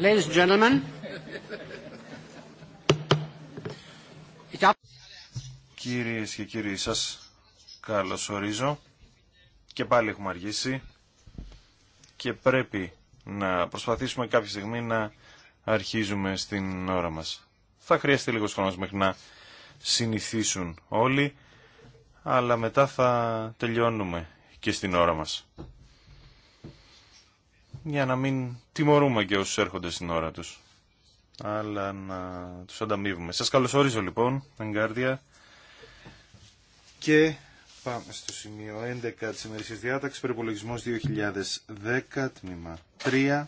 Ladies Κυρίες και κύριοι σας, καλώς ορίζω. Και πάλι έχουμε αργήσει και πρέπει να προσπαθήσουμε κάποια στιγμή να αρχίζουμε στην ώρα μας. Θα χρειαστεί λίγος χρόνος μέχρι να συνηθίσουν όλοι, αλλά μετά θα τελειώνουμε και στην ώρα μας για να μην τιμωρούμε και όσους έρχονται στην ώρα τους, αλλά να τους ανταμείβουμε. Σας καλωσορίζω λοιπόν, Αγκάρδια, και πάμε στο σημείο 11 της ημερική διάταξης, περιπολογισμός 2010, τμήμα 3.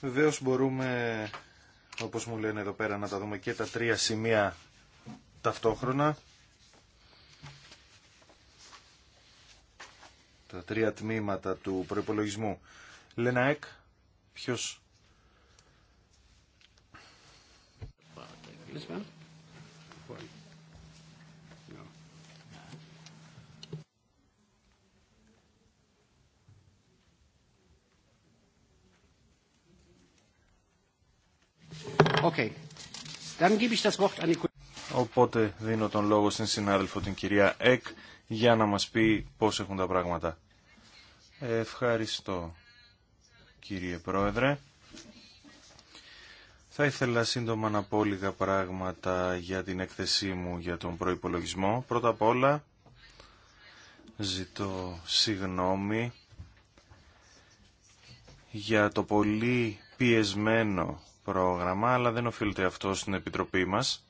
βεβαίω μπορούμε, όπως μου λένε εδώ πέρα, να τα δούμε και τα τρία σημεία ταυτόχρονα. τα τρία τμήματα του προϋπολογισμού. Λένα Εκ, ποιος... Οπότε δίνω τον λόγο στην συνάδελφο την κυρία Εκ για να μας πει πώς έχουν τα πράγματα. Ευχαριστώ κύριε Πρόεδρε. Θα ήθελα σύντομα να πω λίγα πράγματα για την έκθεσή μου για τον προϋπολογισμό. Πρώτα απ' όλα ζητώ συγγνώμη για το πολύ πιεσμένο πρόγραμμα, αλλά δεν οφείλεται αυτό στην Επιτροπή μας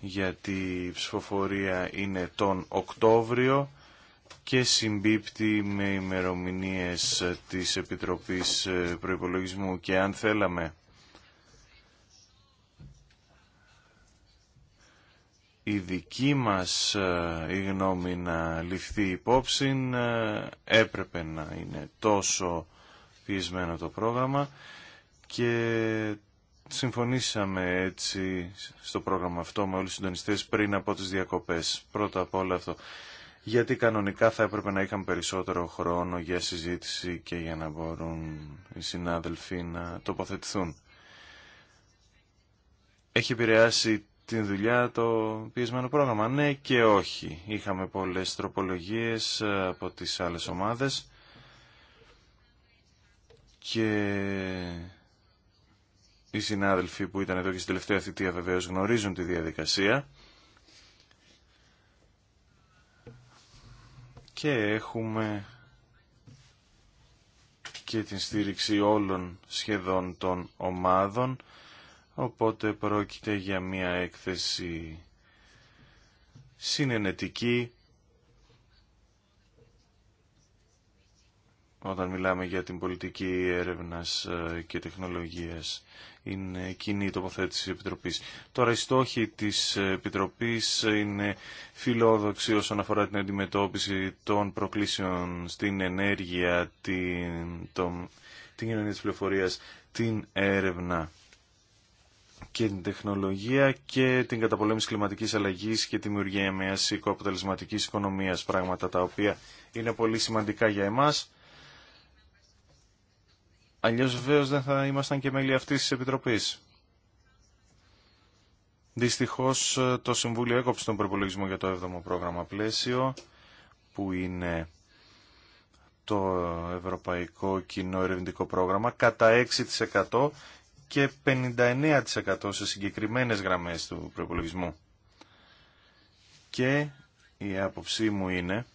γιατί η ψηφοφορία είναι τον Οκτώβριο και συμπίπτει με ημερομηνίες της Επιτροπής ε, Προϋπολογισμού και αν θέλαμε η δική μας ε, η γνώμη να ληφθεί υπόψη ε, έπρεπε να είναι τόσο πιεσμένο το πρόγραμμα και Συμφωνήσαμε έτσι στο πρόγραμμα αυτό με όλους τους συντονιστές πριν από τις διακοπές. Πρώτα απ' όλα αυτό. Γιατί κανονικά θα έπρεπε να είχαμε περισσότερο χρόνο για συζήτηση και για να μπορούν οι συνάδελφοι να τοποθετηθούν. Έχει επηρεάσει την δουλειά το πιεσμένο πρόγραμμα. Ναι και όχι. Είχαμε πολλές τροπολογίες από τις άλλες ομάδες και οι συνάδελφοι που ήταν εδώ και στην τελευταία θητεία βεβαίως γνωρίζουν τη διαδικασία. Και έχουμε και την στήριξη όλων σχεδόν των ομάδων, οπότε πρόκειται για μια έκθεση συνενετική όταν μιλάμε για την πολιτική έρευνας ε, και τεχνολογίας είναι κοινή τοποθέτηση της Επιτροπής. Τώρα οι στόχοι της ε, Επιτροπής είναι φιλόδοξοι όσον αφορά την αντιμετώπιση των προκλήσεων στην ενέργεια, την, τον, την κοινωνία της πληροφορίας, την έρευνα και την τεχνολογία και την καταπολέμηση κλιματικής αλλαγής και τη δημιουργία μιας οικοαποτελεσματικής οικονομίας, πράγματα τα οποία είναι πολύ σημαντικά για εμάς Αλλιώς βεβαίω δεν θα ήμασταν και μέλη αυτής της Επιτροπής. Δυστυχώς το Συμβούλιο έκοψε τον προπολογισμό για το 7ο πρόγραμμα πλαίσιο, που είναι το Ευρωπαϊκό Κοινό Ερευνητικό Πρόγραμμα, κατά 6% και 59% σε συγκεκριμένες γραμμές του προπολογισμού. Και η άποψή μου είναι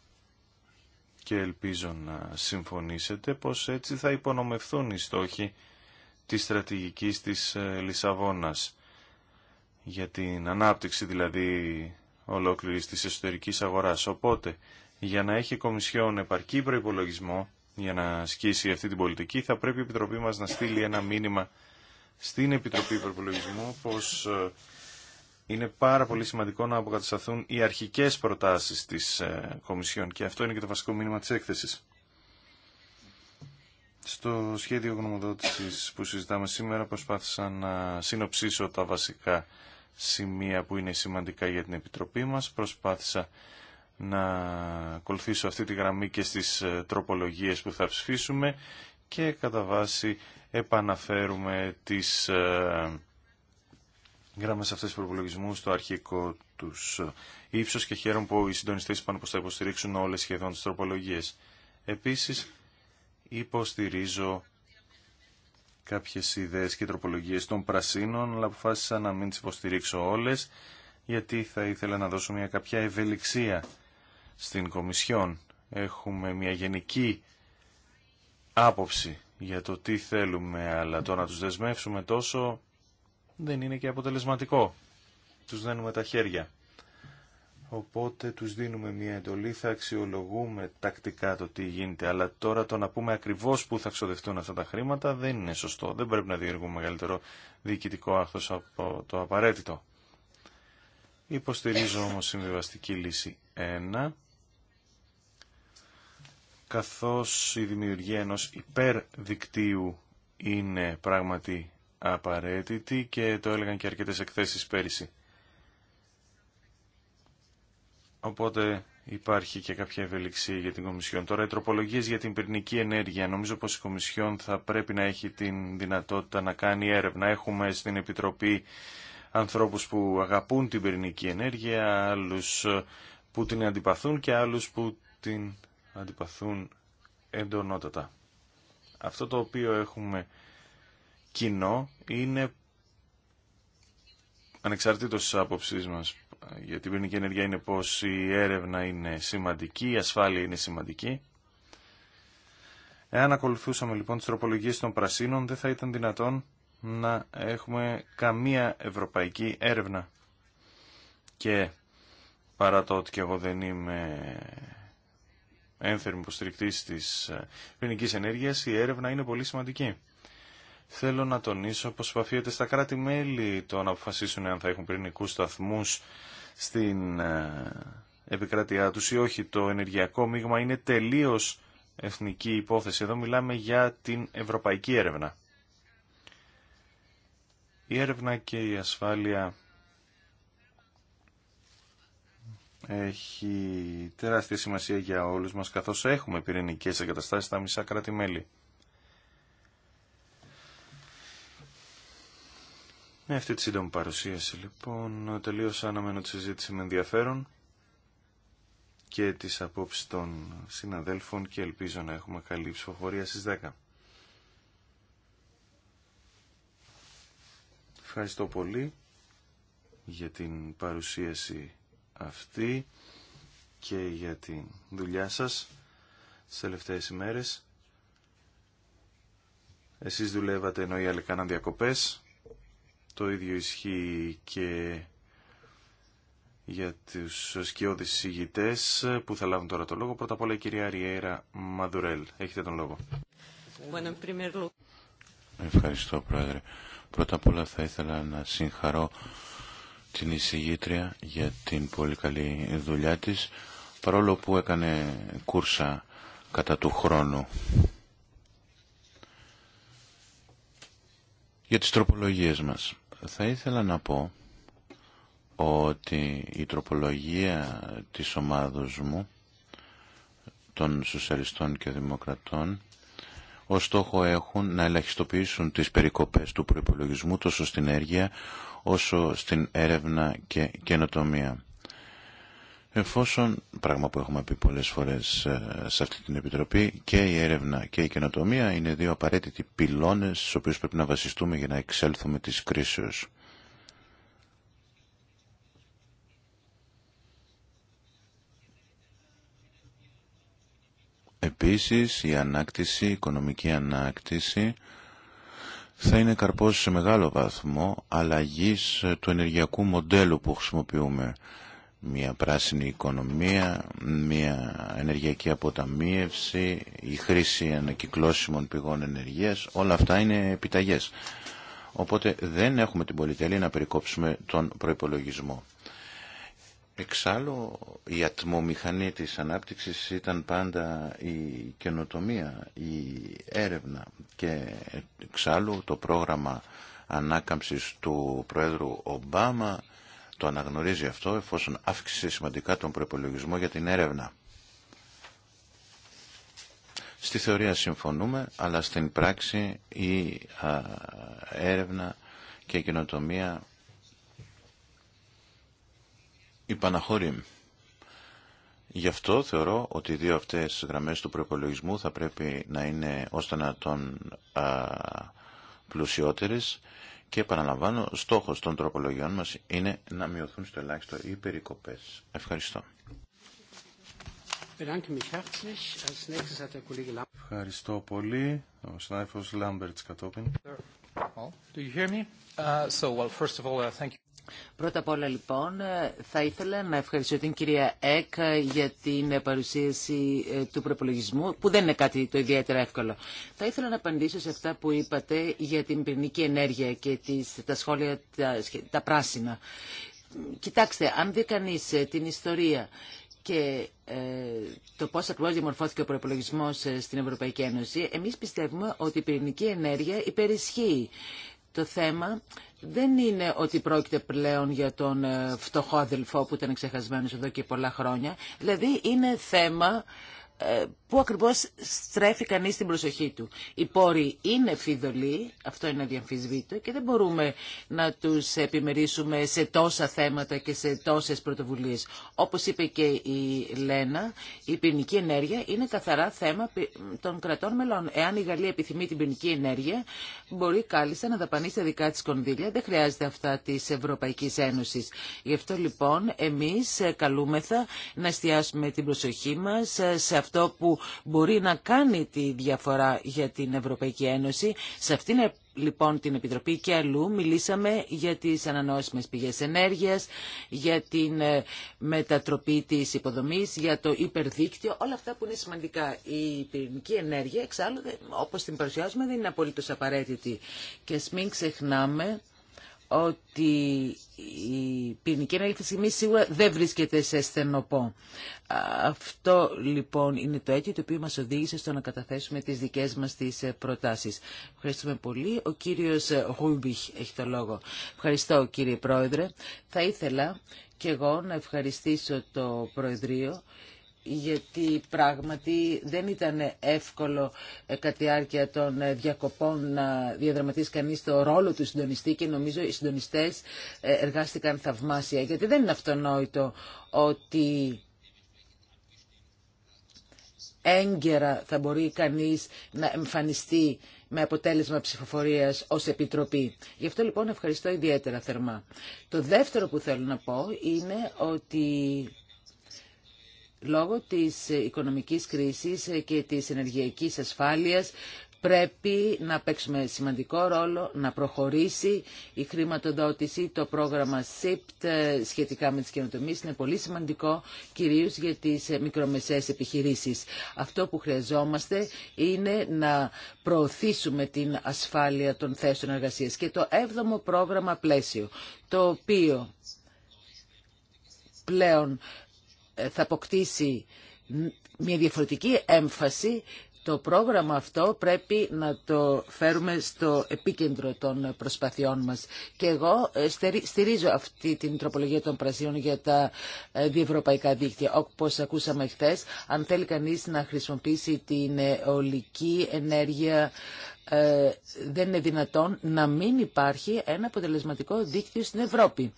και ελπίζω να συμφωνήσετε πως έτσι θα υπονομευθούν οι στόχοι της στρατηγικής της ε, Λισαβόνας για την ανάπτυξη δηλαδή ολόκληρης της εσωτερικής αγοράς. Οπότε, για να έχει Κομισιόν επαρκή προϋπολογισμό για να ασκήσει αυτή την πολιτική, θα πρέπει η Επιτροπή μας να στείλει ένα μήνυμα στην Επιτροπή Προπολογισμού πως ε, είναι πάρα πολύ σημαντικό να αποκατασταθούν οι αρχικές προτάσεις της ε, Κομισιόν και αυτό είναι και το βασικό μήνυμα της έκθεσης. Στο σχέδιο γνωμοδότησης που συζητάμε σήμερα προσπάθησα να συνοψίσω τα βασικά σημεία που είναι σημαντικά για την Επιτροπή μας. Προσπάθησα να ακολουθήσω αυτή τη γραμμή και στις ε, τροπολογίες που θα ψηφίσουμε και κατά βάση επαναφέρουμε τις ε, γράμμα σε αυτές τους προπολογισμούς στο αρχικό τους ύψος και χαίρομαι που οι συντονιστές είπαν πως θα υποστηρίξουν όλες σχεδόν τις τροπολογίες. Επίσης, υποστηρίζω κάποιες ιδέες και τροπολογίες των πρασίνων, αλλά αποφάσισα να μην τις υποστηρίξω όλες, γιατί θα ήθελα να δώσω μια κάποια ευελιξία στην Κομισιόν. Έχουμε μια γενική άποψη για το τι θέλουμε, αλλά το να τους δεσμεύσουμε τόσο δεν είναι και αποτελεσματικό. Τους δένουμε τα χέρια. Οπότε τους δίνουμε μια εντολή, θα αξιολογούμε τακτικά το τι γίνεται. Αλλά τώρα το να πούμε ακριβώς πού θα ξοδευτούν αυτά τα χρήματα δεν είναι σωστό. Δεν πρέπει να διεργούμε μεγαλύτερο διοικητικό άχθος από το απαραίτητο. Υποστηρίζω όμως συμβιβαστική λύση 1 καθώς η δημιουργία ενός υπερδικτύου είναι πράγματι απαραίτητη και το έλεγαν και αρκετές εκθέσεις πέρυσι. Οπότε υπάρχει και κάποια ευελιξία για την Κομισιόν. Τώρα οι τροπολογίες για την πυρηνική ενέργεια. Νομίζω πως η Κομισιόν θα πρέπει να έχει την δυνατότητα να κάνει έρευνα. Έχουμε στην Επιτροπή ανθρώπους που αγαπούν την πυρηνική ενέργεια, άλλους που την αντιπαθούν και άλλους που την αντιπαθούν εντονότατα. Αυτό το οποίο έχουμε κοινό είναι ανεξαρτήτως της άποψής μας για την ποινική ενέργεια είναι πως η έρευνα είναι σημαντική, η ασφάλεια είναι σημαντική. Εάν ακολουθούσαμε λοιπόν τις τροπολογίες των πρασίνων δεν θα ήταν δυνατόν να έχουμε καμία ευρωπαϊκή έρευνα. Και παρά το ότι και εγώ δεν είμαι ένθερμη υποστηρικτής της ε, ποινικής ενέργειας, η έρευνα είναι πολύ σημαντική. Θέλω να τονίσω πως επαφίεται στα κράτη-μέλη το να αποφασίσουν αν θα έχουν πυρηνικού σταθμού στην ε, επικράτειά τους ή όχι. Το ενεργειακό μείγμα είναι τελείως εθνική υπόθεση. Εδώ μιλάμε για την ευρωπαϊκή έρευνα. Η έρευνα και η ασφάλεια έχει τεράστια σημασία για όλους μας καθώς έχουμε πυρηνικές εγκαταστάσεις στα μισά κράτη-μέλη. Με ναι, αυτή τη σύντομη παρουσίαση λοιπόν τελείωσα αναμένω τη συζήτηση με ενδιαφέρον και τις απόψεις των συναδέλφων και ελπίζω να έχουμε καλή ψηφοφορία στις 10. Ευχαριστώ πολύ για την παρουσίαση αυτή και για τη δουλειά σας τις τελευταίες ημέρες. Εσείς δουλεύατε ενώ οι άλλοι κάναν διακοπές. Το ίδιο ισχύει και για τους σκιώδεις συγητές που θα λάβουν τώρα το λόγο. Πρώτα απ' όλα η κυρία Ριέρα Μαδουρέλ. Έχετε τον λόγο. Ευχαριστώ Πρόεδρε. Πρώτα απ' όλα θα ήθελα να συγχαρώ την εισηγήτρια για την πολύ καλή δουλειά της παρόλο που έκανε κούρσα κατά του χρόνου. Για τις τροπολογίες μας θα ήθελα να πω ότι η τροπολογία της ομάδος μου των σοσιαλιστών και δημοκρατών ως στόχο έχουν να ελαχιστοποιήσουν τις περικοπές του προϋπολογισμού τόσο στην έργεια όσο στην έρευνα και καινοτομία εφόσον, πράγμα που έχουμε πει πολλές φορές ε, σε αυτή την Επιτροπή, και η έρευνα και η καινοτομία είναι δύο απαραίτητοι πυλώνες στους οποίους πρέπει να βασιστούμε για να εξέλθουμε της κρίσεως. Επίσης, η ανάκτηση, η οικονομική ανάκτηση, θα είναι καρπός σε μεγάλο βαθμό αλλαγής του ενεργειακού μοντέλου που χρησιμοποιούμε μια πράσινη οικονομία, μια ενεργειακή αποταμίευση, η χρήση ανακυκλώσιμων πηγών ενεργείας, όλα αυτά είναι επιταγές. Οπότε δεν έχουμε την πολυτελή να περικόψουμε τον προϋπολογισμό. Εξάλλου η ατμομηχανή της ανάπτυξης ήταν πάντα η καινοτομία, η έρευνα και εξάλλου το πρόγραμμα ανάκαμψης του Προέδρου Ομπάμα το αναγνωρίζει αυτό εφόσον αύξησε σημαντικά τον προπολογισμό για την έρευνα. Στη θεωρία συμφωνούμε, αλλά στην πράξη η έρευνα και η καινοτομία υπαναχωρεί. Γι' αυτό θεωρώ ότι οι δύο αυτές γραμμές του προπολογισμού θα πρέπει να είναι ώστε να τον α, πλουσιότερες και επαναλαμβάνω, στόχος των τροπολογιών μας είναι να μειωθούν στο ελάχιστο οι περικοπές. Ευχαριστώ. Ευχαριστώ πολύ. Ο συνάδελφος Λάμπερτς κατόπιν. Do you hear me? Uh, so, well, first of all, uh, thank you. Πρώτα απ' όλα λοιπόν ε, θα ήθελα να ευχαριστήσω την κυρία Εκ ε, για την ε, παρουσίαση του προπολογισμού που δεν είναι κάτι το ιδιαίτερα εύκολο. Θα ήθελα να απαντήσω σε αυτά που είπατε για την πυρηνική ενέργεια και τις, τα σχόλια τα, τα πράσινα. Κοιτάξτε, αν δει κανεί την ιστορία και το πώς ακριβώς διαμορφώθηκε ο προπολογισμό στην Ευρωπαϊκή Ένωση, εμείς πιστεύουμε ότι η πυρηνική ενέργεια υπερισχύει το θέμα δεν είναι ότι πρόκειται πλέον για τον ε, φτωχό αδελφό που ήταν ξεχασμένος εδώ και πολλά χρόνια. Δηλαδή είναι θέμα πού ακριβώς στρέφει κανείς την προσοχή του. Οι πόροι είναι φιδωλοί, αυτό είναι αδιαμφισβήτο και δεν μπορούμε να τους επιμερίσουμε σε τόσα θέματα και σε τόσες πρωτοβουλίες. Όπως είπε και η Λένα, η πυρηνική ενέργεια είναι καθαρά θέμα των κρατών μελών. Εάν η Γαλλία επιθυμεί την πυρηνική ενέργεια, μπορεί κάλλιστα να δαπανεί τα δικά της κονδύλια, δεν χρειάζεται αυτά της Ευρωπαϊκής Ένωσης. Γι' αυτό λοιπόν εμείς καλούμεθα να εστιάσουμε την προσοχή μας σε αυτό αυτό που μπορεί να κάνει τη διαφορά για την Ευρωπαϊκή Ένωση. Σε αυτήν ε, λοιπόν την Επιτροπή και αλλού μιλήσαμε για τις ανανεώσιμες πηγές ενέργειας, για την ε, μετατροπή της υποδομής, για το υπερδίκτυο, όλα αυτά που είναι σημαντικά. Η πυρηνική ενέργεια, εξάλλου, όπως την παρουσιάζουμε, δεν είναι απολύτως απαραίτητη. Και μην ξεχνάμε ότι η ποινική ενέργεια σίγουρα δεν βρίσκεται σε στενοπό. Αυτό λοιπόν είναι το αίτιο το οποίο μας οδήγησε στο να καταθέσουμε τις δικές μας τις προτάσεις. Ευχαριστούμε πολύ. Ο κύριος Ρούμπιχ έχει το λόγο. Ευχαριστώ κύριε Πρόεδρε. Θα ήθελα και εγώ να ευχαριστήσω το Προεδρείο γιατί πράγματι δεν ήταν εύκολο ε, κατά τη διάρκεια των ε, διακοπών να διαδραματίσει κανεί το ρόλο του συντονιστή και νομίζω οι συντονιστές ε, εργάστηκαν θαυμάσια γιατί δεν είναι αυτονόητο ότι έγκαιρα θα μπορεί κανείς να εμφανιστεί με αποτέλεσμα ψηφοφορίας ως Επιτροπή. Γι' αυτό λοιπόν ευχαριστώ ιδιαίτερα θερμά. Το δεύτερο που θέλω να πω είναι ότι Λόγω της οικονομικής κρίσης και της ενεργειακής ασφάλειας πρέπει να παίξουμε σημαντικό ρόλο, να προχωρήσει η χρηματοδότηση. Το πρόγραμμα SIPT ε, σχετικά με τις καινοτομίες είναι πολύ σημαντικό, κυρίως για τις ε, μικρομεσαίες επιχειρήσεις. Αυτό που χρειαζόμαστε είναι να προωθήσουμε την ασφάλεια των θέσεων εργασίας. Και το 7ο πρόγραμμα πλαίσιο, το οποίο πλέον θα αποκτήσει μια διαφορετική έμφαση το πρόγραμμα αυτό πρέπει να το φέρουμε στο επίκεντρο των προσπαθειών μας. Και εγώ ε, στηρίζω αυτή την τροπολογία των πρασίων για τα ε, διευρωπαϊκά δίκτυα. Όπως ακούσαμε χθε, αν θέλει κανείς να χρησιμοποιήσει την ε, ολική ενέργεια ε, δεν είναι δυνατόν να μην υπάρχει ένα αποτελεσματικό δίκτυο στην Ευρώπη.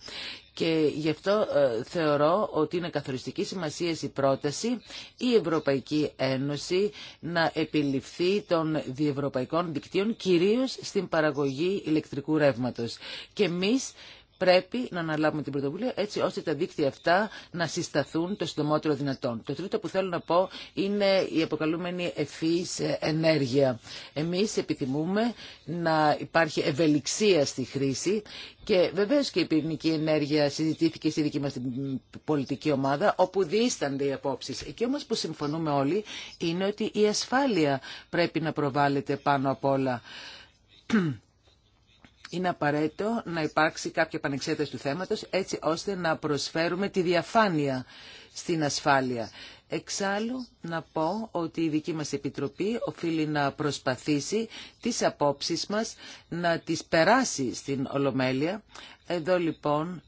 Και γι' αυτό ε, θεωρώ ότι είναι καθοριστική σημασία η πρόταση η Ευρωπαϊκή Ένωση να επιληφθεί των διευρωπαϊκών δικτύων κυρίως στην παραγωγή ηλεκτρικού ρεύματος. Και εμείς πρέπει να αναλάβουμε την πρωτοβουλία έτσι ώστε τα δίκτυα αυτά να συσταθούν το συντομότερο δυνατόν. Το τρίτο που θέλω να πω είναι η αποκαλούμενη ευφύης ενέργεια. Εμείς επιθυμούμε να υπάρχει ευελιξία στη χρήση και βεβαίως και η πυρηνική ενέργεια συζητήθηκε στη δική μας πολιτική ομάδα όπου δίστανται οι απόψεις. Εκεί όμως που συμφωνούμε όλοι είναι ότι η ασφάλεια πρέπει να προβάλλεται πάνω απ' όλα είναι απαραίτητο να υπάρξει κάποια επανεξέταση του θέματος έτσι ώστε να προσφέρουμε τη διαφάνεια στην ασφάλεια. Εξάλλου να πω ότι η δική μας Επιτροπή οφείλει να προσπαθήσει τις απόψεις μας να τις περάσει στην Ολομέλεια. Εδώ λοιπόν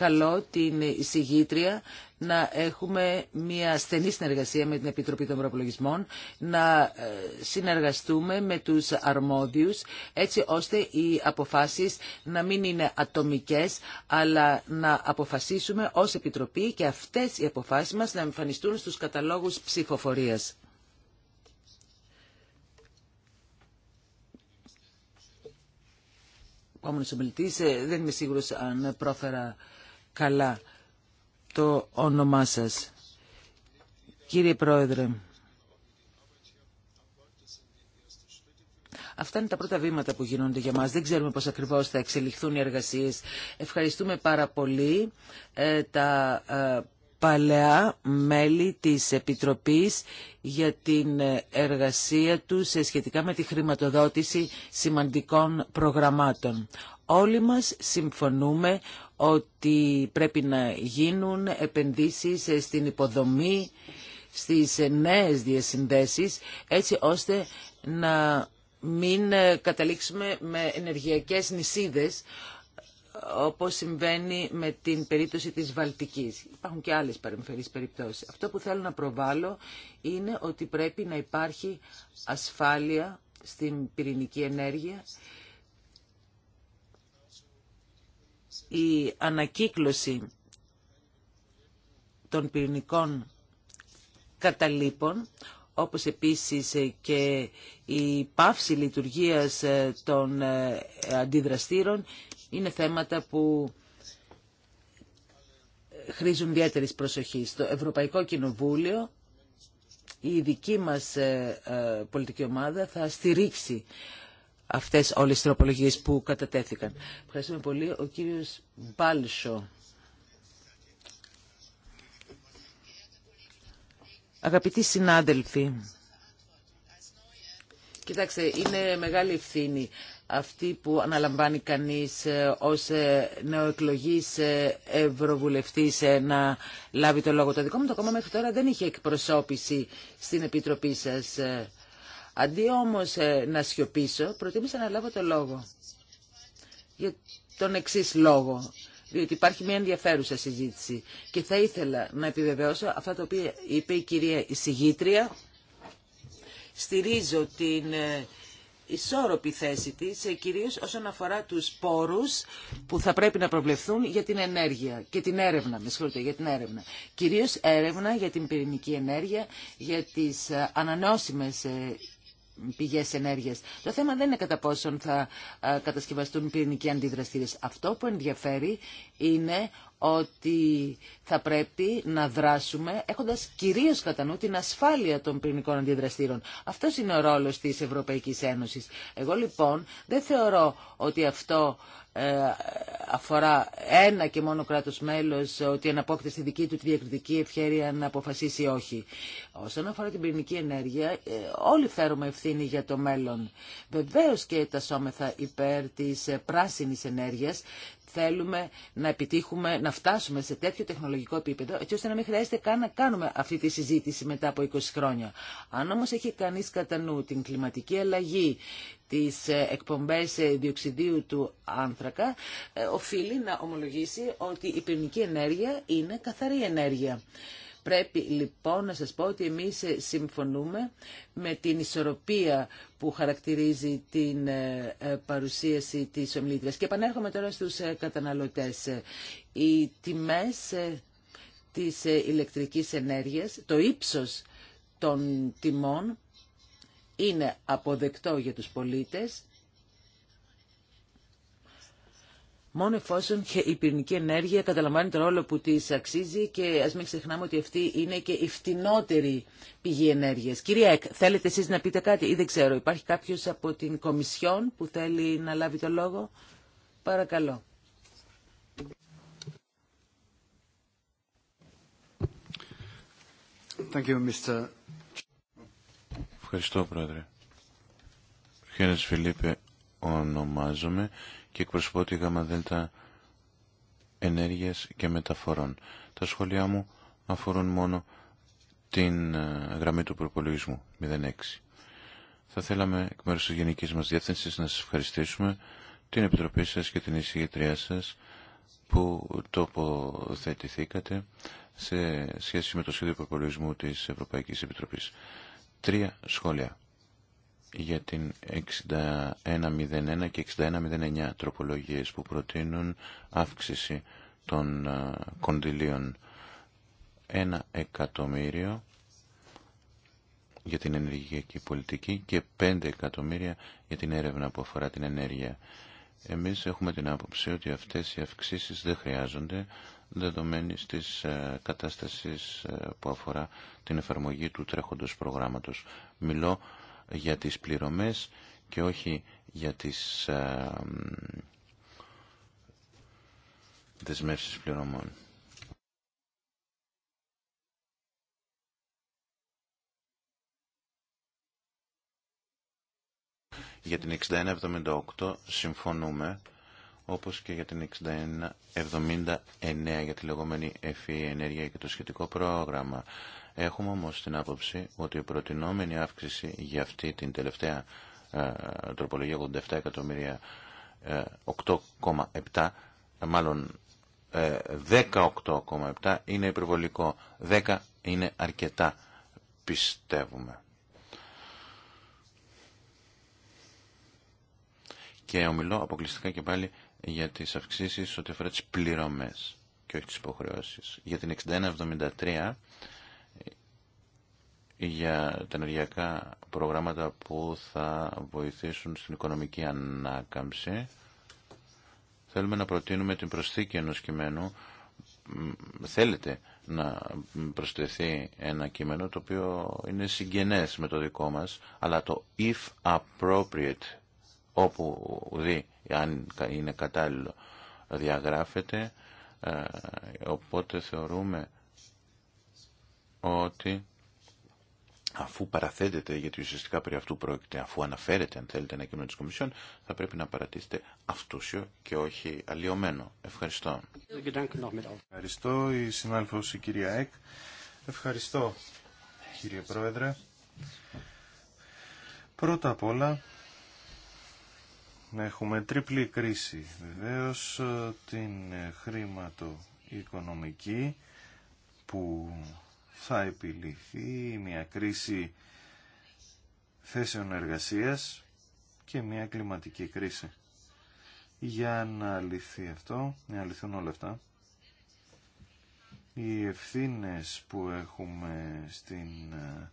καλώ την εισηγήτρια να έχουμε μια στενή συνεργασία με την Επιτροπή των Προπολογισμών, να ε, συνεργαστούμε με τους αρμόδιους, έτσι ώστε οι αποφάσεις να μην είναι ατομικές, αλλά να αποφασίσουμε ως Επιτροπή και αυτές οι αποφάσεις μας να εμφανιστούν στους καταλόγους ψηφοφορίας. Επόμενος ε, δεν είμαι σίγουρος αν πρόφερα καλά το όνομά σας. Κύριε Πρόεδρε, Αυτά είναι τα πρώτα βήματα που γίνονται για μας. Δεν ξέρουμε πώς ακριβώς θα εξελιχθούν οι εργασίες. Ευχαριστούμε πάρα πολύ ε, τα ε, παλαιά μέλη της Επιτροπής για την ε, εργασία τους, σε σχετικά με τη χρηματοδότηση σημαντικών προγραμμάτων. Όλοι μας συμφωνούμε ότι πρέπει να γίνουν επενδύσεις στην υποδομή, στις νέες διασυνδέσεις, έτσι ώστε να μην καταλήξουμε με ενεργειακές νησίδες, όπως συμβαίνει με την περίπτωση της Βαλτικής. Υπάρχουν και άλλες παρεμφερείς περιπτώσεις. Αυτό που θέλω να προβάλλω είναι ότι πρέπει να υπάρχει ασφάλεια στην πυρηνική ενέργεια η ανακύκλωση των πυρηνικών καταλήπων, όπως επίσης και η πάυση λειτουργίας των ε, αντιδραστήρων, είναι θέματα που χρήζουν ιδιαίτερη προσοχή. Στο Ευρωπαϊκό Κοινοβούλιο η δική μας ε, ε, πολιτική ομάδα θα στηρίξει αυτές όλες τις τροπολογίες που κατατέθηκαν. Ευχαριστούμε πολύ. Ο κύριος Μπάλσο. Αγαπητοί συνάδελφοι, κοιτάξτε, είναι μεγάλη ευθύνη αυτή που αναλαμβάνει κανείς ε, ως ε, νεοεκλογής ε, ευρωβουλευτής να λάβει το λόγο. Το δικό μου το κόμμα μέχρι τώρα δεν είχε εκπροσώπηση στην Επιτροπή σας. Αντί όμως ε, να σιωπήσω, προτίμησα να λάβω το λόγο. Για τον εξή λόγο διότι υπάρχει μια ενδιαφέρουσα συζήτηση και θα ήθελα να επιβεβαιώσω αυτά τα οποία είπε η κυρία εισηγήτρια. Στηρίζω την ε, ισόρροπη θέση της, ε, κυρίως όσον αφορά τους πόρους που θα πρέπει να προβλεφθούν για την ενέργεια και την έρευνα, με για την έρευνα. Κυρίως έρευνα για την πυρηνική ενέργεια, για τις ανανεώσιμες πηγές ενέργειας. Το θέμα δεν είναι κατά πόσον θα ε, κατασκευαστούν πυρηνικοί αντιδραστήρες. Αυτό που ενδιαφέρει είναι ότι θα πρέπει να δράσουμε έχοντας κυρίως κατά νου την ασφάλεια των πυρηνικών αντιδραστήρων. Αυτός είναι ο ρόλος της Ευρωπαϊκής Ένωσης. Εγώ λοιπόν δεν θεωρώ ότι αυτό ε, αφορά ένα και μόνο κράτος μέλος ότι αναπόκειται στη δική του τη διακριτική ευχαίρεια να αποφασίσει όχι. Όσον αφορά την πυρηνική ενέργεια, ε, όλοι φέρουμε ευθύνη για το μέλλον. Βεβαίως και τα σώμεθα υπέρ της ε, πράσινης ενέργειας, θέλουμε να επιτύχουμε, να φτάσουμε σε τέτοιο τεχνολογικό επίπεδο, έτσι ώστε να μην χρειάζεται καν να κάνουμε αυτή τη συζήτηση μετά από 20 χρόνια. Αν όμως έχει κανείς κατά νου την κλιματική αλλαγή, τις ε, εκπομπές ε, διοξιδίου του άνθρακα, ε, οφείλει να ομολογήσει ότι η πυρηνική ενέργεια είναι καθαρή ενέργεια. Πρέπει λοιπόν να σας πω ότι εμείς ε, συμφωνούμε με την ισορροπία που χαρακτηρίζει την ε, ε, παρουσίαση της ομιλήτριας Και επανέρχομαι τώρα στους καταναλωτές. Οι τιμές της ηλεκτρικής ενέργειας, το ύψος των τιμών είναι αποδεκτό για τους πολίτες μόνο εφόσον και η πυρηνική ενέργεια καταλαμβάνει τον ρόλο που τη αξίζει και α μην ξεχνάμε ότι αυτή είναι και η φτηνότερη πηγή ενέργεια. Κυρία Εκ, θέλετε εσεί να πείτε κάτι ή δεν ξέρω, υπάρχει κάποιο από την Κομισιόν που θέλει να λάβει το λόγο. Παρακαλώ. Ευχαριστώ, Πρόεδρε. Χαίρετε, Φιλίπε ονομάζομαι και εκπροσωπώ τη ΓΑΜΑ Ενέργειας και Μεταφορών. Τα σχόλιά μου αφορούν μόνο την ε, γραμμή του προπολογισμού 06. Θα θέλαμε εκ μέρους της Γενικής μας Διεύθυνσης να σας ευχαριστήσουμε την Επιτροπή σας και την εισηγήτριά σας που τοποθετηθήκατε σε σχέση με το σχέδιο προπολογισμού της Ευρωπαϊκής Επιτροπής. Τρία σχόλια για την 6101 και 6109 τροπολογίες που προτείνουν αύξηση των ε, κονδυλίων 1 εκατομμύριο για την ενεργειακή πολιτική και 5 εκατομμύρια για την έρευνα που αφορά την ενέργεια. Εμείς έχουμε την άποψη ότι αυτές οι αυξήσεις δεν χρειάζονται δεδομένης της ε, κατάστασης ε, που αφορά την εφαρμογή του τρέχοντος προγράμματος. Μιλώ για τις πληρωμές και όχι για τις ε, δεσμεύσεις πληρωμών. Για την 6178 συμφωνούμε, όπως και για την 6179 για τη λεγόμενη ΕΦΗ ενέργεια e και το σχετικό πρόγραμμα. Έχουμε όμως την άποψη ότι η προτινόμενη αύξηση για αυτή την τελευταία ε, τροπολογία 87 εκατομμύρια 8,7 ε, μάλλον 18,7 ε, είναι υπερβολικό 10 είναι αρκετά πιστεύουμε και ομιλώ αποκλειστικά και πάλι για τις αυξήσεις ό,τι αφορά τις πληρωμές και όχι τις υποχρεώσεις για την 6173 για τα ενεργειακά προγράμματα που θα βοηθήσουν στην οικονομική ανάκαμψη. Θέλουμε να προτείνουμε την προσθήκη ενός κειμένου. Θέλετε να προσθεθεί ένα κείμενο το οποίο είναι συγγενές με το δικό μας, αλλά το if appropriate, όπου δει αν είναι κατάλληλο, διαγράφεται, ε, οπότε θεωρούμε ότι αφού παραθέτεται, γιατί ουσιαστικά περί αυτού πρόκειται, αφού αναφέρεται αν θέλετε ένα κείμενο τη Κομισιόν, θα πρέπει να παρατήσετε αυτούσιο και όχι αλλοιωμένο. Ευχαριστώ. Ευχαριστώ η συνάδελφο η κυρία Εκ. Ευχαριστώ κύριε Πρόεδρε. Πρώτα απ' όλα έχουμε τριπλή κρίση. Βεβαίως την χρήματο-οικονομική που θα επιληθεί μια κρίση θέσεων εργασίας και μια κλιματική κρίση. Για να λυθεί αυτό, να λυθούν όλα αυτά, οι ευθύνες που έχουμε στην ε,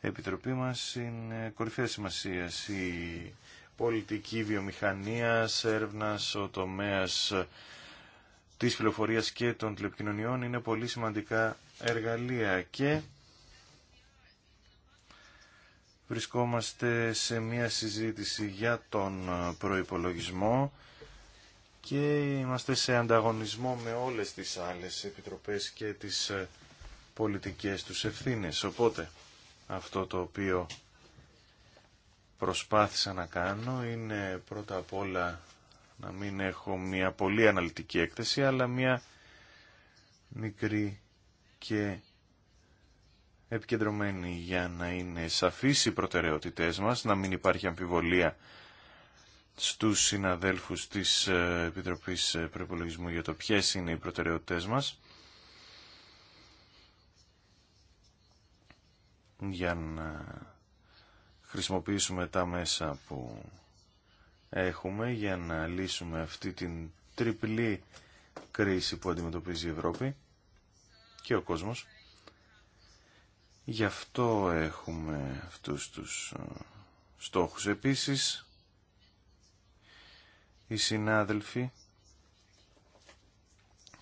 Επιτροπή μας είναι κορυφαία σημασία. Η πολιτική βιομηχανία, έρευνα, ο τομέας της πληροφορίας και των τηλεπικοινωνιών είναι πολύ σημαντικά εργαλεία και βρισκόμαστε σε μια συζήτηση για τον προϋπολογισμό και είμαστε σε ανταγωνισμό με όλες τις άλλες επιτροπές και τις πολιτικές τους ευθύνες. Οπότε αυτό το οποίο προσπάθησα να κάνω είναι πρώτα απ' όλα να μην έχω μια πολύ αναλυτική έκθεση, αλλά μια μικρή και επικεντρωμένη για να είναι σαφείς οι προτεραιότητές μας, να μην υπάρχει αμφιβολία στους συναδέλφους της ε, Επιτροπής ε, Προπολογισμού για το ποιες είναι οι προτεραιότητές μας. Για να χρησιμοποιήσουμε τα μέσα που έχουμε για να λύσουμε αυτή την τριπλή κρίση που αντιμετωπίζει η Ευρώπη και ο κόσμος. Γι' αυτό έχουμε αυτούς τους ε, στόχους. Επίσης, οι συνάδελφοι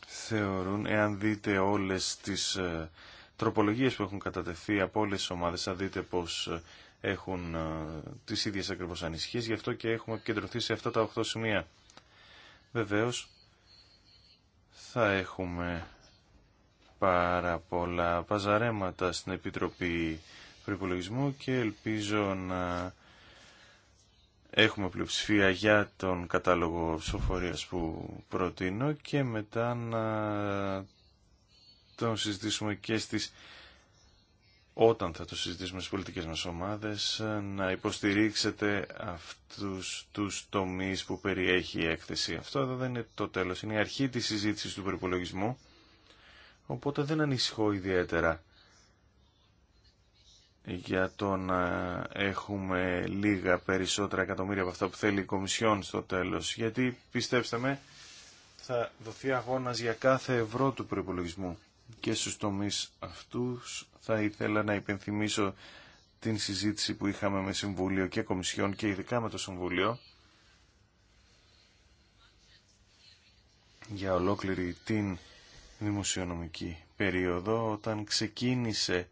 θεωρούν, εάν δείτε όλες τις ε, τροπολογίες που έχουν κατατεθεί από όλες τις ομάδες, θα δείτε πως ε, έχουν ε, τις ίδιες ακριβώς ανησυχίες, γι' αυτό και έχουμε επικεντρωθεί σε αυτά τα 8 σημεία. Βεβαίως, θα έχουμε πάρα πολλά παζαρέματα στην Επιτροπή Προϋπολογισμού και ελπίζω να έχουμε πλειοψηφία για τον κατάλογο ψηφοφορία που προτείνω και μετά να τον συζητήσουμε και στις όταν θα το συζητήσουμε στις πολιτικές μας ομάδες, να υποστηρίξετε αυτούς τους τομείς που περιέχει η έκθεση. Αυτό εδώ δεν είναι το τέλος, είναι η αρχή της συζήτησης του προπολογισμού, οπότε δεν ανησυχώ ιδιαίτερα για το να έχουμε λίγα περισσότερα εκατομμύρια από αυτά που θέλει η Κομισιόν στο τέλος. Γιατί, πιστέψτε με, θα δοθεί αγώνας για κάθε ευρώ του προπολογισμού και στους τομείς αυτούς θα ήθελα να υπενθυμίσω την συζήτηση που είχαμε με Συμβούλιο και Κομισιόν και ειδικά με το Συμβούλιο για ολόκληρη την δημοσιονομική περίοδο όταν ξεκίνησε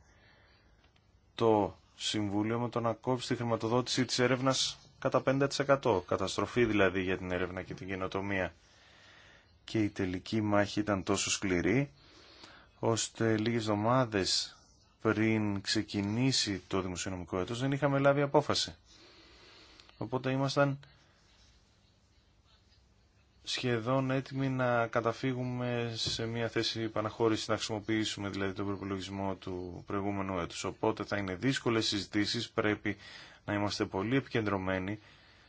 το Συμβούλιο με το να κόψει τη χρηματοδότηση της έρευνας κατά 5%. Καταστροφή δηλαδή για την έρευνα και την καινοτομία. Και η τελική μάχη ήταν τόσο σκληρή ώστε λίγες εβδομάδε πριν ξεκινήσει το δημοσιονομικό έτος δεν είχαμε λάβει απόφαση. Οπότε ήμασταν σχεδόν έτοιμοι να καταφύγουμε σε μια θέση παναχώρηση, να χρησιμοποιήσουμε δηλαδή τον προπολογισμό του προηγούμενου έτους. Οπότε θα είναι δύσκολες συζητήσεις, πρέπει να είμαστε πολύ επικεντρωμένοι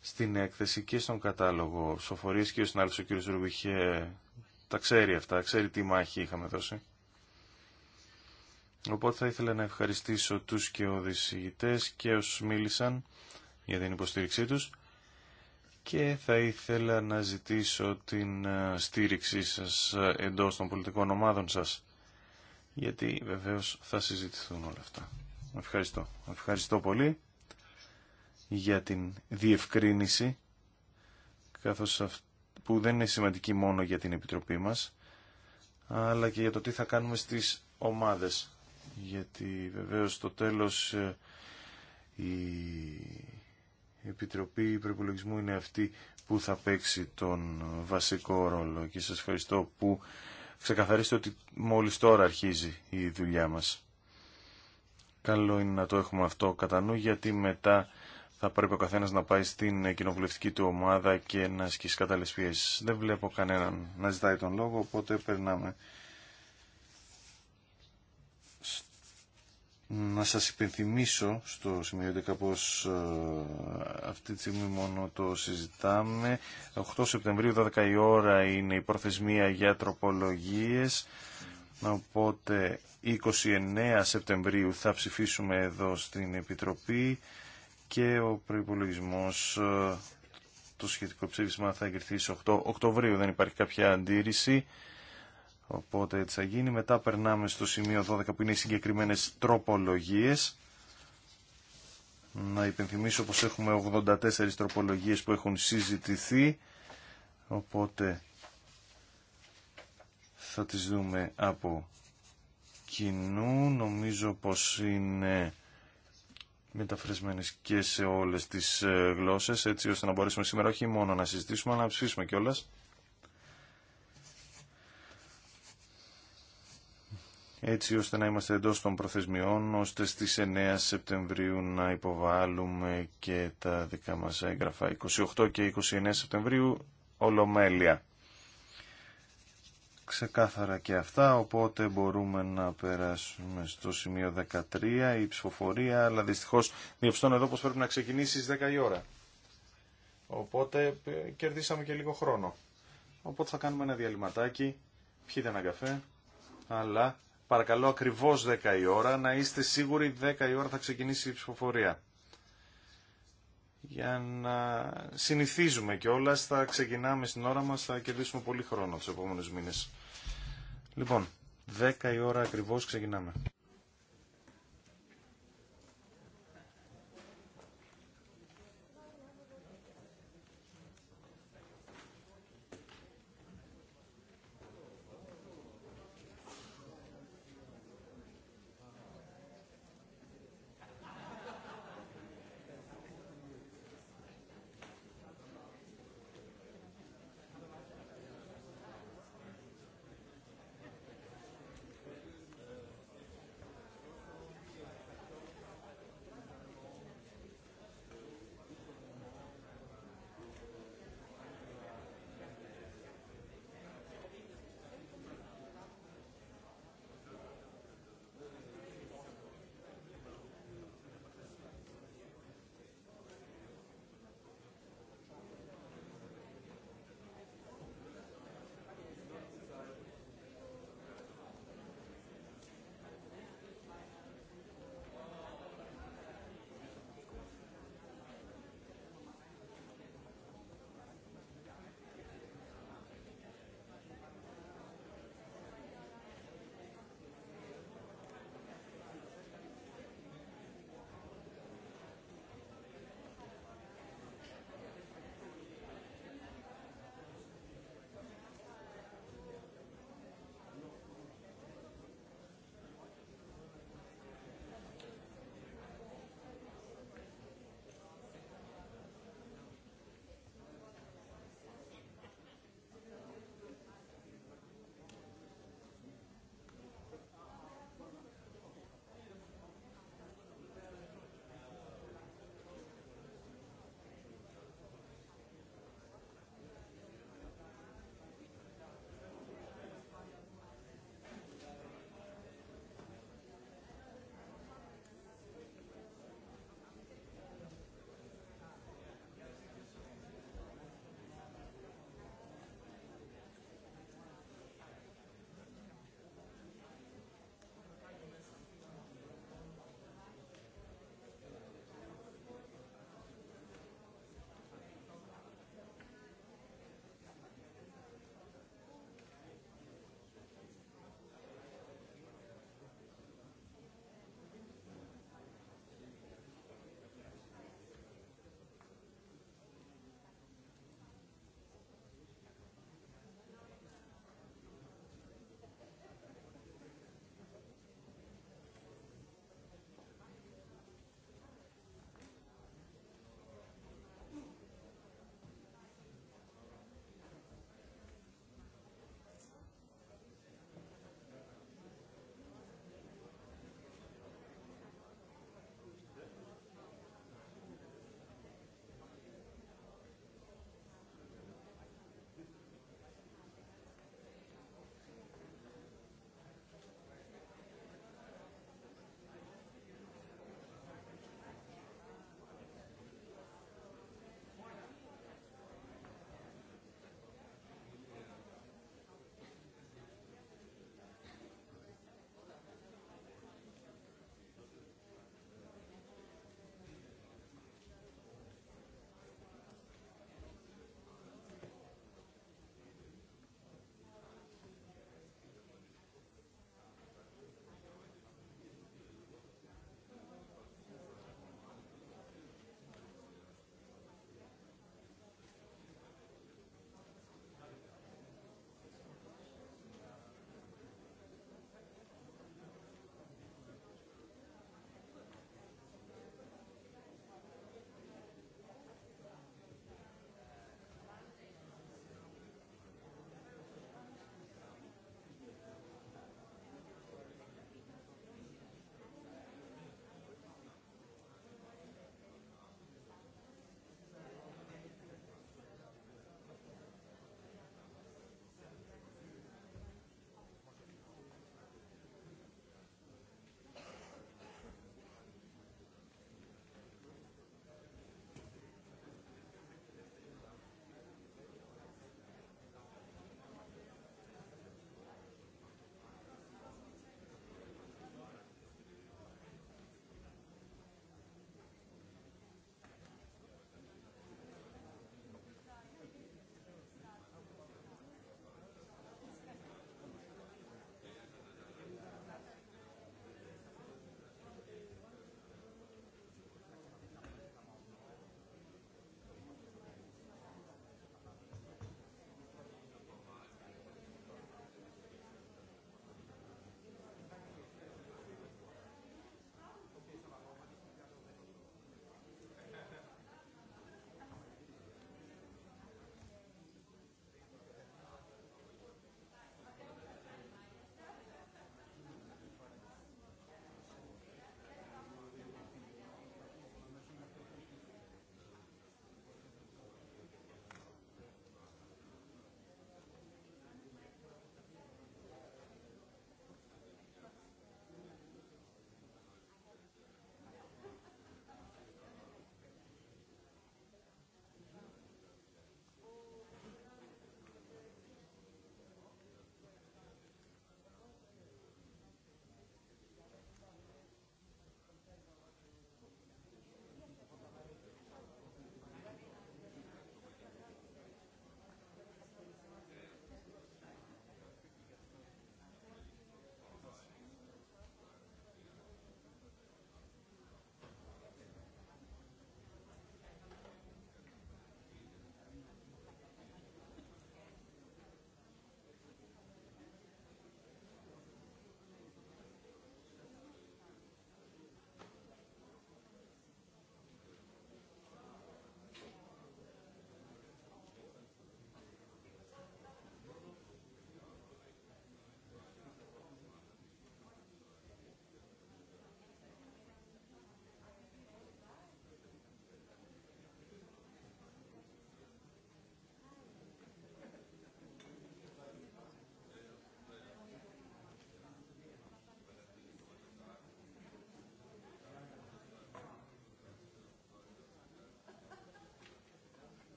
στην έκθεση και στον κατάλογο σοφορίες και ο συνάδελφος ο κ. Ρουβιχέ τα ξέρει αυτά, ξέρει τι μάχη είχαμε δώσει. Οπότε θα ήθελα να ευχαριστήσω τους και οδησηγητές και όσους μίλησαν για την υποστήριξή τους και θα ήθελα να ζητήσω την ε, στήριξή σας ε, εντός των πολιτικών ομάδων σας γιατί βεβαίως θα συζητηθούν όλα αυτά. Ευχαριστώ. Ευχαριστώ πολύ για την διευκρίνηση καθώς που δεν είναι σημαντική μόνο για την Επιτροπή μας αλλά και για το τι θα κάνουμε στις ομάδες γιατί βεβαίως στο τέλος ε, η Επιτροπή Προπολογισμού είναι αυτή που θα παίξει τον βασικό ρόλο και σας ευχαριστώ που ξεκαθαρίσετε ότι μόλις τώρα αρχίζει η δουλειά μας. Καλό είναι να το έχουμε αυτό κατά νου γιατί μετά θα πρέπει ο καθένας να πάει στην κοινοβουλευτική του ομάδα και να ασκήσει κατάλληλες Δεν βλέπω κανέναν να ζητάει τον λόγο οπότε περνάμε να σας υπενθυμίσω στο σημείο 11 πως ε, αυτή τη στιγμή μόνο το συζητάμε. 8 Σεπτεμβρίου 12 η ώρα είναι η προθεσμία για τροπολογίες. Οπότε 29 Σεπτεμβρίου θα ψηφίσουμε εδώ στην Επιτροπή και ο προϋπολογισμός ε, το σχετικό ψήφισμα θα εγκριθεί στις 8 Οκτωβρίου. Δεν υπάρχει κάποια αντίρρηση. Οπότε έτσι θα γίνει. Μετά περνάμε στο σημείο 12 που είναι οι συγκεκριμένες τροπολογίες. Να υπενθυμίσω πως έχουμε 84 τροπολογίες που έχουν συζητηθεί. Οπότε θα τις δούμε από κοινού. Νομίζω πως είναι μεταφρασμένες και σε όλες τις ε, γλώσσες έτσι ώστε να μπορέσουμε σήμερα όχι μόνο να συζητήσουμε αλλά να ψηφίσουμε κιόλας. έτσι ώστε να είμαστε εντός των προθεσμιών, ώστε στις 9 Σεπτεμβρίου να υποβάλουμε και τα δικά μας έγγραφα. 28 και 29 Σεπτεμβρίου, Ολομέλεια. Ξεκάθαρα και αυτά, οπότε μπορούμε να περάσουμε στο σημείο 13, η ψηφοφορία, αλλά δυστυχώς διαπιστώνω εδώ πως πρέπει να ξεκινήσει στις 10 η ώρα. Οπότε ε, κερδίσαμε και λίγο χρόνο. Οπότε θα κάνουμε ένα διαλυματάκι, πιείτε ένα καφέ, αλλά παρακαλώ ακριβώς 10 η ώρα, να είστε σίγουροι 10 η ώρα θα ξεκινήσει η ψηφοφορία. Για να συνηθίζουμε και όλα, θα ξεκινάμε στην ώρα μας, θα κερδίσουμε πολύ χρόνο τους επόμενους μήνες. Λοιπόν, 10 η ώρα ακριβώς ξεκινάμε.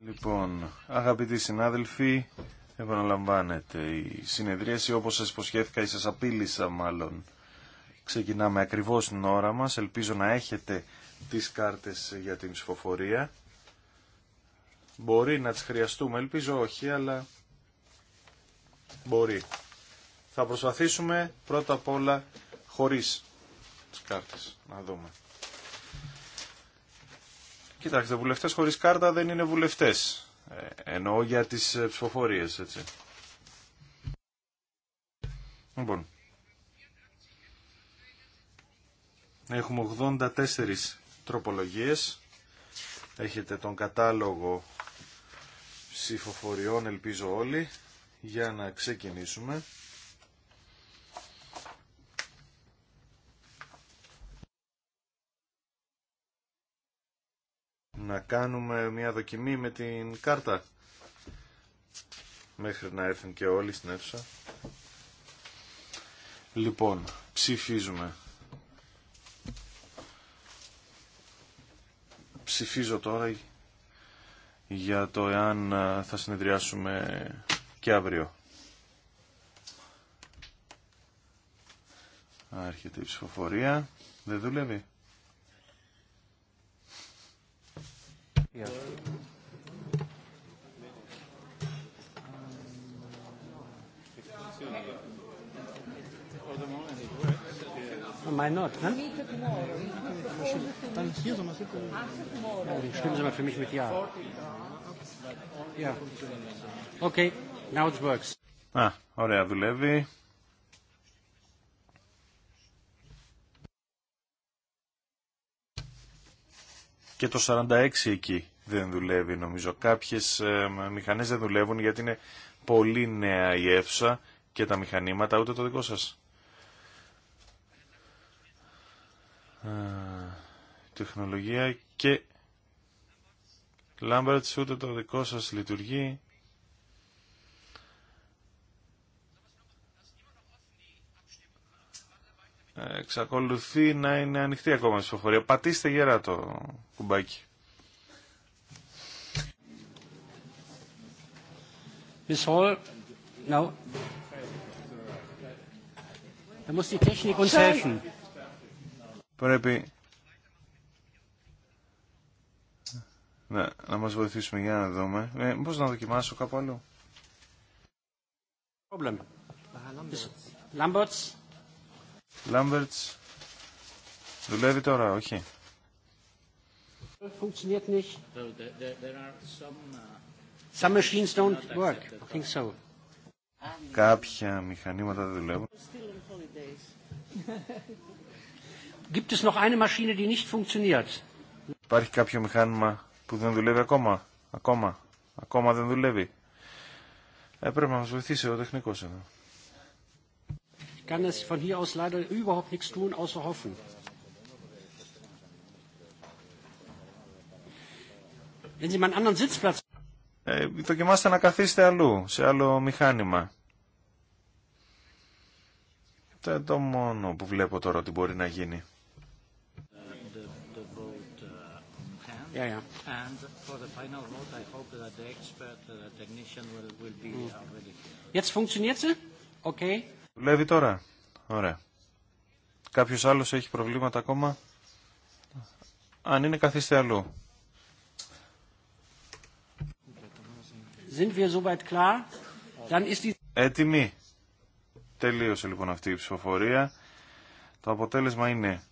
Λοιπόν, αγαπητοί συνάδελφοι, επαναλαμβάνεται η συνεδρίαση όπως σας υποσχέθηκα ή σα απείλησα μάλλον. Ξεκινάμε ακριβώς την ώρα μας. Ελπίζω να έχετε τις κάρτες για την ψηφοφορία. Μπορεί να τις χρειαστούμε, ελπίζω όχι, αλλά μπορεί. Θα προσπαθήσουμε πρώτα απ' όλα χωρίς τις κάρτες. Να δούμε. Κοιτάξτε, βουλευτές χωρίς κάρτα δεν είναι βουλευτές. Ε, εννοώ για τις ε, ψηφοφορίες, έτσι. Λοιπόν. Έχουμε 84 τροπολογίες. Έχετε τον κατάλογο ψηφοφοριών, ελπίζω όλοι, για να ξεκινήσουμε. να κάνουμε μια δοκιμή με την κάρτα μέχρι να έρθουν και όλοι στην αίθουσα. Λοιπόν, ψηφίζουμε. Ψηφίζω τώρα για το εάν θα συνεδριάσουμε και αύριο. Άρχεται η ψηφοφορία. Δεν δουλεύει. Yeah. not? Stimmen Sie mal für mich mit Ja. Okay, now it works. Ah, ωραία, δουλεύει. και το 46 εκεί δεν δουλεύει νομίζω. Κάποιες ε, μηχανές δεν δουλεύουν γιατί είναι πολύ νέα η Εύσα και τα μηχανήματα ούτε το δικό σας. Ε, τεχνολογία και Λάμπερτς ούτε το δικό σας λειτουργεί εξακολουθεί να είναι ανοιχτή ακόμα η ψηφοφορία. Πατήστε γερά το κουμπάκι. Πρέπει να, να μας βοηθήσουμε για να δούμε. Ε, να δοκιμάσω κάπου αλλού. Problem. Λάμπερτς, δουλεύει τώρα, όχι. Funktioniert nicht. Uh, some machines don't work. I think so. Κάποια μηχανήματα δεν δουλεύουν. Gibt es noch eine Maschine, die nicht funktioniert? Υπάρχει κάποιο μηχάνημα που δεν δουλεύει ακόμα. Ακόμα. Ακόμα δεν δουλεύει. Ε, Έπρεπε να μας βοηθήσει ο τεχνικός εδώ kann das von hier aus leider überhaupt nichts tun, außer hoffen. Wenn Sie mal einen anderen Sitzplatz ε, δοκιμάστε να καθίσετε αλλού, σε άλλο μηχάνημα. Αυτό είναι το μόνο που βλέπω τώρα ότι μπορεί να γίνει. Jetzt funktioniert sie? Okay. Δουλεύει τώρα. Ωραία. Κάποιος άλλος έχει προβλήματα ακόμα. Αν είναι καθίστε αλλού. Έτοιμοι. Τελείωσε λοιπόν αυτή η ψηφοφορία. Το αποτέλεσμα είναι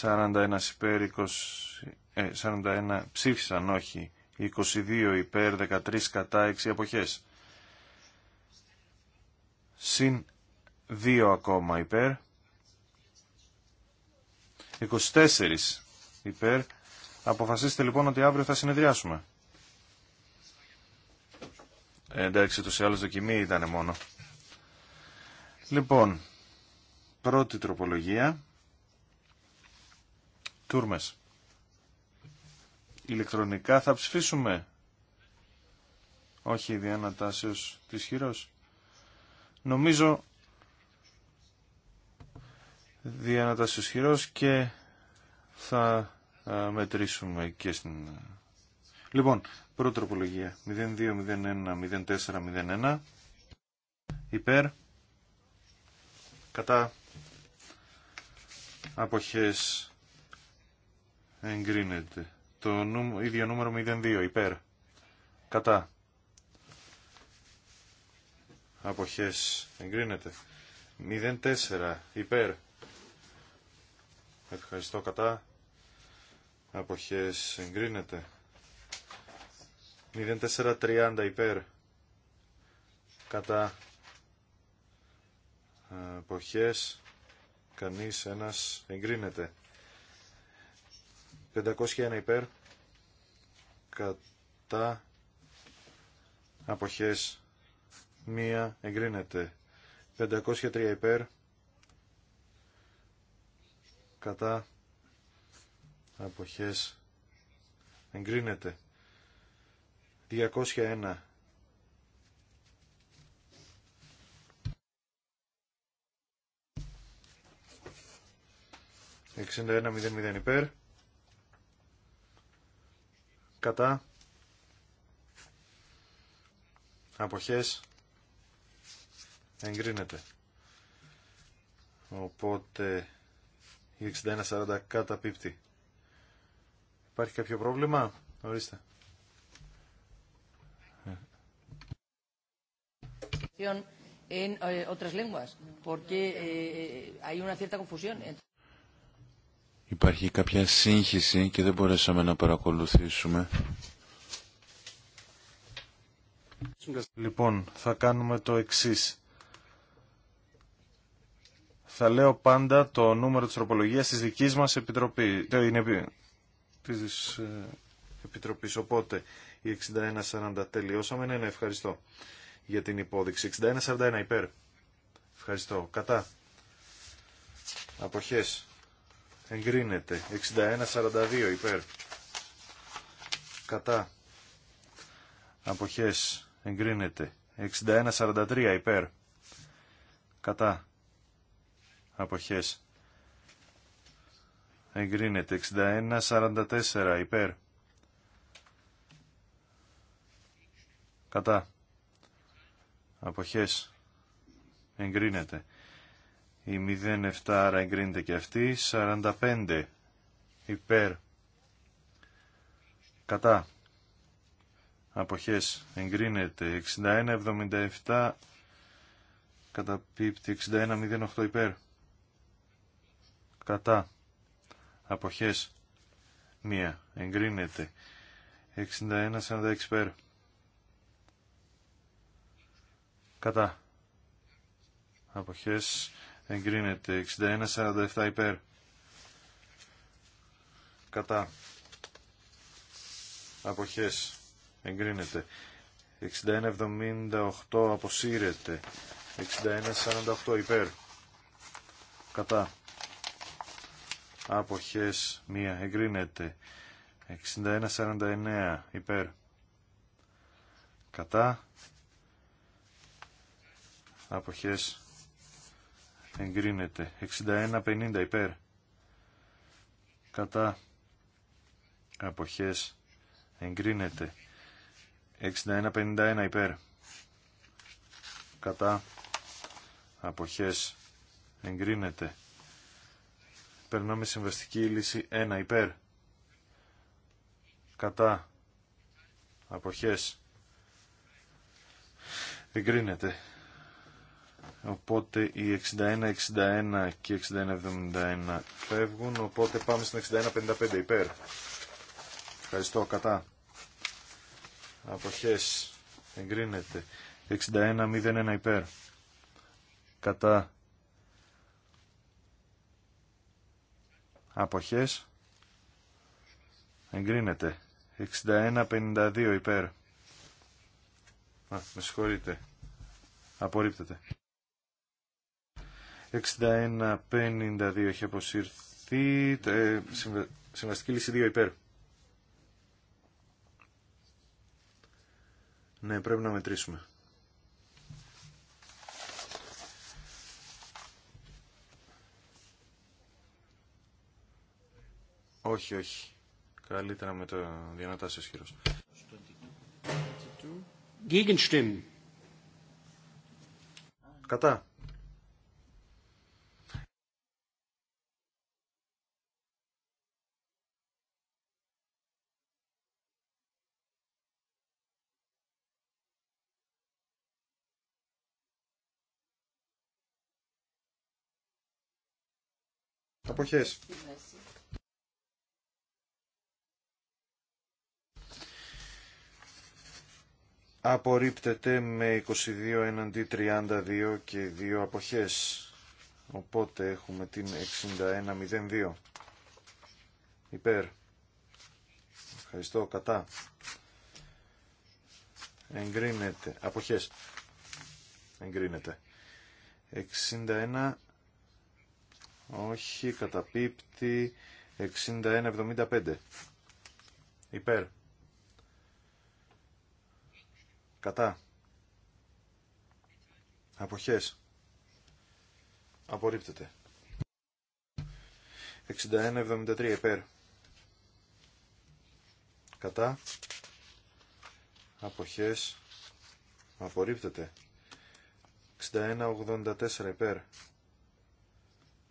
41 υπέρ, 20, ε, 41 ψήφισαν όχι, 22 υπέρ, 13 κατά, 6 αποχές. Συν Δύο ακόμα υπέρ. 24 υπέρ. Αποφασίστε λοιπόν ότι αύριο θα συνεδριάσουμε. Ε, εντάξει, τους άλλους δοκιμή ήταν μόνο. Λοιπόν, πρώτη τροπολογία. Τούρμες. Ηλεκτρονικά θα ψηφίσουμε. Όχι, διανατάσεως της χειρός. Νομίζω Διανατάσεις χειρός και θα μετρήσουμε και στην... Λοιπόν, πρώτη τροπολογία 02, 01, υπέρ κατά αποχές εγκρίνεται το νου... ίδιο νούμερο 02 υπέρ κατά αποχές εγκρίνεται 04 υπέρ Ευχαριστώ κατά. Αποχές εγκρίνεται. 0430 υπέρ. Κατά. Αποχές. Κανείς ένας εγκρίνεται. 501 υπέρ. Κατά. Αποχές. Μία εγκρίνεται. 503 υπέρ κατά αποχές εγκρίνεται 201 61.00 υπέρ κατά αποχές εγκρίνεται οπότε 61-40 κατά πίπτη. Υπάρχει κάποιο πρόβλημα. Ορίστε. Eh, eh, Υπάρχει κάποια σύγχυση και δεν μπορέσαμε να παρακολουθήσουμε. Λοιπόν, θα κάνουμε το εξής θα λέω πάντα το νούμερο της τροπολογίας της δικής μας επιτροπή, είναι, της ε, επιτροπής. Οπότε η 6140 τελειώσαμε. Ναι, ναι, ευχαριστώ για την υπόδειξη. 6141 υπέρ. Ευχαριστώ. Κατά. Αποχές. Εγκρίνεται. 6142 υπέρ. Κατά. Αποχές. Εγκρίνεται. 6143 υπέρ. Κατά αποχές εγκρίνεται 61-44 υπέρ κατά αποχές εγκρίνεται η 07 άρα εγκρίνεται και αυτή 45 υπέρ κατά αποχές εγκρίνεται 61-77 καταπίπτει 61-08 υπέρ κατά αποχές μία εγκρίνεται 61-46 πέρ κατά αποχές εγκρίνεται 61-47 υπέρ κατά αποχές 6178 61-78 αποσύρεται 61-48 υπέρ κατά αποχές μία εγκρίνεται 61-49 υπέρ κατά αποχές εγκρίνεται 61-50 υπέρ κατά αποχές εγκρίνεται 61-51 υπέρ κατά αποχές εγκρίνεται Περνάμε συμβαστική λύση 1 υπέρ. Κατά. Αποχές. Εγκρίνεται. Οπότε οι 61, 61 και 61, 71 φεύγουν. Οπότε πάμε στην 61, 55 υπέρ. Ευχαριστώ. Κατά. Αποχές. Εγκρίνεται. 61, 01 υπέρ. Κατά. αποχές εγκρίνεται 61-52 υπέρ Α, με συγχωρείτε απορρίπτεται 61-52 έχει αποσυρθεί ε, συμβα... συμβαστική λύση 2 υπέρ ναι πρέπει να μετρήσουμε Όχι, όχι. Καλύτερα με το διανατάσεις χειρό. Gegenstimmen. Κατά. Αποχές. απορρίπτεται με 22 εναντί 32 και 2 αποχές. Οπότε έχουμε την 61 6102. Υπέρ. Ευχαριστώ. Κατά. Εγκρίνεται. Αποχές. Εγκρίνεται. 61. Όχι. Καταπίπτει. 75. Υπέρ. Κατά. Αποχές. 6173 61-73 υπέρ. Κατά. Αποχές. απορριπτεται 61.84 61-84 υπέρ.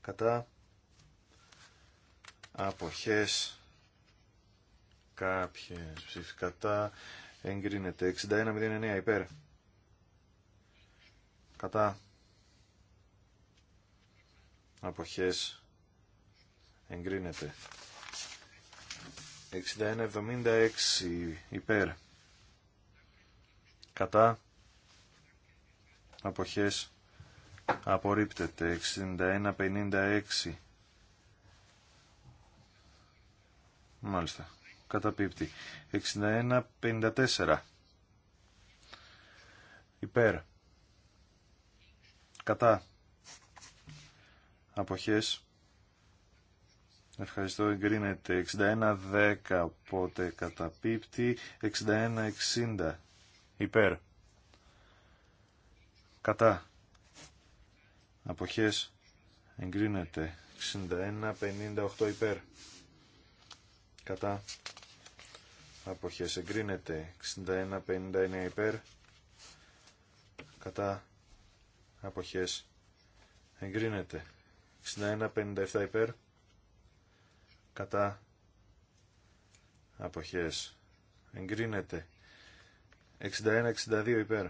Κατά. Αποχές. Κάποιες ψηφικατά, κατά εγκρίνεται. 6109 υπέρ. Κατά αποχές εγκρίνεται. 6176 υπέρ. Κατά αποχές απορρίπτεται. 6156 Μάλιστα καταπίπτει. 61-54 υπέρ κατά αποχές ευχαριστώ εγκρίνεται 61-10 οπότε καταπίπτει 61-60 υπέρ κατά αποχές εγκρίνεται 61-58 υπέρ κατά αποχές εγκρίνεται 61-59 υπέρ κατά αποχές εγκρίνεται 61-57 υπέρ κατά αποχές εγκρίνεται 61-62 υπέρ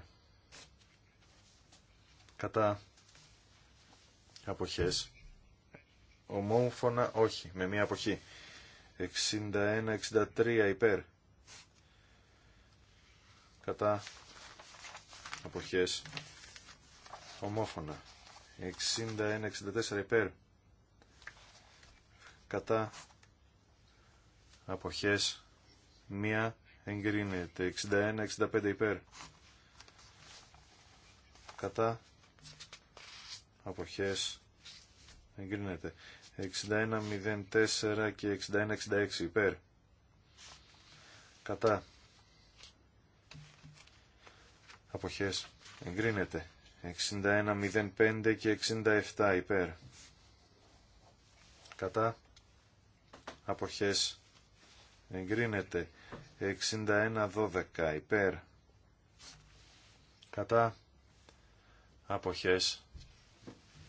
κατά αποχές ομόφωνα όχι με μία αποχή 61-63 υπέρ κατά αποχές ομόφωνα 61-64 υπέρ κατά αποχές μία εγκρίνεται 61-65 υπέρ κατά αποχές εγκρίνεται 61-04 και 61-66 υπέρ κατά αποχές εγκρίνεται 61.05 και 67 υπέρ κατά αποχές εγκρίνεται 61.12 υπέρ κατά αποχές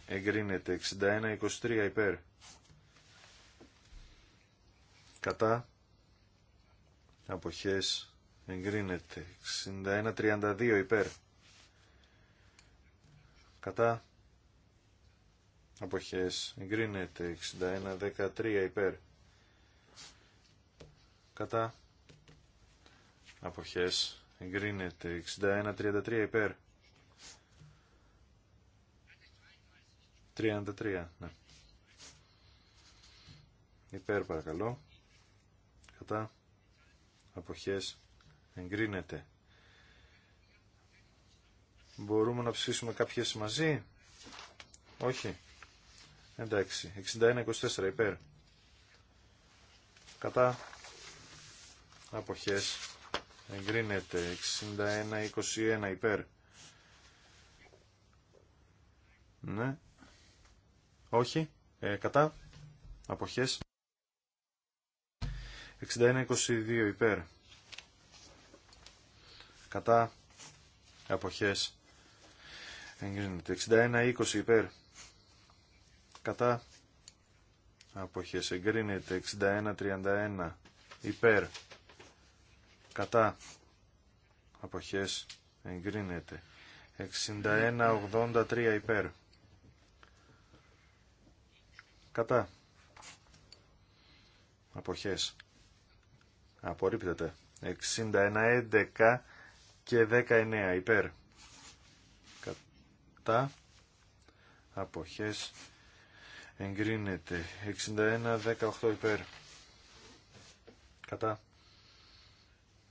εγκρίνεται 61.23 υπέρ κατά αποχές Εγκρίνεται. 61-32 υπέρ. Κατά. Αποχές. Εγκρίνεται. 61-13 υπέρ. Κατά. Αποχές. Εγκρίνεται. 61-33 υπέρ. 33, ναι. Υπέρ παρακαλώ. Κατά. Αποχές. Εγκρίνεται. Μπορούμε να ψησουμε καποιες κάποιες μαζί. Όχι. Εντάξει. 61-24 υπέρ. Κατά. Αποχές. Εγκρίνεται. 61-21 υπέρ. Ναι. Όχι. Ε, κατά. Αποχές. 61-22 υπέρ κατά αποχές εγκρίνεται 61-20 υπέρ κατά αποχές εγκρίνεται 61-31 υπέρ κατά αποχές εγκρίνεται 61-83 υπέρ κατά αποχές απορρίπτεται 61-11 και 19 υπέρ κατά αποχές εγκρίνεται 61 18 υπέρ κατά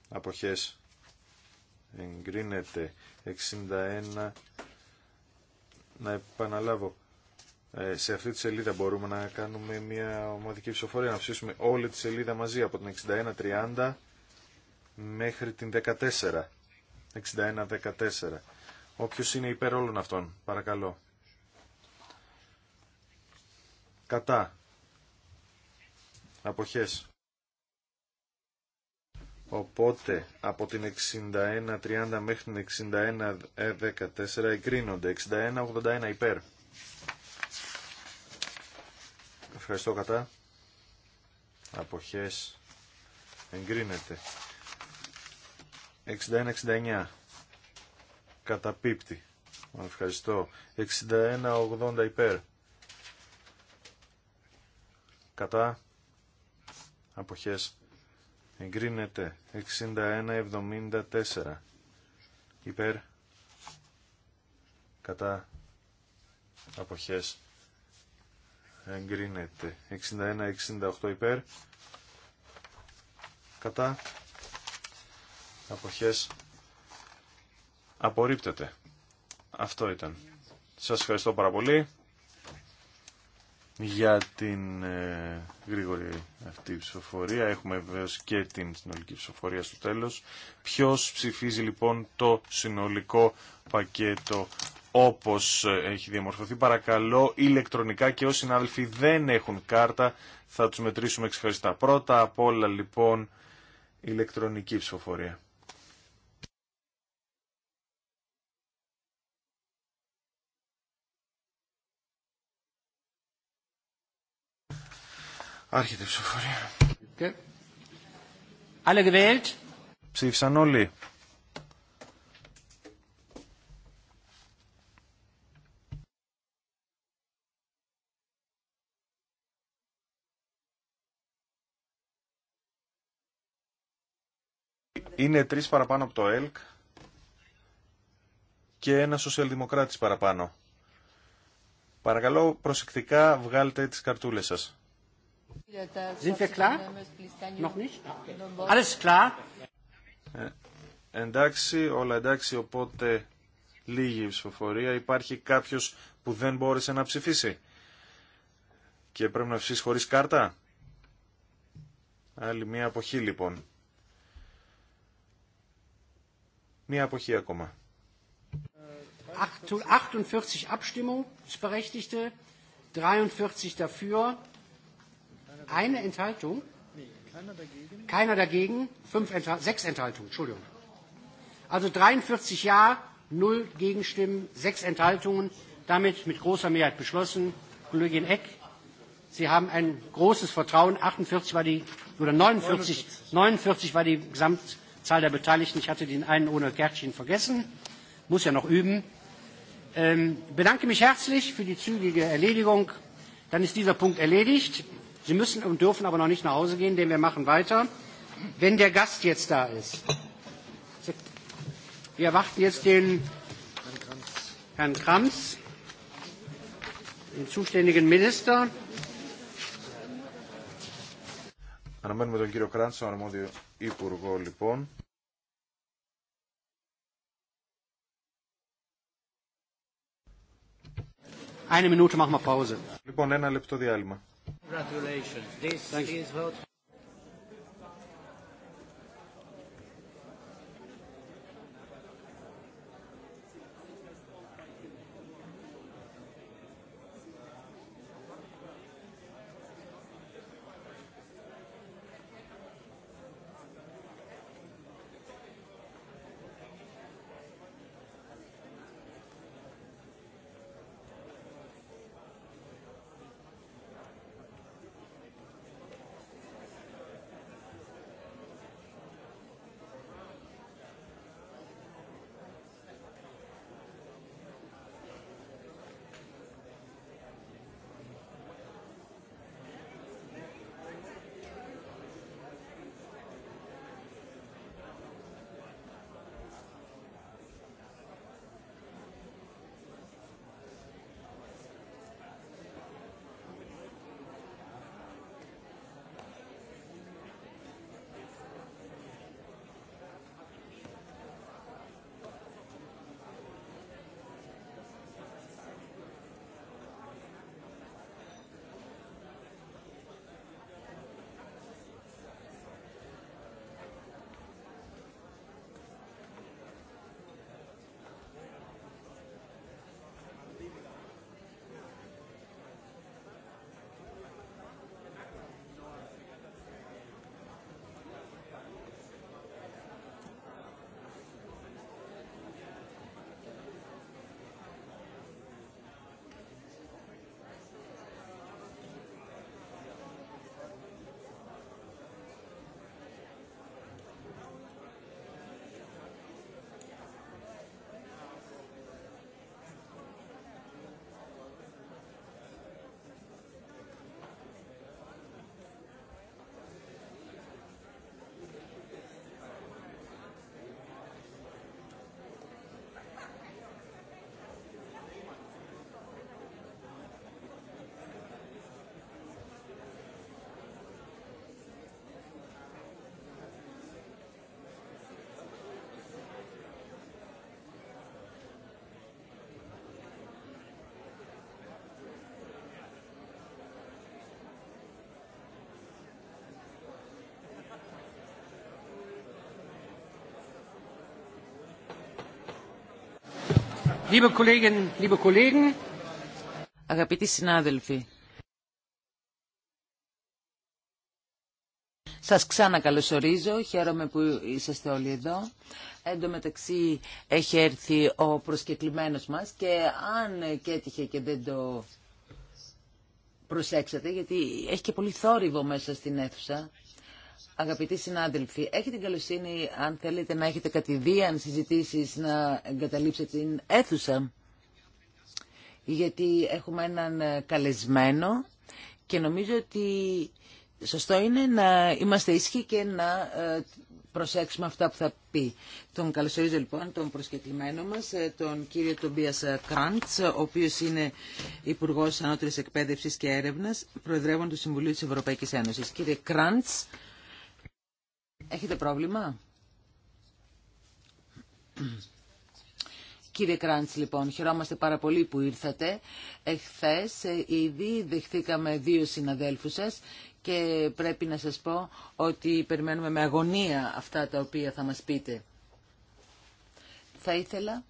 αποχές εγκρίνεται 61 να επαναλάβω ε, σε αυτή τη σελίδα μπορούμε να κάνουμε μια ομαδική ψηφοφορία να ψήσουμε όλη τη σελίδα μαζί από την 61 30 μέχρι την 14 61-14. Όποιος είναι υπέρ όλων αυτών, παρακαλώ. Κατά. Αποχές. Οπότε από την 61-30 μέχρι την 61-14 εγκρίνονται 61-81 υπέρ. Ευχαριστώ κατά. Αποχές. Εγκρίνεται. 61-69 καταπίπτει. Ευχαριστώ. 61-80 υπέρ. Κατά. Αποχές. Εγκρίνεται. 61-74 υπέρ. Κατά. Αποχές. Εγκρίνεται. 61-68 υπέρ. Κατά αποχές απορρίπτεται. Αυτό ήταν. Σας ευχαριστώ πάρα πολύ για την ε, γρήγορη αυτή ψηφοφορία. Έχουμε βεβαίω και την συνολική ψηφοφορία στο τέλος. Ποιος ψηφίζει λοιπόν το συνολικό πακέτο όπως ε, έχει διαμορφωθεί. Παρακαλώ ηλεκτρονικά και όσοι συνάδελφοι δεν έχουν κάρτα θα τους μετρήσουμε ξεχωριστά. Πρώτα απ' όλα λοιπόν ηλεκτρονική ψηφοφορία. Άρχεται η ψηφοφορία. Ψήφισαν όλοι. Είναι τρεις παραπάνω από το ΕΛΚ και ένα σοσιαλδημοκράτης παραπάνω. Παρακαλώ προσεκτικά βγάλτε τις καρτούλες σας. Sind wir klar? Noch nicht? Ε, εντάξει, όλα εντάξει, οπότε λίγη ψηφοφορία. Υπάρχει κάποιος που δεν μπόρεσε να ψηφίσει και πρέπει να ψηφίσει χωρίς κάρτα. Άλλη μία αποχή λοιπόν. Μία αποχή ακόμα. 48 Abstimmung, 43 dafür, Eine Enthaltung? Keiner dagegen. Keiner dagegen. Fünf Enthal sechs Enthaltungen. Entschuldigung. Also 43 Ja, null Gegenstimmen, sechs Enthaltungen. Damit mit großer Mehrheit beschlossen. Kollegin Eck, Sie haben ein großes Vertrauen. 48 war die, oder 49, 49 war die Gesamtzahl der Beteiligten. Ich hatte den einen ohne Kärtchen vergessen. Muss ja noch üben. Ähm, bedanke mich herzlich für die zügige Erledigung. Dann ist dieser Punkt erledigt. Sie müssen und dürfen aber noch nicht nach Hause gehen, denn wir machen weiter. Wenn der Gast jetzt da ist. Wir erwarten jetzt den Herrn Kranz, den zuständigen Minister. Αναμένουμε τον κύριο Κράντ, τον αρμόδιο υπουργό λοιπόν. Λοιπόν, ένα λεπτό διάλειμμα. Congratulations. This is what Liebe Kolleginnen, liebe Αγαπητοί συνάδελφοι, σας ξανακαλωσορίζω, χαίρομαι που είσαστε όλοι εδώ. Εν τω μεταξύ έχει έρθει ο προσκεκλημένος μας και αν και έτυχε και δεν το προσέξατε, γιατί έχει και πολύ θόρυβο μέσα στην αίθουσα, Αγαπητοί συνάδελφοι, έχετε την καλοσύνη, αν θέλετε να έχετε κατηδίαν συζητήσεις, να εγκαταλείψετε την αίθουσα. Γιατί έχουμε έναν ε, καλεσμένο και νομίζω ότι σωστό είναι να είμαστε ίσχυοι και να ε, προσέξουμε αυτά που θα πει. Τον καλωσορίζω λοιπόν τον προσκεκλημένο μας, ε, τον κύριο Τομπίας Κραντς, ο οποίος είναι Υπουργός Ανώτερης Εκπαίδευσης και Έρευνας, Προεδρεύων του Συμβουλίου της Ευρωπαϊκής Ένωσης. Κύριε Κραντς, Έχετε πρόβλημα. Κύριε Κράντς, λοιπόν, χαιρόμαστε πάρα πολύ που ήρθατε. Εχθές ε, ήδη δεχθήκαμε δύο συναδέλφους σας και πρέπει να σας πω ότι περιμένουμε με αγωνία αυτά τα οποία θα μας πείτε. Θα ήθελα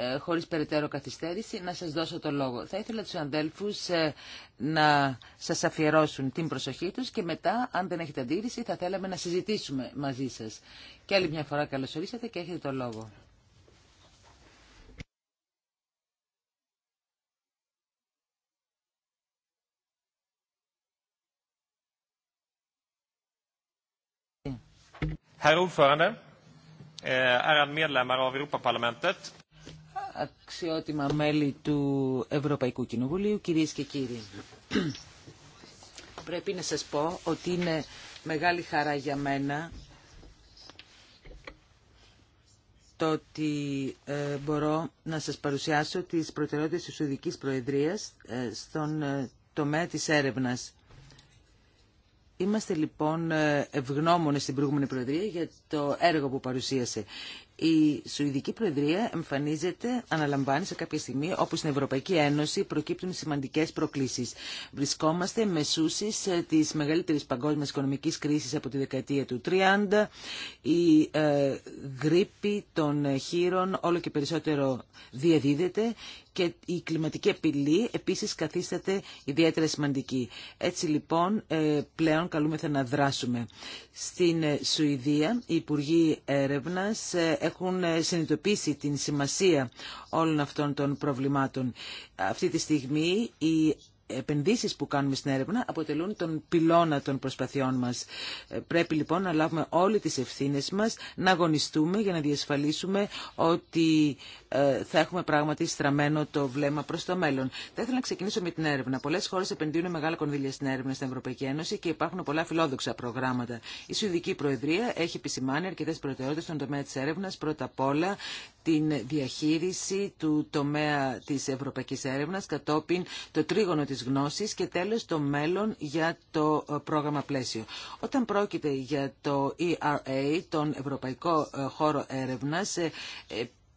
ε, χωρίς περαιτέρω καθυστέρηση, να σας δώσω το λόγο. Θα ήθελα τους αντέλφους ε, να σας αφιερώσουν την προσοχή τους και μετά, αν δεν έχετε αντίρρηση, θα θέλαμε να συζητήσουμε μαζί σας. Και άλλη μια φορά καλωσορίσατε και έχετε το λόγο. Herr ordförande, eh, av Europaparlamentet αξιότιμα μέλη του Ευρωπαϊκού Κοινοβουλίου, κυρίες και κύριοι. Πρέπει να σας πω ότι είναι μεγάλη χαρά για μένα το ότι ε, μπορώ να σας παρουσιάσω τις προτεραιότητες της Ουδικής Προεδρίας ε, στον ε, τομέα της έρευνας. Είμαστε λοιπόν ευγνώμονες στην προηγούμενη Προεδρία για το έργο που παρουσίασε η Σουηδική Προεδρία εμφανίζεται, αναλαμβάνει σε κάποια στιγμή, όπου στην Ευρωπαϊκή Ένωση προκύπτουν σημαντικέ προκλήσει. Βρισκόμαστε μεσούσει ε, τη μεγαλύτερη παγκόσμια οικονομική κρίση από τη δεκαετία του 30. Η ε, γρήπη των χείρων όλο και περισσότερο διαδίδεται και η κλιματική απειλή επίσης καθίσταται ιδιαίτερα σημαντική. Έτσι λοιπόν ε, πλέον καλούμεθα να δράσουμε. Στην ε, Σουηδία οι Υπουργοί έχουν ε, συνειδητοποιήσει την σημασία όλων αυτών των προβλημάτων. Αυτή τη στιγμή η επενδύσεις που κάνουμε στην έρευνα αποτελούν τον πυλώνα των προσπαθειών μας. Ε, πρέπει λοιπόν να λάβουμε όλες τις ευθύνες μας, να αγωνιστούμε για να διασφαλίσουμε ότι ε, θα έχουμε πράγματι στραμμένο το βλέμμα προς το μέλλον. Θα ήθελα να ξεκινήσω με την έρευνα. Πολλές χώρες επενδύουν μεγάλα κονδύλια στην έρευνα στην Ευρωπαϊκή Ένωση και υπάρχουν πολλά φιλόδοξα προγράμματα. Η Σουηδική Προεδρία έχει επισημάνει αρκετές προτεραιότητε στον τομέα της έρευνα. πρώτα απ' όλα την διαχείριση του τομέα της Ευρωπαϊκής Έρευνα, κατόπιν το τρίγωνο τη της και τέλος το μέλλον για το ε, πρόγραμμα πλαίσιο. Όταν πρόκειται για το ERA, τον Ευρωπαϊκό ε, Χώρο Έρευνας, ε,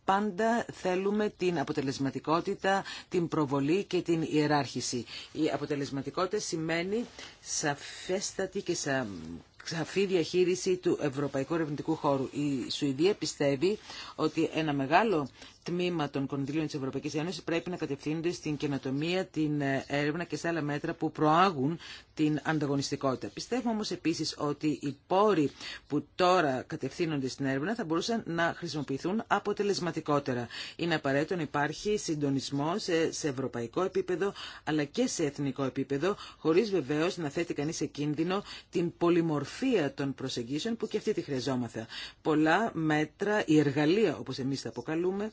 πάντα θέλουμε την αποτελεσματικότητα, την προβολή και την ιεράρχηση. Η αποτελεσματικότητα σημαίνει σαφέστατη και σα... διαχείριση του Ευρωπαϊκού Ερευνητικού Χώρου. Η Σουηδία πιστεύει ότι ένα μεγάλο τμήμα των κονδυλίων τη Ευρωπαϊκή Ένωση πρέπει να κατευθύνονται στην καινοτομία, την ε, έρευνα και σε άλλα μέτρα που προάγουν την ανταγωνιστικότητα. Πιστεύω όμω επίση ότι οι πόροι που τώρα κατευθύνονται στην έρευνα θα μπορούσαν να χρησιμοποιηθούν αποτελεσματικότερα. Είναι απαραίτητο να υπάρχει συντονισμό σε ευρωπαϊκό επίπεδο αλλά και σε εθνικό επίπεδο, χωρί βεβαίω να θέτει κανεί σε κίνδυνο την πολυμορφία των προσεγγίσεων που και αυτή τη χρειαζόμαθα. Πολλά μέτρα, η εργαλεία όπω εμεί τα αποκαλούμε,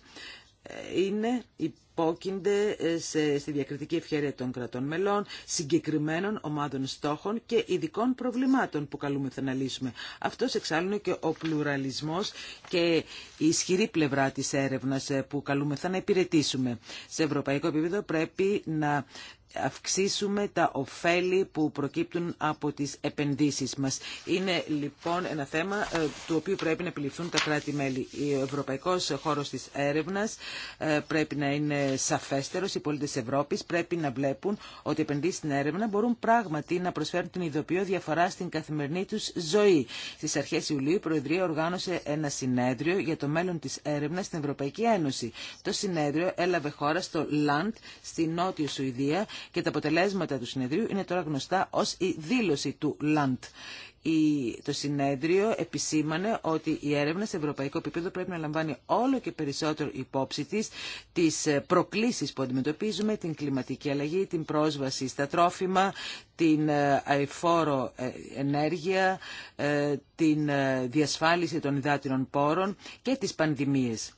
είναι υπόκεινται ε, στη διακριτική ευχαίρεια των κρατών μελών, συγκεκριμένων ομάδων στόχων και ειδικών προβλημάτων που καλούμεθα να λύσουμε. Αυτός εξάλλου και ο πλουραλισμός και η ισχυρή πλευρά της έρευνας ε, που καλούμεθα να υπηρετήσουμε. Σε ευρωπαϊκό επίπεδο πρέπει να αυξήσουμε τα ωφέλη που προκύπτουν από τις επενδύσεις μας. Είναι λοιπόν ένα θέμα ε, του οποίου πρέπει να επιληφθούν τα κράτη-μέλη. Ο ευρωπαϊκός χώρος της έρευνας ε, πρέπει να είναι σαφέστερος. Οι πολίτες Ευρώπης πρέπει να βλέπουν ότι οι επενδύσεις στην έρευνα μπορούν πράγματι να προσφέρουν την ειδοποιώ διαφορά στην καθημερινή τους ζωή. Στις αρχές Ιουλίου η Προεδρία οργάνωσε ένα συνέδριο για το μέλλον της έρευνας στην Ευρωπαϊκή Ένωση. Το συνέδριο έλαβε χώρα στο Λαντ, στη Νότιο Σουηδία και τα αποτελέσματα του συνεδρίου είναι τώρα γνωστά ως η δήλωση του ΛΑΝΤ. Το συνέδριο επισήμανε ότι η έρευνα σε ευρωπαϊκό επίπεδο πρέπει να λαμβάνει όλο και περισσότερο υπόψη τη τι ε, προκλήσει που αντιμετωπίζουμε, την κλιματική αλλαγή, την πρόσβαση στα τρόφιμα, την ε, αηφόρο ε, ενέργεια, την διασφάλιση των υδάτινων πόρων και τις πανδημίες.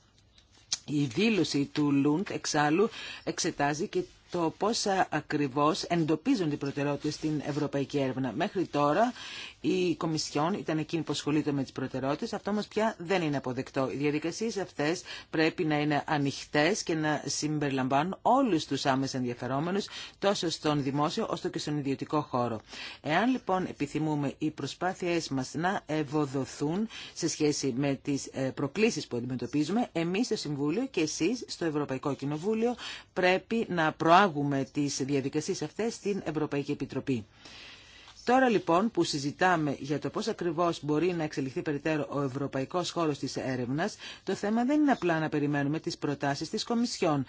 Η δήλωση του Λούντ εξάλλου εξετάζει και το πόσα ακριβώς εντοπίζονται οι προτεραιότητες στην ευρωπαϊκή έρευνα. Μέχρι τώρα η Κομισιόν ήταν εκείνη που ασχολείται με τις προτεραιότητες, αυτό όμως πια δεν είναι αποδεκτό. Οι διαδικασίες αυτές πρέπει να είναι ανοιχτές και να συμπεριλαμβάνουν όλους τους άμεσα ενδιαφερόμενους, τόσο στον δημόσιο όσο και στον ιδιωτικό χώρο. Εάν λοιπόν επιθυμούμε οι προσπάθειές μας να ευοδοθούν σε σχέση με τις ε, προκλήσεις που αντιμετωπίζουμε, εμείς στο Συμβούλιο και εσείς στο Ευρωπαϊκό Κοινοβούλιο πρέπει να άγουμε τις διαδικασίες αυτές στην Ευρωπαϊκή Επιτροπή. Τώρα λοιπόν που συζητάμε για το πώς ακριβώς μπορεί να εξελιχθεί περιττέρω ο ευρωπαϊκός χώρος της έρευνας, το θέμα δεν είναι απλά να περιμένουμε τις προτάσεις της Κομισιόν.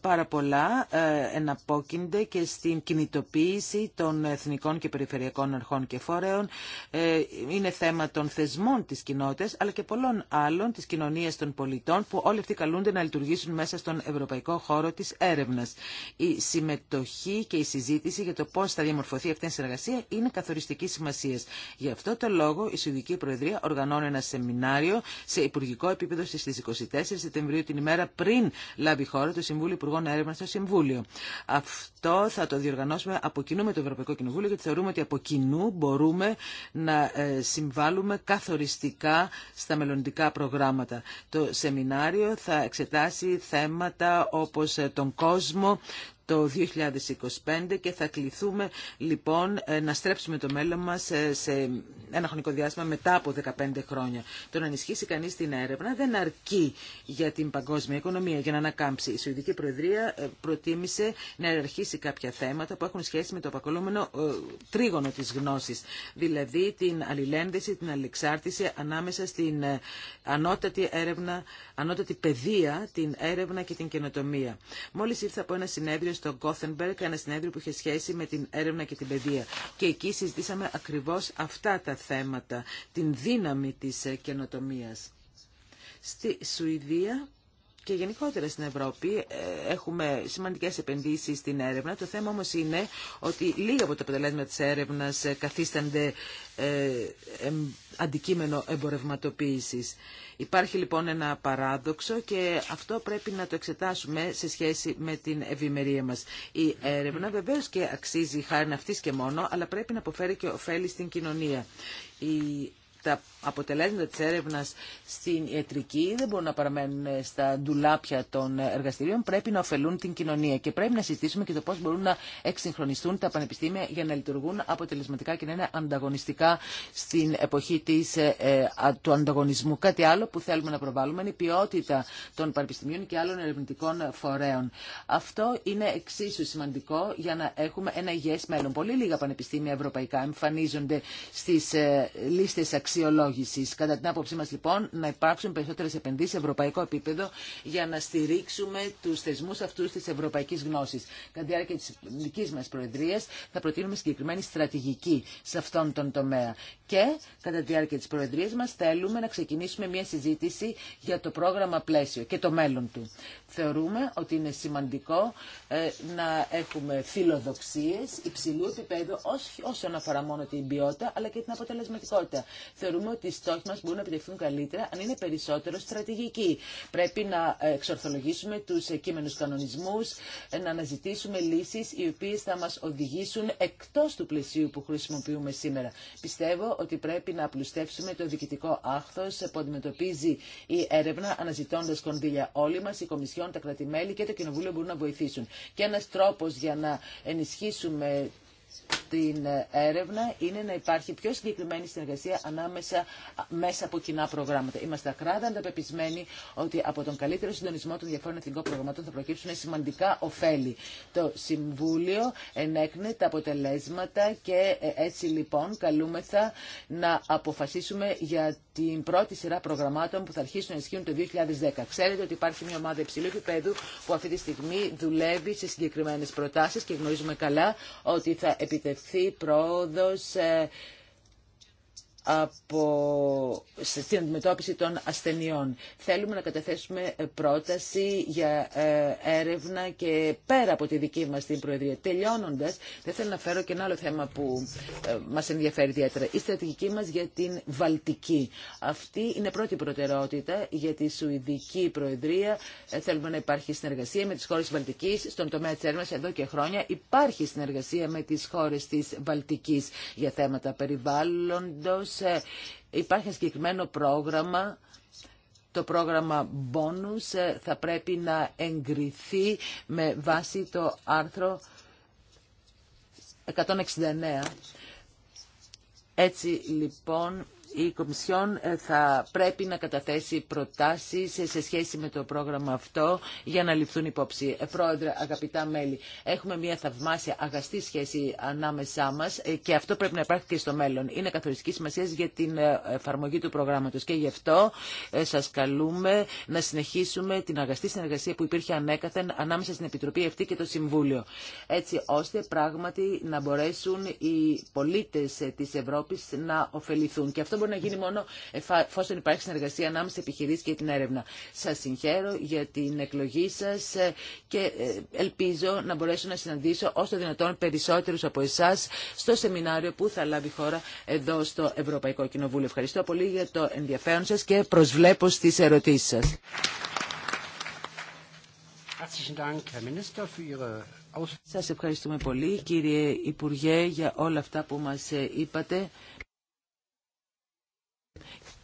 Πάρα πολλά ε, εναπόκεινται και στην κινητοποίηση των εθνικών και περιφερειακών αρχών και φορέων. Ε, είναι θέμα των θεσμών της κοινότητας, αλλά και πολλών άλλων της κοινωνίας των πολιτών, που όλοι αυτοί καλούνται να λειτουργήσουν μέσα στον ευρωπαϊκό χώρο της έρευνας. Η συμμετοχή και η συζήτηση για το πώς θα διαμορφωθεί αυτή η συνεργασία είναι καθοριστική σημασία. Γι' αυτό το λόγο η Σουηδική Προεδρία οργανώνει ένα σεμινάριο σε υπουργικό επίπεδο στι 24 Σεπτεμβρίου, την ημέρα πριν λάβει χώρα το Συμβούλιο Υπουργών Έρευνα στο Συμβούλιο. Αυτό θα το διοργανώσουμε από κοινού με το Ευρωπαϊκό Κοινοβούλιο, γιατί θεωρούμε ότι από κοινού μπορούμε να ε, συμβάλλουμε καθοριστικά στα μελλοντικά προγράμματα. Το σεμινάριο θα εξετάσει θέματα όπως ε, τον κόσμο, το 2025 και θα κληθούμε λοιπόν ε, να στρέψουμε το μέλλον μας ε, σε ένα χρονικό διάστημα μετά από 15 χρόνια. Το να ενισχύσει κανείς την έρευνα δεν αρκεί για την παγκόσμια οικονομία, για να ανακάμψει. Η Σουηδική Προεδρία ε, προτίμησε να εραρχήσει κάποια θέματα που έχουν σχέση με το απακολούμενο τρίγωνο της γνώσης, δηλαδή την αλληλένδεση, την αλληλεξάρτηση ανάμεσα στην ανώτατη έρευνα, ανώτατη παιδεία, την έρευνα και την καινοτομία. Μόλις ήρθα από ένα συνέδριο στο και ένα συνέδριο που είχε σχέση με την έρευνα και την παιδεία. Και εκεί συζητήσαμε ακριβώς αυτά τα θέματα, την δύναμη της ε, καινοτομίας. Στη Σουηδία και γενικότερα στην Ευρώπη ε, έχουμε σημαντικές επενδύσεις στην έρευνα. Το θέμα όμως είναι ότι λίγα από τα αποτελέσματα της έρευνας ε, καθίστανται ε, αντικείμενο εμπορευματοποίησης. Υπάρχει λοιπόν ένα παράδοξο και αυτό πρέπει να το εξετάσουμε σε σχέση με την ευημερία μας. Η έρευνα βεβαίως και αξίζει χάρη αυτής και μόνο, αλλά πρέπει να αποφέρει και ωφέλη στην κοινωνία. Η τα αποτελέσματα της έρευνας στην ιατρική δεν μπορούν να παραμένουν στα ντουλάπια των εργαστηρίων, πρέπει να ωφελούν την κοινωνία και πρέπει να συζητήσουμε και το πώς μπορούν να εξυγχρονιστούν τα πανεπιστήμια για να λειτουργούν αποτελεσματικά και να είναι ανταγωνιστικά στην εποχή της, ε, ε, του ανταγωνισμού. Κάτι άλλο που θέλουμε να προβάλλουμε είναι η ποιότητα των πανεπιστημίων και άλλων ερευνητικών φορέων. Αυτό είναι εξίσου σημαντικό για να έχουμε ένα υγιές μέλλον. Πολύ λίγα πανεπιστήμια ευρωπαϊκά εμφανίζονται στις ε, λίστες αξιολόγηση Κατά την άποψή μα λοιπόν να υπάρξουν περισσότερε επενδύσει σε ευρωπαϊκό επίπεδο για να στηρίξουμε του θεσμού αυτού τη Ευρωπαϊκή Γνώση. Κατά τη διάρκεια τη δική μα προεδρία, θα προτείνουμε συγκεκριμένη στρατηγική σε αυτόν τον τομέα. Και κατά τη διάρκεια τη προεδρία μα θέλουμε να ξεκινήσουμε μια συζήτηση για το πρόγραμμα πλαίσιο και το μέλλον του. Θεωρούμε ότι είναι σημαντικό ε, να έχουμε φιλοδοξίε υψηλού επίπεδου όσον αφορά μόνο την ποιότητα αλλά και την αποτελεσματικότητα. Θεωρούμε τι στόχοι μας μπορούν να επιτευχθούν καλύτερα αν είναι περισσότερο στρατηγικοί. Πρέπει να εξορθολογήσουμε του κείμενου κανονισμού, να αναζητήσουμε λύσει οι οποίε θα μα οδηγήσουν εκτό του πλαισίου που χρησιμοποιούμε σήμερα. Πιστεύω ότι πρέπει να απλουστεύσουμε το διοικητικό άχθο. που αντιμετωπίζει η έρευνα αναζητώντα κονδύλια. Όλοι μα οι Κομισιόν, τα κρατημέλη και το Κοινοβούλιο μπορούν να βοηθήσουν. Και ένα τρόπο για να ενισχύσουμε την ε, έρευνα είναι να υπάρχει πιο συγκεκριμένη συνεργασία ανάμεσα μέσα από κοινά προγράμματα. Είμαστε ακράδαντα ανταπεπισμένοι ότι από τον καλύτερο συντονισμό των διαφόρων εθνικών προγραμμάτων θα προκύψουν σημαντικά ωφέλη. Το Συμβούλιο ενέκνε τα αποτελέσματα και ε, έτσι λοιπόν καλούμεθα να αποφασίσουμε για την πρώτη σειρά προγραμμάτων που θα αρχίσουν να ισχύουν το 2010. Ξέρετε ότι υπάρχει μια ομάδα υψηλού επίπεδου που αυτή τη στιγμή δουλεύει σε συγκεκριμένε προτάσει και γνωρίζουμε καλά ότι θα επιτευχθεί πρόοδος ε, από, στην αντιμετώπιση των ασθενειών. Θέλουμε να καταθέσουμε ε, πρόταση για ε, έρευνα και πέρα από τη δική μας την Προεδρία. Τελειώνοντας, δεν θέλω να φέρω και ένα άλλο θέμα που ε, μας ενδιαφέρει ιδιαίτερα. Η στρατηγική μας για την Βαλτική. Αυτή είναι πρώτη προτεραιότητα για τη Σουηδική Προεδρία. Θέλουμε να υπάρχει συνεργασία με τις χώρες της Βαλτικής στον τομέα της έρευνας εδώ και χρόνια. Υπάρχει συνεργασία με τις χώρες της Βαλτικής για θέματα περιβάλλοντος ε, υπάρχει ένα συγκεκριμένο πρόγραμμα το πρόγραμμα Bonus ε, θα πρέπει να εγκριθεί με βάση το άρθρο 169. Έτσι λοιπόν η Κομισιόν ε, θα πρέπει να καταθέσει προτάσεις σε σχέση με το πρόγραμμα αυτό για να ληφθούν υπόψη. Ε, πρόεδρε, αγαπητά μέλη, έχουμε μια θαυμάσια αγαστή σχέση ανάμεσά μας ε, και αυτό πρέπει να υπάρχει και στο μέλλον. Είναι καθοριστική σημασία για την εφαρμογή του προγράμματος και γι' αυτό σας καλούμε να συνεχίσουμε την αγαστή συνεργασία που υπήρχε ανέκαθεν ανάμεσα στην Επιτροπή αυτή και το Συμβούλιο. Έτσι ώστε πράγματι να μπορέσουν οι πολίτες της Ευρώπης να ωφεληθούν. Και αυτό μπορεί να γίνει μόνο εφόσον υπάρχει συνεργασία ανάμεσα επιχειρήσει και την έρευνα. Σα συγχαίρω για την εκλογή σα ε, και ε, ελπίζω να μπορέσω να συναντήσω όσο δυνατόν περισσότερου από εσά στο σεμινάριο που θα λάβει η χώρα εδώ στο Ευρωπαϊκό Κοινοβούλιο. Ευχαριστώ πολύ για το ενδιαφέρον σα και προσβλέπω στις ερωτήσει σα. Σας ευχαριστούμε πολύ κύριε Υπουργέ για όλα αυτά που μας ε, είπατε.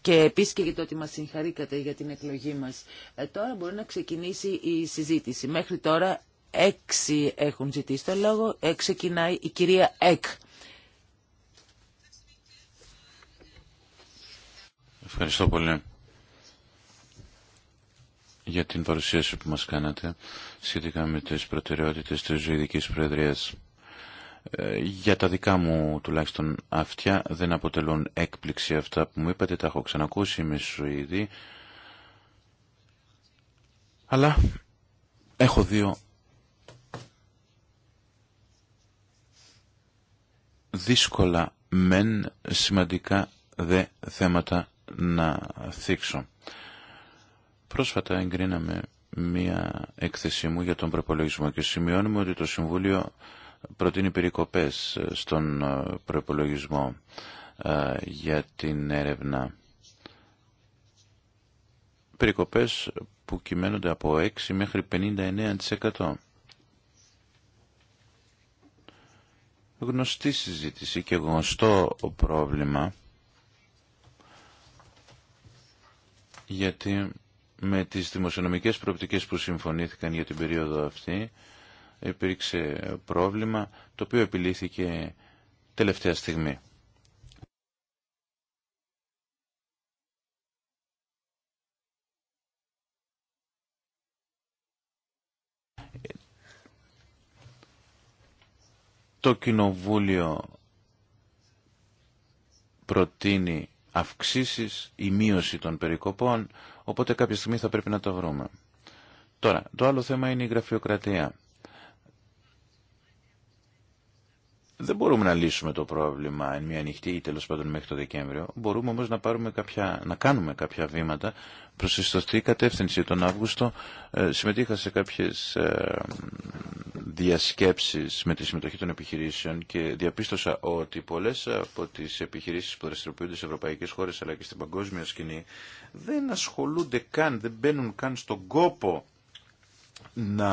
Και επίσης και για το ότι μας συγχαρήκατε για την εκλογή μας. Ε, τώρα μπορεί να ξεκινήσει η συζήτηση. Μέχρι τώρα έξι έχουν ζητήσει το λόγο. Ε, ξεκινάει η κυρία Εκ. Ευχαριστώ πολύ για την παρουσίαση που μας κάνατε σχετικά με τις προτεραιότητες της Ζωηδικής Προεδρίας. Ε, για τα δικά μου τουλάχιστον αυτιά δεν αποτελούν έκπληξη αυτά που μου είπατε, τα έχω ξανακούσει με Αλλά έχω δύο δύσκολα μεν σημαντικά δε θέματα να θίξω. Πρόσφατα εγκρίναμε μία έκθεσή μου για τον προπολογισμό και σημειώνουμε ότι το Συμβούλιο προτείνει περικοπές ε, στον ε, προπολογισμό ε, για την έρευνα. Περικοπές που κυμαίνονται από 6 μέχρι 59%. Γνωστή συζήτηση και γνωστό πρόβλημα γιατί με τις δημοσιονομικές προοπτικές που συμφωνήθηκαν για την περίοδο αυτή υπήρξε πρόβλημα το οποίο επιλύθηκε τελευταία στιγμή. Το Κοινοβούλιο προτείνει αυξήσεις, η μείωση των περικοπών, οπότε κάποια στιγμή θα πρέπει να το βρούμε. Τώρα, το άλλο θέμα είναι η γραφειοκρατία. Δεν μπορούμε να λύσουμε το πρόβλημα εν μία νυχτή ή τέλος πάντων μέχρι το Δεκέμβριο. Μπορούμε όμως να, να κάνουμε κάποια βήματα προς τη σωστή κατεύθυνση. Τον Αύγουστο ε, συμμετείχα σε κάποιες ε, διασκέψεις με τη συμμετοχή των επιχειρήσεων και διαπίστωσα ότι πολλές από τις επιχειρήσεις που δραστηριοποιούνται σε ευρωπαϊκές χώρες αλλά και στην παγκόσμια σκηνή δεν ασχολούνται καν, δεν μπαίνουν καν στον κόπο να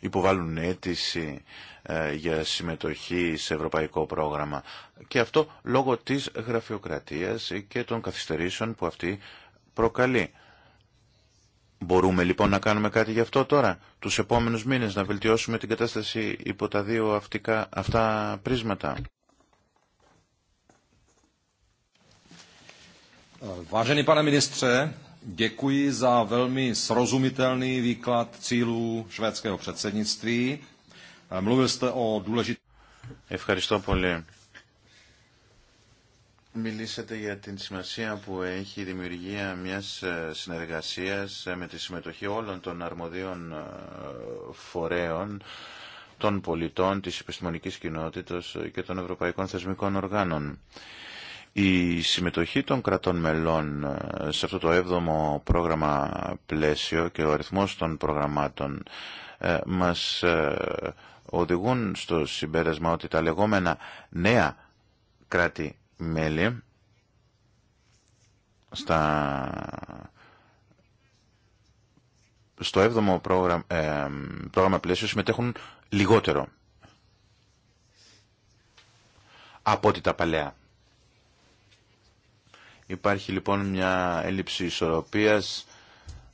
υποβάλουν αίτηση ε, για συμμετοχή σε ευρωπαϊκό πρόγραμμα. Και αυτό λόγω της γραφειοκρατίας και των καθυστερήσεων που αυτή προκαλεί. Μπορούμε λοιπόν να κάνουμε κάτι γι' αυτό τώρα, τους επόμενους μήνες, να βελτιώσουμε την κατάσταση υπό τα δύο αυτικά, αυτά πρίσματα. Vážený pane ministře, děkuji za Ευχαριστώ πολύ. Μιλήσατε για την σημασία που έχει η δημιουργία μιας ε, συνεργασίας ε, με τη συμμετοχή όλων των αρμοδίων ε, φορέων, των πολιτών, της επιστημονικής κοινότητας και των ευρωπαϊκών θεσμικών οργάνων. Η συμμετοχή των κρατών μελών σε αυτό το έβδομο πρόγραμμα πλαίσιο και ο αριθμός των προγραμμάτων μας οδηγούν στο συμπέρασμα ότι τα λεγόμενα νέα κράτη-μέλη στα... στο 7ο πρόγραμμα, ε, πρόγραμμα πλαίσιο συμμετέχουν λιγότερο από ό,τι τα παλαιά. Υπάρχει λοιπόν μια έλλειψη ισορροπίας,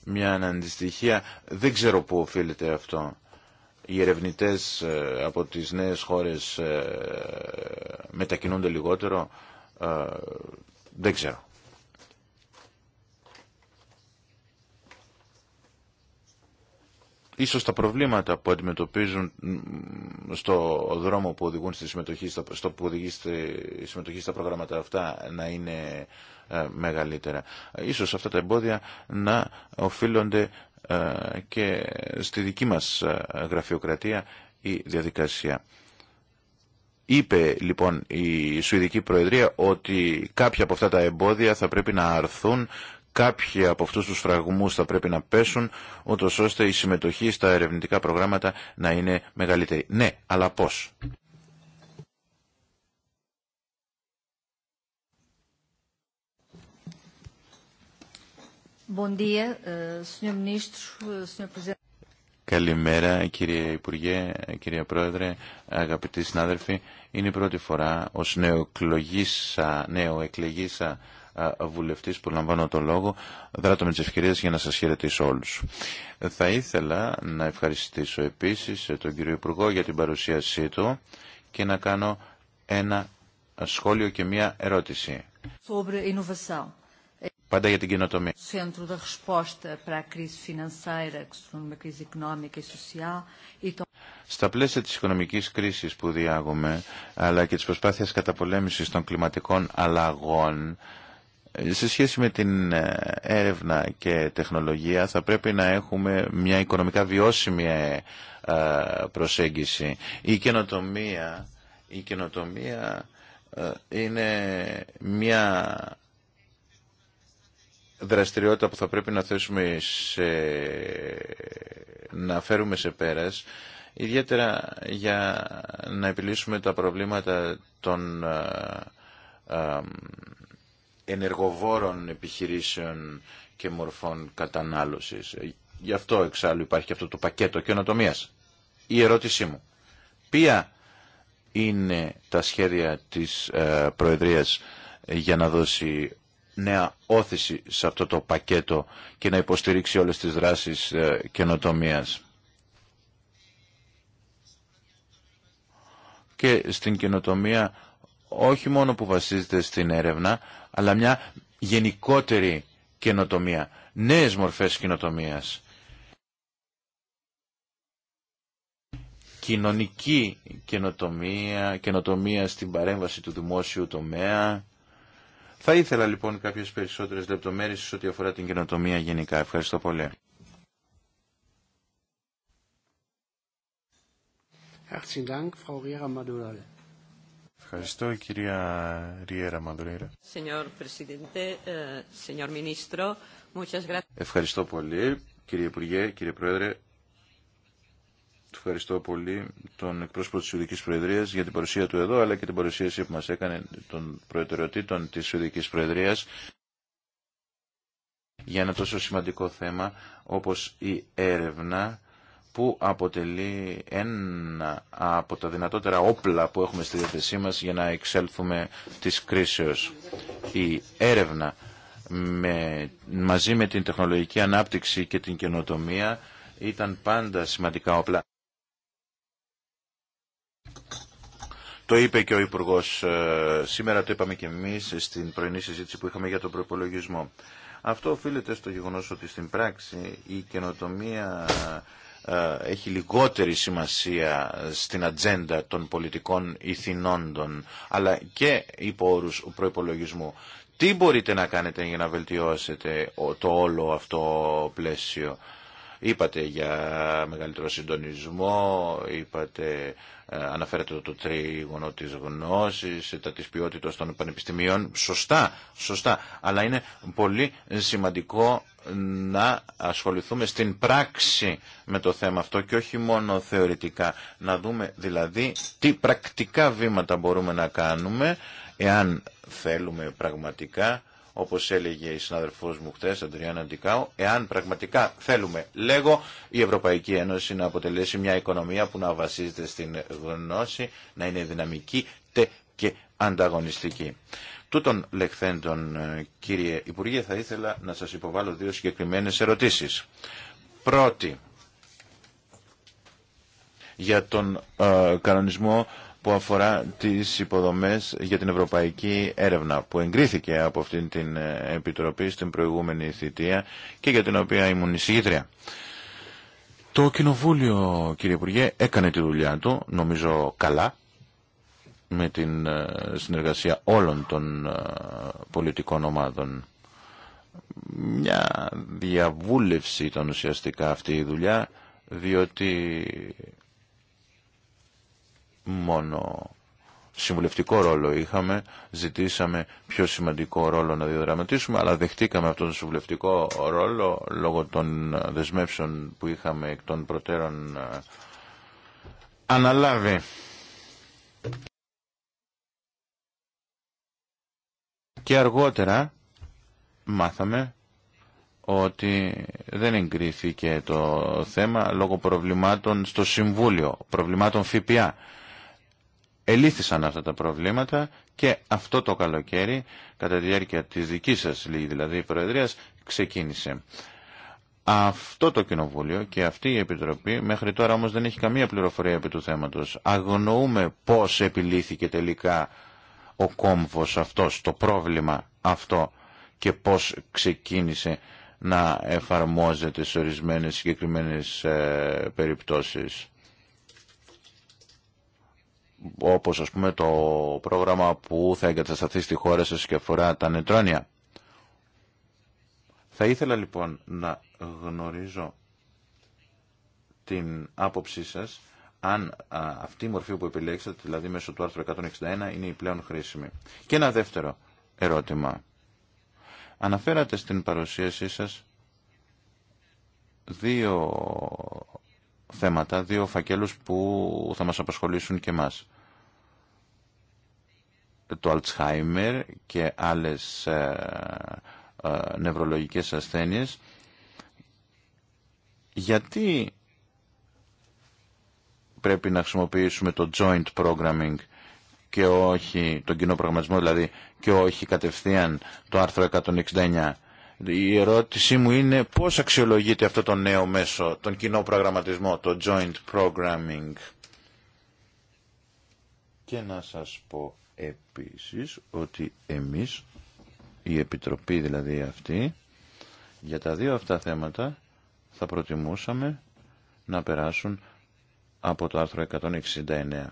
μια αναντιστοιχία. Δεν ξέρω πού οφείλεται αυτό οι ερευνητές ε, από τις νέες χώρες ε, μετακινούνται λιγότερο, ε, δεν ξέρω. Ίσως τα προβλήματα που αντιμετωπίζουν στο δρόμο που οδηγούν στη συμμετοχή, στο που οδηγεί στη συμμετοχή στα προγράμματα αυτά να είναι μεγαλύτερα. Ίσως αυτά τα εμπόδια να οφείλονται ε, και στη δική μας ε, γραφειοκρατία η διαδικασία. Είπε λοιπόν η Σουηδική Προεδρία ότι κάποια από αυτά τα εμπόδια θα πρέπει να αρθούν, κάποιοι από αυτούς τους φραγμούς θα πρέπει να πέσουν, ούτως ώστε η συμμετοχή στα ερευνητικά προγράμματα να είναι μεγαλύτερη. Ναι, αλλά πώς. Eh, eh, Καλημέρα κύριε Υπουργέ, κύριε Πρόεδρε, αγαπητοί συνάδελφοι. Είναι η πρώτη φορά ως νεοεκλογήσα, νεοεκλεγήσα βουλευτής που λαμβάνω το λόγο. Δράτω με τις ευκαιρίες για να σας χαιρετήσω όλους. Θα ήθελα να ευχαριστήσω επίσης τον κύριο Υπουργό για την παρουσίασή του και να κάνω ένα σχόλιο και μία ερώτηση. Sobre Πάντα για την καινοτομία. Στα πλαίσια της οικονομικής κρίσης που διάγουμε, αλλά και της προσπάθειας καταπολέμησης των κλιματικών αλλαγών, σε σχέση με την ε, έρευνα και τεχνολογία θα πρέπει να έχουμε μια οικονομικά βιώσιμη ε, ε, προσέγγιση. Η καινοτομία, η καινοτομία είναι μια δραστηριότητα που θα πρέπει να θέσουμε να φέρουμε σε πέρας, ιδιαίτερα για να επιλύσουμε τα προβλήματα των ε, ε, ενεργοβόρων επιχειρήσεων και μορφών κατανάλωσης. Γι' αυτό εξάλλου υπάρχει αυτό το πακέτο καινοτομία. Η ερώτησή μου. Ποια είναι τα σχέδια της ε, Προεδρίας για να δώσει νέα όθηση σε αυτό το πακέτο και να υποστηρίξει όλες τις δράσεις ε, καινοτομίας. Και στην καινοτομία όχι μόνο που βασίζεται στην έρευνα, αλλά μια γενικότερη καινοτομία, νέες μορφές καινοτομίας. Κοινωνική καινοτομία, καινοτομία στην παρέμβαση του δημόσιου τομέα, θα ήθελα λοιπόν κάποιες περισσότερες λεπτομέρειες ό,τι αφορά την καινοτομία γενικά. Ευχαριστώ πολύ. Ευχαριστώ, κυρία Ριέρα Μαντουρέρα. Eh, Ευχαριστώ πολύ, κύριε Υπουργέ, κύριε Πρόεδρε. Του ευχαριστώ πολύ τον εκπρόσωπο της Σουηδική Προεδρίας για την παρουσία του εδώ, αλλά και την παρουσίαση που μα έκανε των προτεραιοτήτων της Σουηδική Προεδρίας για ένα τόσο σημαντικό θέμα όπως η έρευνα που αποτελεί ένα από τα δυνατότερα όπλα που έχουμε στη διάθεσή μας για να εξέλθουμε της κρίσεως. Η έρευνα με, μαζί με την τεχνολογική ανάπτυξη και την καινοτομία ήταν πάντα σημαντικά όπλα Το είπε και ο Υπουργό. Ε, σήμερα το είπαμε και εμεί στην πρωινή συζήτηση που είχαμε για τον προπολογισμό. Αυτό οφείλεται στο γεγονό ότι στην πράξη η καινοτομία ε, έχει λιγότερη σημασία στην ατζέντα των πολιτικών ηθινόντων, αλλά και υπό όρου προπολογισμού. Τι μπορείτε να κάνετε για να βελτιώσετε το όλο αυτό πλαίσιο. Είπατε για μεγαλύτερο συντονισμό, είπατε ε, αναφέρεται το τρίγωνο της γνώσης, ε, τα ποιότητα των πανεπιστημίων. Σωστά, σωστά. Αλλά είναι πολύ σημαντικό να ασχοληθούμε στην πράξη με το θέμα αυτό και όχι μόνο θεωρητικά. Να δούμε δηλαδή τι πρακτικά βήματα μπορούμε να κάνουμε εάν θέλουμε πραγματικά όπως έλεγε η συναδελφός μου χτες, Αντριάν Αντικάου, εάν πραγματικά θέλουμε, λέγω, η Ευρωπαϊκή Ένωση να αποτελέσει μια οικονομία που να βασίζεται στην γνώση, να είναι δυναμική τε και ανταγωνιστική. Τούτων λεχθέντων, ε, κύριε Υπουργέ, θα ήθελα να σας υποβάλω δύο συγκεκριμένες ερωτήσεις. Πρώτη, για τον ε, κανονισμό που αφορά τις υποδομές για την ευρωπαϊκή έρευνα που εγκρίθηκε από αυτήν την ε, Επιτροπή στην προηγούμενη θητεία και για την οποία ήμουν εισηγήτρια. Το Κοινοβούλιο, κύριε Υπουργέ, έκανε τη δουλειά του, νομίζω καλά, με την ε, συνεργασία όλων των ε, πολιτικών ομάδων. Μια διαβούλευση ήταν ουσιαστικά αυτή η δουλειά, διότι μόνο συμβουλευτικό ρόλο είχαμε, ζητήσαμε πιο σημαντικό ρόλο να διαδραματίσουμε, αλλά δεχτήκαμε αυτόν τον συμβουλευτικό ρόλο λόγω των δεσμεύσεων που είχαμε εκ των προτέρων ε, αναλάβει. Και αργότερα μάθαμε ότι δεν εγκρίθηκε το θέμα λόγω προβλημάτων στο Συμβούλιο, προβλημάτων ΦΠΑ ελήθησαν αυτά τα προβλήματα και αυτό το καλοκαίρι, κατά τη διάρκεια της δικής σας λίγη δηλαδή Προεδρίας, ξεκίνησε. Αυτό το Κοινοβούλιο και αυτή η Επιτροπή μέχρι τώρα όμως δεν έχει καμία πληροφορία επί του θέματος. Αγνοούμε πώς επιλύθηκε τελικά ο κόμβος αυτός, το πρόβλημα αυτό και πώς ξεκίνησε να εφαρμόζεται σε ορισμένες συγκεκριμένες ε, περιπτώσεις όπως ας πούμε το πρόγραμμα που θα εγκατασταθεί στη χώρα σας και αφορά τα νετρόνια. Θα ήθελα λοιπόν να γνωρίζω την άποψή σας αν αυτή η μορφή που επιλέξατε, δηλαδή μέσω του άρθρου 161, είναι η πλέον χρήσιμη. Και ένα δεύτερο ερώτημα. Αναφέρατε στην παρουσίασή σας δύο θέματα, δύο φακέλους που θα μας απασχολήσουν και μας. Το Alzheimer και άλλες ε, ε, νευρολογικές ασθένειες. Γιατί πρέπει να χρησιμοποιήσουμε το joint programming και όχι τον κοινό προγραμματισμό, δηλαδή και όχι κατευθείαν το άρθρο 169. Η ερώτησή μου είναι πώς αξιολογείται αυτό το νέο μέσο, τον κοινό προγραμματισμό, το joint programming. Και να σας πω επίσης ότι εμείς, η Επιτροπή δηλαδή αυτή, για τα δύο αυτά θέματα θα προτιμούσαμε να περάσουν από το άρθρο 169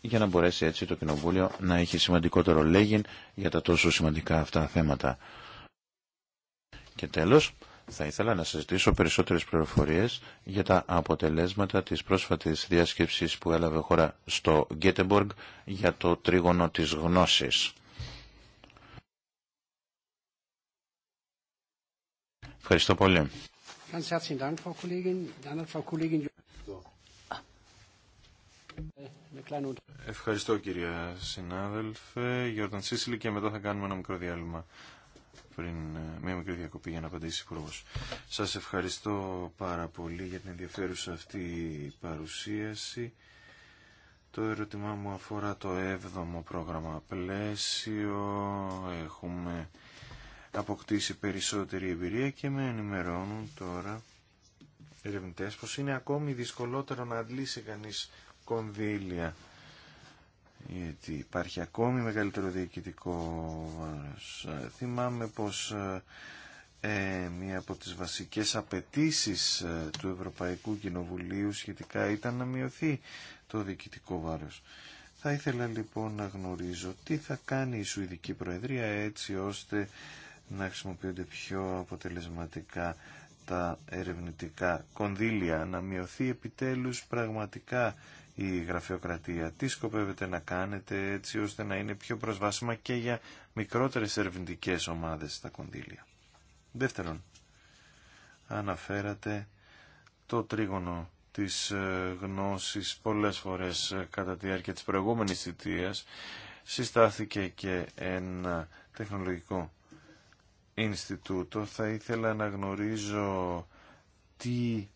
για να μπορέσει έτσι το Κοινοβούλιο να έχει σημαντικότερο λέγειν για τα τόσο σημαντικά αυτά θέματα. Και τέλος, θα ήθελα να σας ζητήσω περισσότερες πληροφορίες για τα αποτελέσματα της πρόσφατης διάσκεψης που έλαβε χώρα στο Γκέτεμποργκ για το τρίγωνο της γνώσης. Ευχαριστώ πολύ. Ευχαριστώ κυρία συνάδελφε. Γιώργο Σίσιλη και μετά θα κάνουμε ένα μικρό διάλειμμα πριν ε, μια μικρή διακοπή για να απαντήσει ο Υπουργός. Σας ευχαριστώ πάρα πολύ για την ενδιαφέρουσα αυτή παρουσίαση. Το ερώτημά μου αφορά το 7ο πρόγραμμα πλαίσιο. Έχουμε αποκτήσει περισσότερη εμπειρία και με ενημερώνουν τώρα ερευνητές πως είναι ακόμη δυσκολότερο να αντλήσει κανείς κονδύλια γιατί υπάρχει ακόμη μεγαλύτερο διοικητικό βάρος. Θυμάμαι πως ε, ε, μία από τις βασικές απαιτήσει ε, του Ευρωπαϊκού Κοινοβουλίου σχετικά ήταν να μειωθεί το διοικητικό βάρος. Θα ήθελα λοιπόν να γνωρίζω τι θα κάνει η Σουηδική Προεδρία έτσι ώστε να χρησιμοποιούνται πιο αποτελεσματικά τα ερευνητικά κονδύλια, να μειωθεί επιτέλους πραγματικά η γραφειοκρατία. Τι σκοπεύετε να κάνετε έτσι ώστε να είναι πιο προσβάσιμα και για μικρότερες ερευνητικέ ομάδες τα κονδύλια. Δεύτερον, αναφέρατε το τρίγωνο της ε, γνώσης πολλές φορές ε, κατά τη διάρκεια της προηγούμενης θητείας συστάθηκε και ένα τεχνολογικό Ινστιτούτο. Θα ήθελα να γνωρίζω τι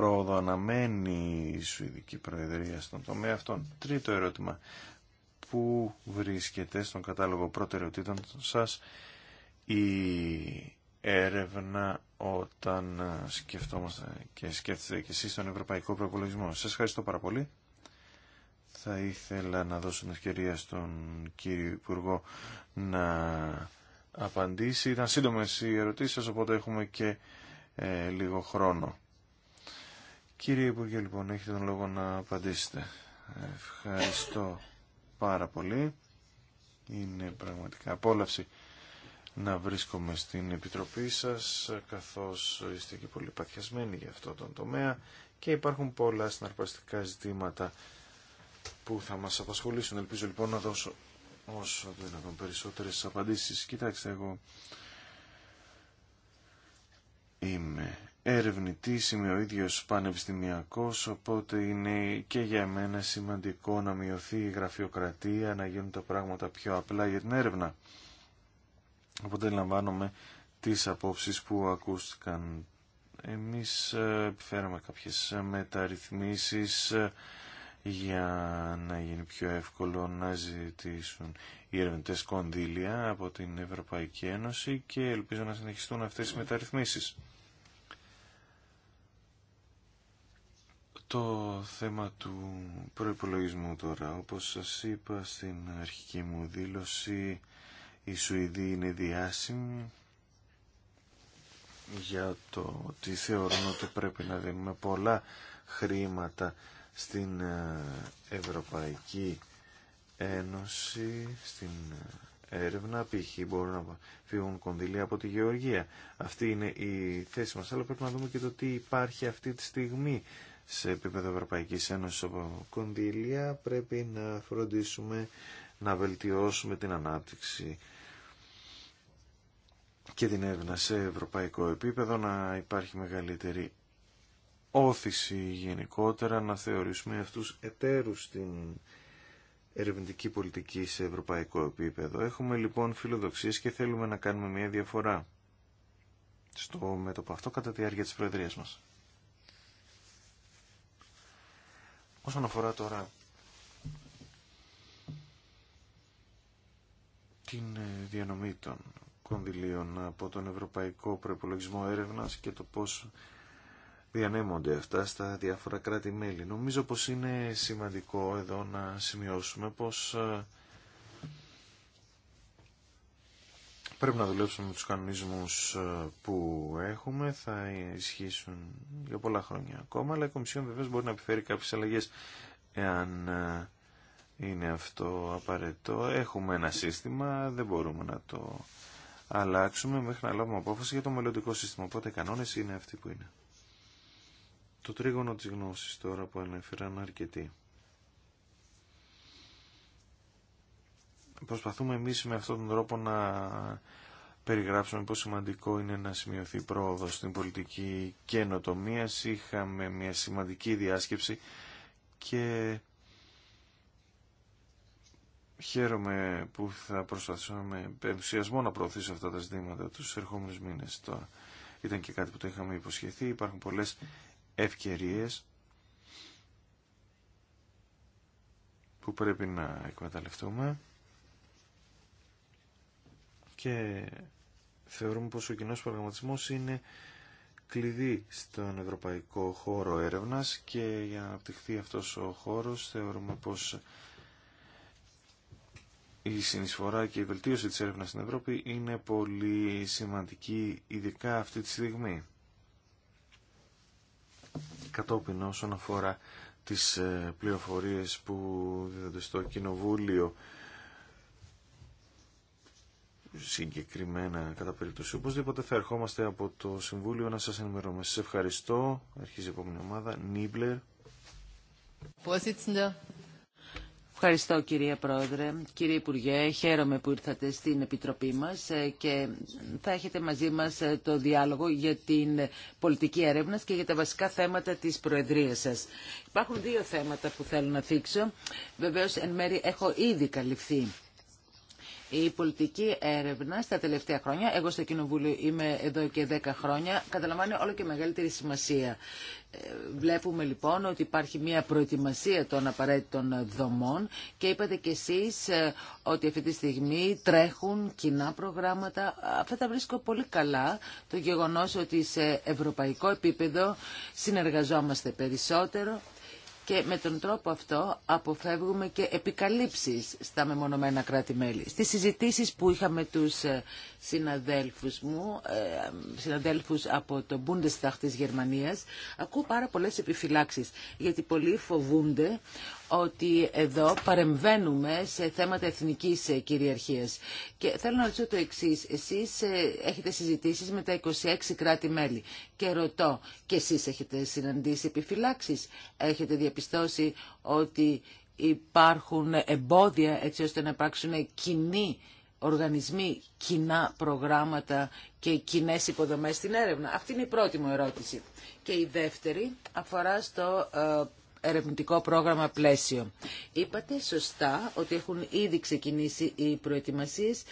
πρόοδο αναμένει η Σουηδική Προεδρία στον τομέα αυτόν. Τρίτο ερώτημα. Πού βρίσκεται στον κατάλογο προτεραιοτήτων σας η έρευνα όταν σκεφτόμαστε και σκέφτεστε και εσείς τον Ευρωπαϊκό Προπολογισμό. Σας ευχαριστώ πάρα πολύ. Θα ήθελα να δώσω την ευκαιρία στον κύριο Υπουργό να απαντήσει. Ήταν σύντομε οι ερωτήσεις οπότε έχουμε και ε, λίγο χρόνο. Κύριε Υπουργέ, λοιπόν, έχετε τον λόγο να απαντήσετε. Ευχαριστώ πάρα πολύ. Είναι πραγματικά απόλαυση να βρίσκομαι στην Επιτροπή σας, καθώς είστε και πολύ παθιασμένοι για αυτό τον τομέα και υπάρχουν πολλά συναρπαστικά ζητήματα που θα μας απασχολήσουν. Ελπίζω λοιπόν να δώσω όσο δυνατόν περισσότερες απαντήσεις. Κοιτάξτε, εγώ είμαι Ερευνητή είμαι ο ίδιος πανεπιστημιακό, οπότε είναι και για μένα σημαντικό να μειωθεί η γραφειοκρατία, να γίνουν τα πράγματα πιο απλά για την έρευνα. Οπότε λαμβάνομαι τις απόψεις που ακούστηκαν. Εμείς ε, επιφέραμε κάποιες μεταρρυθμίσεις ε, για να γίνει πιο εύκολο να ζητήσουν οι ερευνητέ κονδύλια από την Ευρωπαϊκή Ένωση και ελπίζω να συνεχιστούν αυτές οι μεταρρυθμίσεις. το θέμα του προϋπολογισμού τώρα. Όπως σας είπα στην αρχική μου δήλωση, η Σουηδοί είναι διάσημη για το ότι θεωρούν ότι πρέπει να δίνουμε πολλά χρήματα στην ε, Ευρωπαϊκή Ένωση, στην ε, έρευνα, π.χ. μπορούν να φύγουν κονδύλια από τη Γεωργία. Αυτή είναι η θέση μας, αλλά πρέπει να δούμε και το τι υπάρχει αυτή τη στιγμή σε επίπεδο Ευρωπαϊκής Ένωσης από κονδύλια πρέπει να φροντίσουμε να βελτιώσουμε την ανάπτυξη και την έρευνα σε ευρωπαϊκό επίπεδο να υπάρχει μεγαλύτερη όθηση γενικότερα να θεωρήσουμε αυτούς εταίρους στην ερευνητική πολιτική σε ευρωπαϊκό επίπεδο. Έχουμε λοιπόν φιλοδοξίες και θέλουμε να κάνουμε μια διαφορά στο μέτωπο αυτό κατά τη διάρκεια της Προεδρίας μας. Όσον αφορά τώρα την ε, διανομή των κονδυλίων από τον Ευρωπαϊκό Προπολογισμό Έρευνας και το πώς διανέμονται αυτά στα διάφορα κράτη-μέλη. Νομίζω πως είναι σημαντικό εδώ να σημειώσουμε πως ε, Πρέπει να δουλέψουμε με τους κανονισμούς ε, που έχουμε, θα ισχύσουν για πολλά χρόνια ακόμα, αλλά η Κομισιόν βεβαίως μπορεί να επιφέρει κάποιες αλλαγές εάν ε, είναι αυτό απαραίτητο. Έχουμε ένα σύστημα, δεν μπορούμε να το αλλάξουμε μέχρι να λάβουμε απόφαση για το μελλοντικό σύστημα. Οπότε οι κανόνες είναι αυτοί που είναι. Το τρίγωνο της γνώσης τώρα που ανέφεραν αρκετοί. προσπαθούμε εμείς με αυτόν τον τρόπο να περιγράψουμε πόσο σημαντικό είναι να σημειωθεί πρόοδο στην πολιτική καινοτομία. Είχαμε μια σημαντική διάσκεψη και χαίρομαι που θα προσπαθήσουμε με ενθουσιασμό να προωθήσω αυτά τα ζητήματα τους ερχόμενου μήνες. Τώρα ήταν και κάτι που το είχαμε υποσχεθεί. Υπάρχουν πολλές ευκαιρίες που πρέπει να εκμεταλλευτούμε και θεωρούμε πως ο κοινός προγραμματισμός είναι κλειδί στον ευρωπαϊκό χώρο έρευνας και για να αναπτυχθεί αυτός ο χώρος θεωρούμε πως η συνεισφορά και η βελτίωση της έρευνας στην Ευρώπη είναι πολύ σημαντική ειδικά αυτή τη στιγμή κατόπιν όσον αφορά τις ε, πληροφορίες που δίδονται στο Κοινοβούλιο συγκεκριμένα κατά περίπτωση. Οπωσδήποτε θα ερχόμαστε από το Συμβούλιο να σας ενημερώνουμε. Σας ευχαριστώ. Αρχίζει η επόμενη ομάδα. Νίμπλερ. Ευχαριστώ κυρία Πρόεδρε. Κύριε Υπουργέ, χαίρομαι που ήρθατε στην Επιτροπή μας ε, και θα έχετε μαζί μας ε, το διάλογο για την πολιτική έρευνα και για τα βασικά θέματα της Προεδρίας σας. Υπάρχουν δύο θέματα που θέλω να θίξω. Βεβαίως, εν μέρη έχω ήδη καλυφθεί η πολιτική έρευνα στα τελευταία χρόνια, εγώ στο Κοινοβούλιο είμαι εδώ και 10 χρόνια, καταλαμβάνει όλο και μεγαλύτερη σημασία. Ε, βλέπουμε λοιπόν ότι υπάρχει μια προετοιμασία των απαραίτητων δομών και είπατε κι εσείς ε, ότι αυτή τη στιγμή τρέχουν κοινά προγράμματα. Αυτά τα βρίσκω πολύ καλά. Το γεγονός ότι σε ευρωπαϊκό επίπεδο συνεργαζόμαστε περισσότερο και με τον τρόπο αυτό αποφεύγουμε και επικαλύψεις στα μεμονωμένα κράτη-μέλη. Στις συζητήσεις που είχαμε με τους ε, συναδέλφους μου, ε, συναδέλφους από το Bundestag της Γερμανίας, ακούω πάρα πολλές επιφυλάξεις, γιατί πολλοί φοβούνται ότι εδώ παρεμβαίνουμε σε θέματα εθνικής ε, κυριαρχίας. Και θέλω να ρωτήσω το εξή. Εσείς ε, έχετε συζητήσεις με τα 26 κράτη-μέλη και ρωτώ, και εσείς έχετε συναντήσει επιφυλάξεις, έχετε διαπιστώσει ότι υπάρχουν εμπόδια έτσι ώστε να υπάρξουν κοινοί οργανισμοί, κοινά προγράμματα και κοινέ υποδομές στην έρευνα. Αυτή είναι η πρώτη μου ερώτηση. Και η δεύτερη αφορά στο ε, ερευνητικό πρόγραμμα πλαίσιο. Είπατε σωστά ότι έχουν ήδη ξεκινήσει οι προετοιμασίες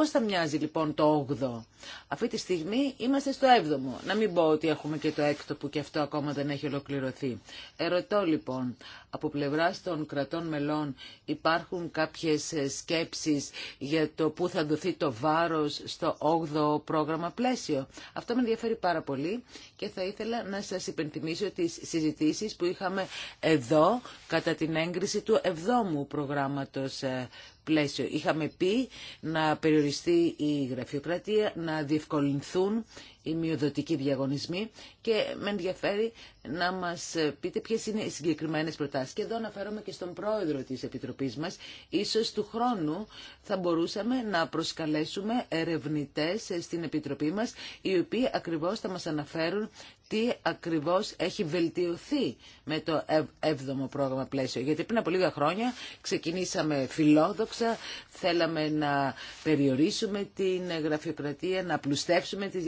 Πώς θα μοιάζει λοιπόν το 8ο. Αυτή τη στιγμή είμαστε στο 7ο. Να μην πω ότι έχουμε και το 6ο που και αυτό ακόμα δεν έχει ολοκληρωθεί. Ερωτώ λοιπόν, από πλευρά των κρατών μελών υπάρχουν κάποιες σκέψεις για το πού θα δοθεί το βάρος στο 8ο πρόγραμμα πλαίσιο. Αυτό με ενδιαφέρει πάρα πολύ και θα ήθελα να σας υπενθυμίσω τις συζητήσεις που είχαμε εδώ κατά την έγκριση του 7ου προγράμματος ε, πλαίσιο. Είχαμε πει να περιοριστεί η γραφειοκρατία, να διευκολυνθούν οι μειοδοτικοί διαγωνισμοί και με ενδιαφέρει να μας πείτε ποιες είναι οι συγκεκριμένες προτάσεις. Και εδώ αναφέρομαι και στον πρόεδρο της Επιτροπής μας. Ίσως του χρόνου θα μπορούσαμε να προσκαλέσουμε ερευνητές στην Επιτροπή μας, οι οποίοι ακριβώς θα μας αναφέρουν τι ακριβώς έχει βελτιωθεί με το 7ο πρόγραμμα πλαίσιο. Γιατί πριν από λίγα χρόνια ξεκινήσαμε φιλόδοξα, θέλαμε να περιορίσουμε την γραφειοκρατία, να πλουστεύσουμε τις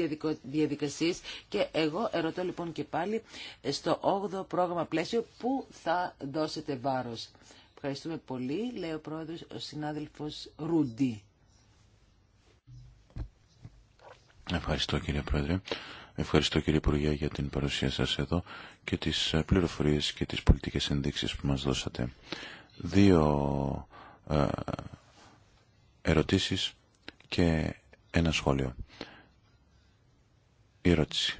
διαδικασίες και εγώ Ρωτώ λοιπόν και πάλι ε, στο 8ο πρόγραμμα πλαίσιο που θα δώσετε βάρος. Ευχαριστούμε πολύ, λέει ο πρόεδρος, ο συνάδελφος Ρούντι. Ευχαριστώ κύριε πρόεδρε. Ευχαριστώ κύριε Υπουργέ για την παρουσία σας εδώ και τις ε, πληροφορίες και τις πολιτικές ενδείξεις που μας δώσατε. Δύο ε, ερωτήσεις και ένα σχόλιο. Η ερώτηση.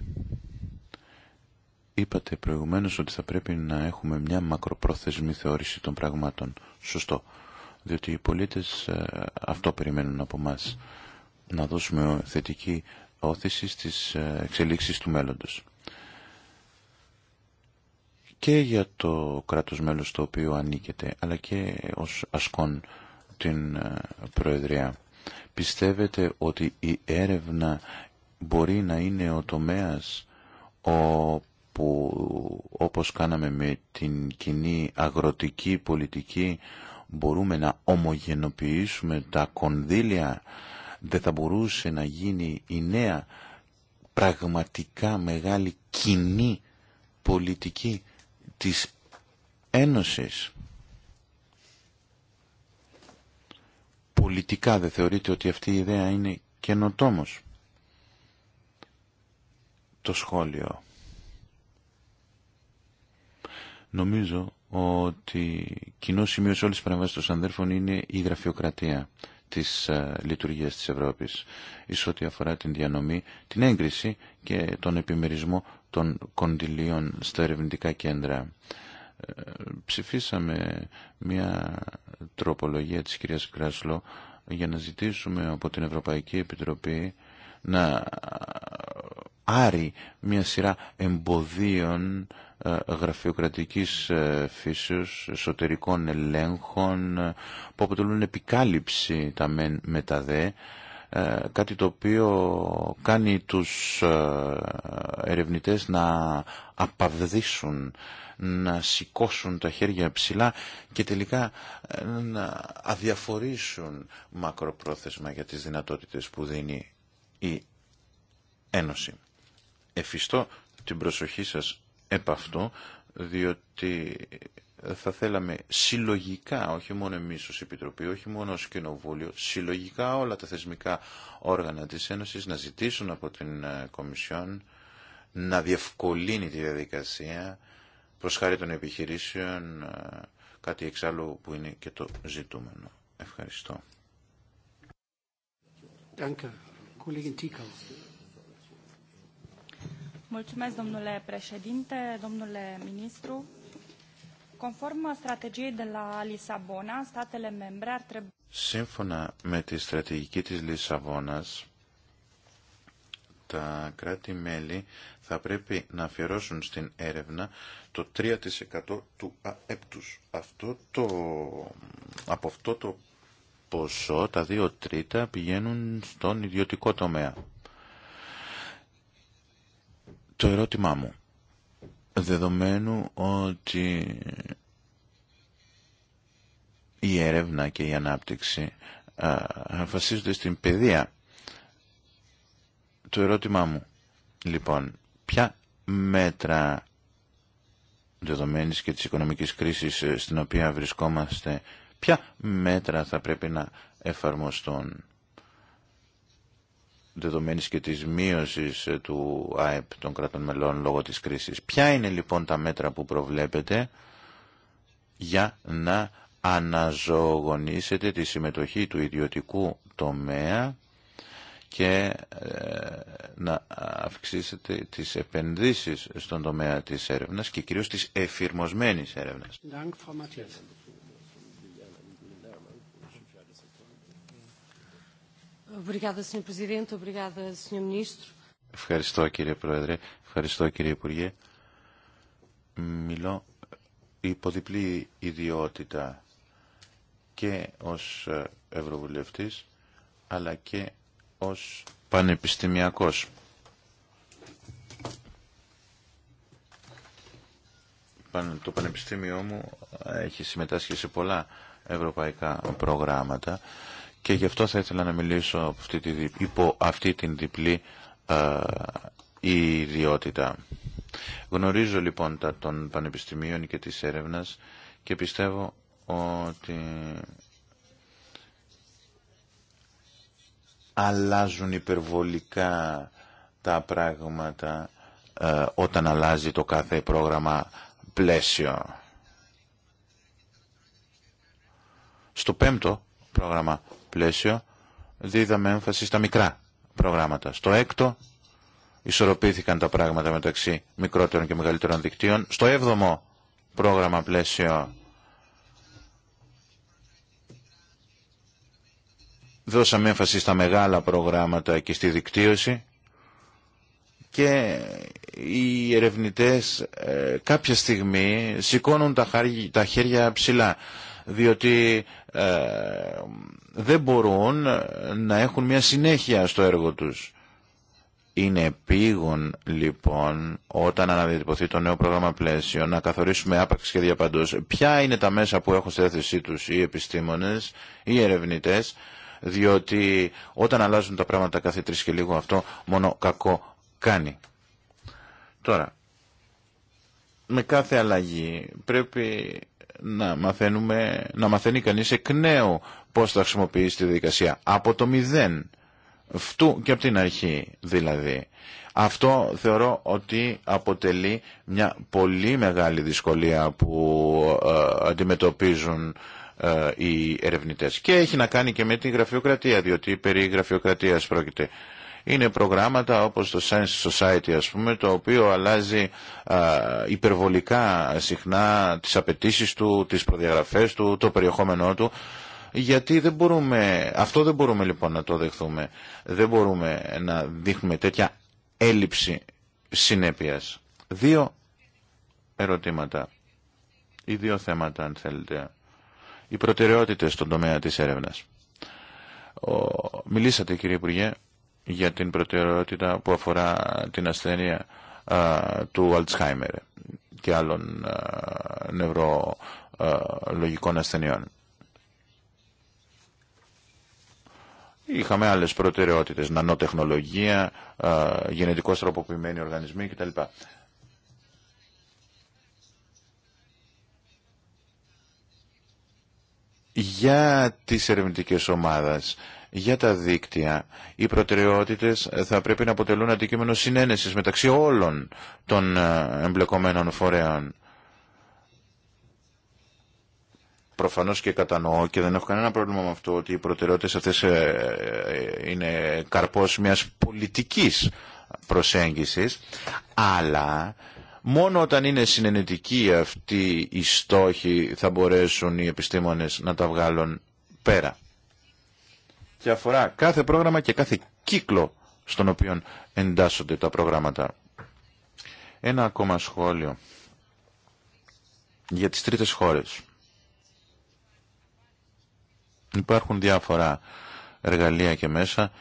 Είπατε προηγουμένως ότι θα πρέπει να έχουμε μια μακροπρόθεσμη θεώρηση των πραγμάτων. Σωστό. Διότι οι πολίτες ε, αυτό περιμένουν από εμά Να δώσουμε θετική όθηση στις ε, εξελίξεις του μέλλοντος. Και για το κράτος μέλος το οποίο ανήκετε, αλλά και ως ασκόν την ε, Προεδρία. Πιστεύετε ότι η έρευνα μπορεί να είναι ο τομέας ο που όπως κάναμε με την κοινή αγροτική πολιτική μπορούμε να ομογενοποιήσουμε τα κονδύλια δεν θα μπορούσε να γίνει η νέα πραγματικά μεγάλη κοινή πολιτική της Ένωσης. Πολιτικά δεν θεωρείτε ότι αυτή η ιδέα είναι καινοτόμος. Το σχόλιο Νομίζω ότι κοινό σημείο σε όλες τις των Σανδέρφων είναι η γραφειοκρατία της ε, λειτουργίας της Ευρώπης, εις ό,τι αφορά την διανομή, την έγκριση και τον επιμερισμό των κοντιλίων στα ερευνητικά κέντρα. Ε, ψηφίσαμε μια τροπολογία της κυρίας Κράσλο για να ζητήσουμε από την Ευρωπαϊκή Επιτροπή να άρει μια σειρά εμποδίων ε, γραφειοκρατικής ε, φύσεως, εσωτερικών ελέγχων ε, που αποτελούν επικάλυψη τα μεν με τα δε κάτι το οποίο κάνει τους ερευνητές να απαυδίσουν, να σηκώσουν τα χέρια ψηλά και τελικά να αδιαφορήσουν μακροπρόθεσμα για τις δυνατότητες που δίνει η Ένωση. Εφιστώ την προσοχή σας επ' αυτό, διότι θα θέλαμε συλλογικά, όχι μόνο εμείς ως Επιτροπή, όχι μόνο ως Κοινοβούλιο, συλλογικά όλα τα θεσμικά όργανα της Ένωσης να ζητήσουν από την ε, Κομισιόν να διευκολύνει τη διαδικασία προς χάρη των επιχειρήσεων, ε, κάτι εξάλλου που είναι και το ζητούμενο. Ευχαριστώ. Colegin Ticău. Mulțumesc, domnule președinte, domnule ministru. Conform strategiei de la Lisabona, statele membre ar trebui... Σύμφωνα με τη στρατηγική της Λισαβόνας, τα κράτη-μέλη θα πρέπει να αφιερώσουν στην έρευνα το 3% του ΑΕΠ τους. Αυτό το, από αυτό το ποσό, τα δύο τρίτα, πηγαίνουν στον ιδιωτικό τομέα. Το ερώτημά μου, δεδομένου ότι η έρευνα και η ανάπτυξη αφασίζονται στην παιδεία, το ερώτημά μου, λοιπόν, ποια μέτρα δεδομένης και της οικονομικής κρίσης ε, στην οποία βρισκόμαστε ποια μέτρα θα πρέπει να εφαρμοστούν δεδομένης και της μείωσης ε, του ΑΕΠ των κρατών μελών λόγω της κρίσης. Ποια είναι λοιπόν τα μέτρα που προβλέπετε για να αναζωογονήσετε τη συμμετοχή του ιδιωτικού τομέα και ε, να αυξήσετε τις επενδύσεις στον τομέα της έρευνας και κυρίως της εφηρμοσμένης έρευνας. Ευχαριστώ κύριε Πρόεδρε, ευχαριστώ κύριε Υπουργέ. Μιλώ υποδιπλή ιδιότητα και ως Ευρωβουλευτής αλλά και ως πανεπιστημιακός. Το πανεπιστήμιό μου έχει συμμετάσχει σε πολλά ευρωπαϊκά προγράμματα και γι' αυτό θα ήθελα να μιλήσω αυτή τη, υπό αυτή την διπλή ιδιότητα. Γνωρίζω λοιπόν τα των πανεπιστημίων και της έρευνας και πιστεύω ότι αλλάζουν υπερβολικά τα πράγματα όταν αλλάζει το κάθε πρόγραμμα πλαίσιο. Στο πέμπτο πρόγραμμα πλαίσιο δίδαμε έμφαση στα μικρά προγράμματα. Στο έκτο ισορροπήθηκαν τα πράγματα μεταξύ μικρότερων και μεγαλύτερων δικτύων. Στο έβδομο πρόγραμμα πλαίσιο δώσαμε έμφαση στα μεγάλα προγράμματα και στη δικτύωση και οι ερευνητές ε, κάποια στιγμή σηκώνουν τα χέρια ψηλά διότι ε, δεν μπορούν να έχουν μια συνέχεια στο έργο τους. Είναι επίγον λοιπόν όταν αναδιατυπωθεί το νέο πρόγραμμα πλαίσιο να καθορίσουμε άπαξ και διαπαντός ποια είναι τα μέσα που έχουν στη θέση τους οι επιστήμονες, οι ερευνητές διότι όταν αλλάζουν τα πράγματα κάθε τρεις και λίγο αυτό μόνο κακό κάνει. Τώρα, με κάθε αλλαγή πρέπει να, μαθαίνουμε, να μαθαίνει κανείς εκ νέου πώς θα χρησιμοποιήσει τη διαδικασία. Από το μηδέν. Φτού και από την αρχή δηλαδή. Αυτό θεωρώ ότι αποτελεί μια πολύ μεγάλη δυσκολία που ε, αντιμετωπίζουν ε, οι ερευνητές. Και έχει να κάνει και με τη γραφειοκρατία, διότι περί γραφειοκρατίας πρόκειται είναι προγράμματα όπως το Science Society ας πούμε το οποίο αλλάζει υπερβολικά συχνά τις απαιτήσει του, τις προδιαγραφές του, το περιεχόμενό του γιατί δεν μπορούμε, αυτό δεν μπορούμε λοιπόν να το δεχθούμε. Δεν μπορούμε να δείχνουμε τέτοια έλλειψη συνέπειας. Δύο ερωτήματα ή δύο θέματα αν θέλετε. Οι προτεραιότητες στον τομέα της έρευνας. Ο... Μιλήσατε κύριε Υπουργέ για την προτεραιότητα που αφορά την ασθένεια του Αλτσχάιμερ και άλλων νευρολογικών ασθενειών. Είχαμε άλλες προτεραιότητες, νανοτεχνολογία, γενετικώς τροποποιημένοι οργανισμοί κτλ. Για τις ερευνητικές ομάδες, για τα δίκτυα, οι προτεραιότητες ε, θα πρέπει να αποτελούν αντικείμενο συνένεσης μεταξύ όλων των ε, εμπλεκομένων φορέων. Προφανώς και κατανοώ και δεν έχω κανένα πρόβλημα με αυτό ότι οι προτεραιότητες αυτές ε, είναι καρπός μιας πολιτικής προσέγγισης, αλλά μόνο όταν είναι συνενετικοί αυτοί οι στόχοι θα μπορέσουν οι επιστήμονες να τα βγάλουν πέρα και αφορά κάθε πρόγραμμα και κάθε κύκλο στον οποίο εντάσσονται τα προγράμματα. Ένα ακόμα σχόλιο για τις τρίτες χώρες. Υπάρχουν διάφορα εργαλεία και μέσα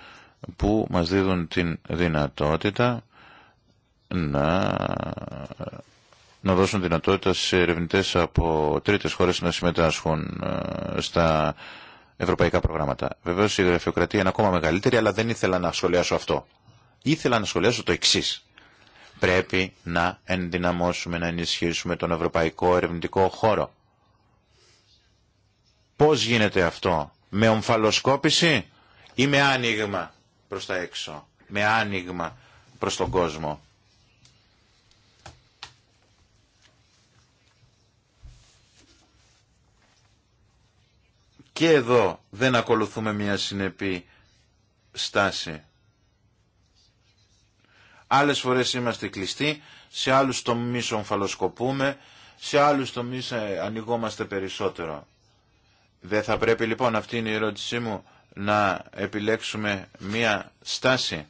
που μας δίδουν την δυνατότητα να, να δώσουν δυνατότητα σε ερευνητές από τρίτες χώρες να συμμετάσχουν ε, στα ευρωπαϊκά προγράμματα. Βεβαίω η γραφειοκρατία είναι ακόμα μεγαλύτερη, αλλά δεν ήθελα να σχολιάσω αυτό. Ήθελα να σχολιάσω το εξή. Πρέπει να ενδυναμώσουμε, να ενισχύσουμε τον ευρωπαϊκό ερευνητικό χώρο. Πώς γίνεται αυτό, με ομφαλοσκόπηση ή με άνοιγμα προς τα έξω, με άνοιγμα προς τον κόσμο. και εδώ δεν ακολουθούμε μια συνεπή στάση. Άλλες φορές είμαστε κλειστοί, σε άλλους τομείς ομφαλοσκοπούμε, σε άλλους τομείς ε, ανοιγόμαστε περισσότερο. Δεν θα πρέπει λοιπόν, αυτή είναι η ερώτησή μου, να επιλέξουμε μία στάση.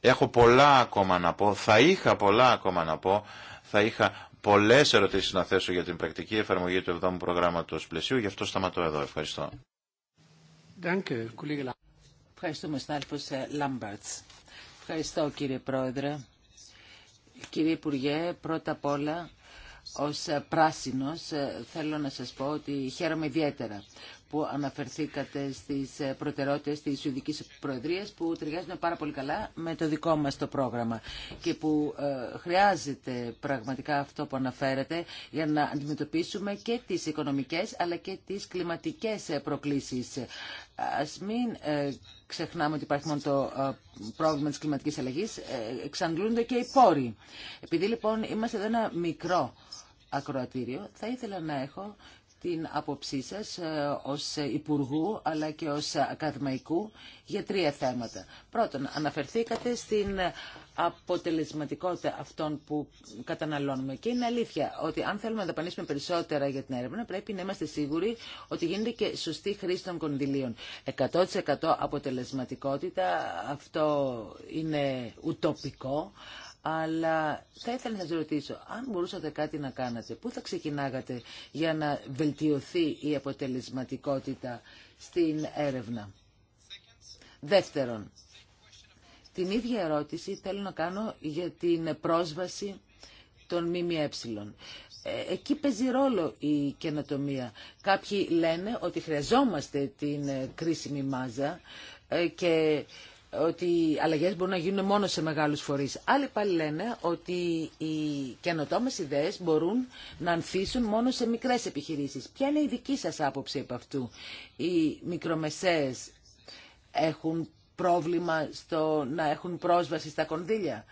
Έχω πολλά ακόμα να πω, θα είχα πολλά ακόμα να πω, θα είχα Πολλέ ερωτήσει να θέσω για την πρακτική εφαρμογή του 7ου προγράμματος πλαισίου, γι' αυτό σταματώ εδώ. Ευχαριστώ. Ευχαριστούμε, Στάλφος ε, Λάμπαρτς. Ευχαριστώ, κύριε Πρόεδρε. Κύριε Υπουργέ, πρώτα απ' όλα, ως ε, πράσινος ε, θέλω να σας πω ότι χαίρομαι ιδιαίτερα που αναφερθήκατε στις ε, προτεραιότητες της Ιουδικής Προεδρίας που ταιριάζουν πάρα πολύ καλά με το δικό μας το πρόγραμμα και που ε, χρειάζεται πραγματικά αυτό που αναφέρετε για να αντιμετωπίσουμε και τις οικονομικές αλλά και τις κλιματικές ε, προκλήσεις. Ας μην ξεχνάμε ότι υπάρχει μόνο το πρόβλημα της κλιματικής αλλαγής, εξαντλούνται και οι πόροι. Επειδή λοιπόν είμαστε εδώ ένα μικρό ακροατήριο, θα ήθελα να έχω την άποψή σας ε, ως Υπουργού αλλά και ως Ακαδημαϊκού για τρία θέματα. Πρώτον, αναφερθήκατε στην αποτελεσματικότητα αυτών που καταναλώνουμε. Και είναι αλήθεια ότι αν θέλουμε να δαπανίσουμε περισσότερα για την έρευνα, πρέπει να είμαστε σίγουροι ότι γίνεται και σωστή χρήση των κονδυλίων. 100% αποτελεσματικότητα, αυτό είναι ουτοπικό, αλλά θα ήθελα να σας ρωτήσω, αν μπορούσατε κάτι να κάνατε, πού θα ξεκινάγατε για να βελτιωθεί η αποτελεσματικότητα στην έρευνα. Δεύτερον, την ίδια ερώτηση θέλω να κάνω για την πρόσβαση των ΜΜΕ. Ε, εκεί παίζει ρόλο η καινοτομία. Κάποιοι λένε ότι χρειαζόμαστε την ε, κρίσιμη μάζα ε, και ότι οι αλλαγέ μπορούν να γίνουν μόνο σε μεγάλου φορεί. Άλλοι πάλι λένε ότι οι καινοτόμε ιδέε μπορούν να ανθίσουν μόνο σε μικρέ επιχειρήσει. Ποια είναι η δική σα άποψη από αυτού. Οι μικρομεσαίες έχουν πρόβλημα στο να έχουν πρόσβαση στα κονδύλια.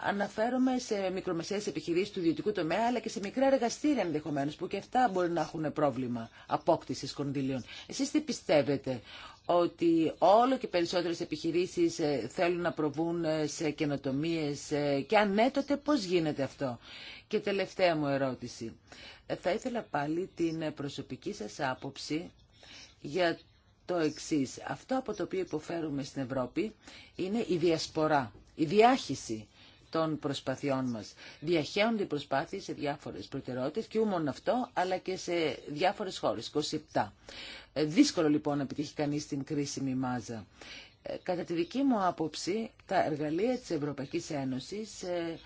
Αναφέρομαι σε μικρομεσαίες επιχειρήσεις του ιδιωτικού τομέα, αλλά και σε μικρά εργαστήρια ενδεχομένω, που και αυτά μπορεί να έχουν πρόβλημα απόκτησης κονδυλίων. Εσείς τι πιστεύετε, ότι όλο και περισσότερες επιχειρήσεις ε, θέλουν να προβούν ε, σε καινοτομίες ε, και αν ναι, τότε πώς γίνεται αυτό. Και τελευταία μου ερώτηση. Θα ήθελα πάλι την προσωπική σας άποψη για το εξής. Αυτό από το οποίο υποφέρουμε στην Ευρώπη είναι η διασπορά, η διάχυση των προσπαθειών μας. Διαχέονται οι προσπάθειες σε διάφορες προτεραιότητες και ούμον αυτό, αλλά και σε διάφορες χώρες, 27. Ε, δύσκολο λοιπόν να επιτύχει κανείς την κρίσιμη μάζα. Ε, κατά τη δική μου άποψη, τα εργαλεία της Ευρωπαϊκής Ένωσης ε,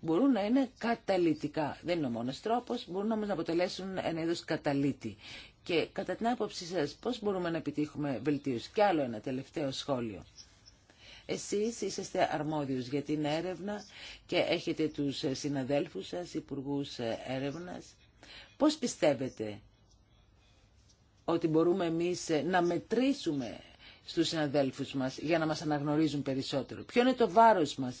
μπορούν να είναι καταλυτικά. Δεν είναι ο μόνος τρόπος, μπορούν όμως να αποτελέσουν ένα είδος καταλύτη. Και κατά την άποψή σας, πώς μπορούμε να επιτύχουμε βελτίωση. Και άλλο ένα τελευταίο σχόλιο. Εσείς είσαστε αρμόδιους για την έρευνα και έχετε τους συναδέλφους σας, υπουργούς έρευνας. Πώς πιστεύετε ότι μπορούμε εμείς να μετρήσουμε στους συναδέλφους μας για να μας αναγνωρίζουν περισσότερο. Ποιο είναι το βάρος μας.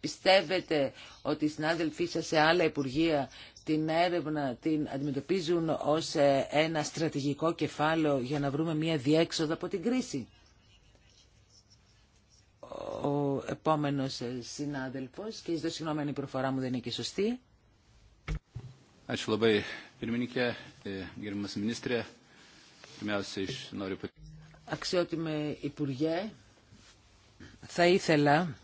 Πιστεύετε ότι οι συνάδελφοί σας σε άλλα υπουργεία την έρευνα την αντιμετωπίζουν ως ένα στρατηγικό κεφάλαιο για να βρούμε μια διέξοδο από την κρίση ο επόμενος ε, συνάδελφος και ζητώ συγγνώμη αν η προφορά μου δεν είναι και σωστή. Ε, Αξιότιμε Υπουργέ, θα ήθελα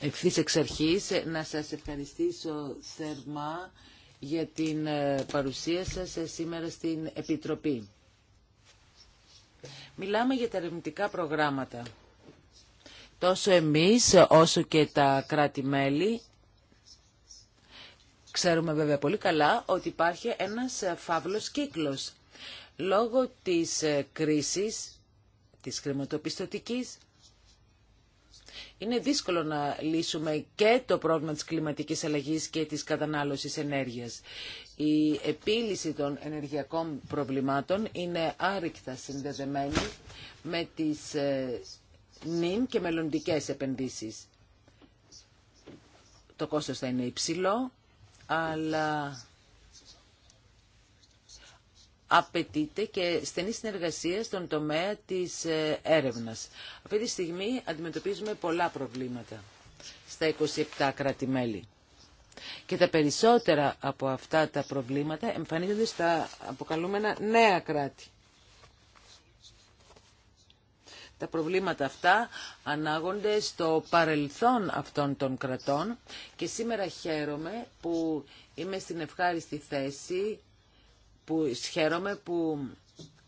ευθύ εξ αρχή ε, να σα ευχαριστήσω θερμά για την παρουσία σας σήμερα στην Επιτροπή. Μιλάμε για τα ερευνητικά προγράμματα. Τόσο εμείς όσο και τα κράτη-μέλη ξέρουμε βέβαια πολύ καλά ότι υπάρχει ένας φαύλος κύκλος. Λόγω της ε, κρίσης, της χρηματοπιστωτικής, είναι δύσκολο να λύσουμε και το πρόβλημα της κλιματικής αλλαγής και της κατανάλωσης ενέργειας. Η επίλυση των ενεργειακών προβλημάτων είναι άρρηκτα συνδεδεμένη με τις ε, νυν και μελλοντικές επενδύσεις. Το κόστος θα είναι υψηλό, αλλά απαιτείται και στενή συνεργασία στον τομέα της ε, έρευνας. Αυτή τη στιγμή αντιμετωπίζουμε πολλά προβλήματα στα 27 κράτη-μέλη. Και τα περισσότερα από αυτά τα προβλήματα εμφανίζονται στα αποκαλούμενα νέα κράτη. Τα προβλήματα αυτά ανάγονται στο παρελθόν αυτών των κρατών και σήμερα χαίρομαι που είμαι στην ευχάριστη θέση που χαίρομαι που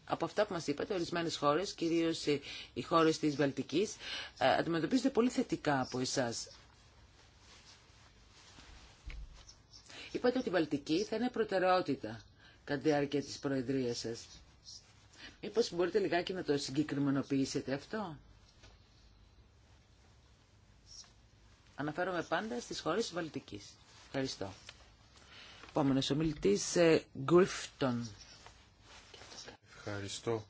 από αυτά που μας είπατε, ορισμένες χώρες, κυρίως οι χώρες της Βαλτικής, ε, αντιμετωπίζονται πολύ θετικά από εσάς. Είπατε ότι η Βαλτική θα είναι προτεραιότητα κατά τη διάρκεια της Προεδρίας σας. Μήπως μπορείτε λιγάκι να το συγκεκριμενοποιήσετε αυτό. Αναφέρομαι πάντα στις χώρες της Βαλτικής. Ευχαριστώ. Επόμενος ομιλητής, ε, Γκρίφτον. Ευχαριστώ,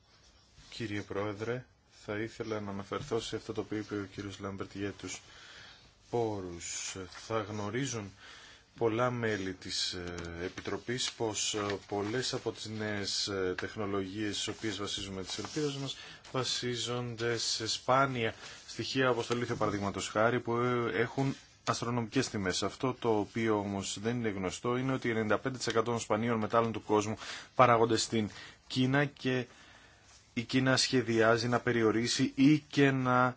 κύριε Πρόεδρε. Θα ήθελα να αναφερθώ σε αυτό το οποίο είπε ο κύριος Λάμπερτ για τους πόρους. Θα γνωρίζουν πολλά μέλη της ε, Επιτροπής πως ε, πολλές από τις νέες ε, τεχνολογίες στις οποίες βασίζουμε τις ελπίδες μας βασίζονται σε σπάνια στοιχεία όπως το λίθο παραδείγματος χάρη που έχουν αστρονομικές τιμές. Αυτό το οποίο όμως δεν είναι γνωστό είναι ότι 95% των σπανίων μετάλλων του κόσμου παράγονται στην Κίνα και η Κίνα σχεδιάζει να περιορίσει ή και να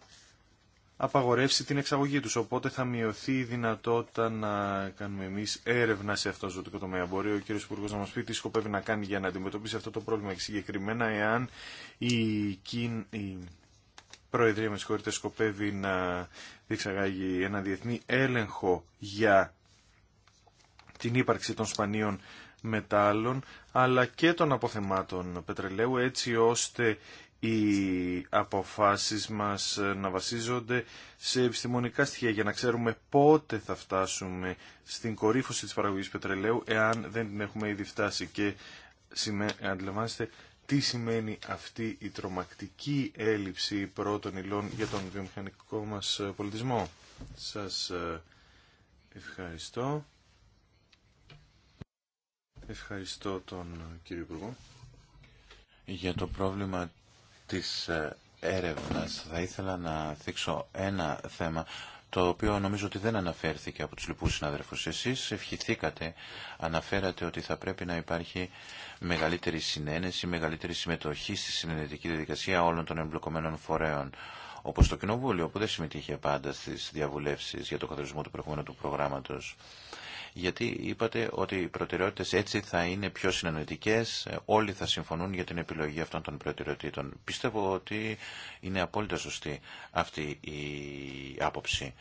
απαγορεύσει την εξαγωγή τους. Οπότε θα μειωθεί η δυνατότητα να κάνουμε εμείς έρευνα σε αυτό το ζωτικό τομέα. Μπορεί ο κύριος Υπουργός να μας πει τι σκοπεύει να κάνει για να αντιμετωπίσει αυτό το πρόβλημα και συγκεκριμένα εάν η, Κιν, η Προεδρία με συγχωρείτε σκοπεύει να διεξαγάγει ένα διεθνή έλεγχο για την ύπαρξη των σπανίων μετάλλων αλλά και των αποθεμάτων πετρελαίου έτσι ώστε οι αποφάσεις μας ε, να βασίζονται σε επιστημονικά στοιχεία για να ξέρουμε πότε θα φτάσουμε στην κορύφωση της παραγωγής πετρελαίου εάν δεν την έχουμε ήδη φτάσει και αντιλαμβάνεστε τι σημαίνει αυτή η τρομακτική έλλειψη πρώτων υλών για τον βιομηχανικό μας ε, πολιτισμό. Σας ε, ευχαριστώ. Ευχαριστώ τον κύριο Υπουργό. Για το πρόβλημα της ε, έρευνας θα ήθελα να θίξω ένα θέμα το οποίο νομίζω ότι δεν αναφέρθηκε από τους λοιπούς συναδελφούς. Εσείς ευχηθήκατε, αναφέρατε ότι θα πρέπει να υπάρχει μεγαλύτερη συνένεση, μεγαλύτερη συμμετοχή στη συνενετική διαδικασία όλων των εμπλοκομένων φορέων. Όπω το Κοινοβούλιο, που δεν συμμετείχε πάντα στι διαβουλεύσει για το καθορισμό του προηγούμενου του προγράμματο γιατί είπατε ότι οι προτεραιότητες έτσι θα είναι πιο συνεννοητικές, όλοι θα συμφωνούν για την επιλογή αυτών των προτεραιοτήτων. Πιστεύω ότι είναι απόλυτα σωστή αυτή η άποψη,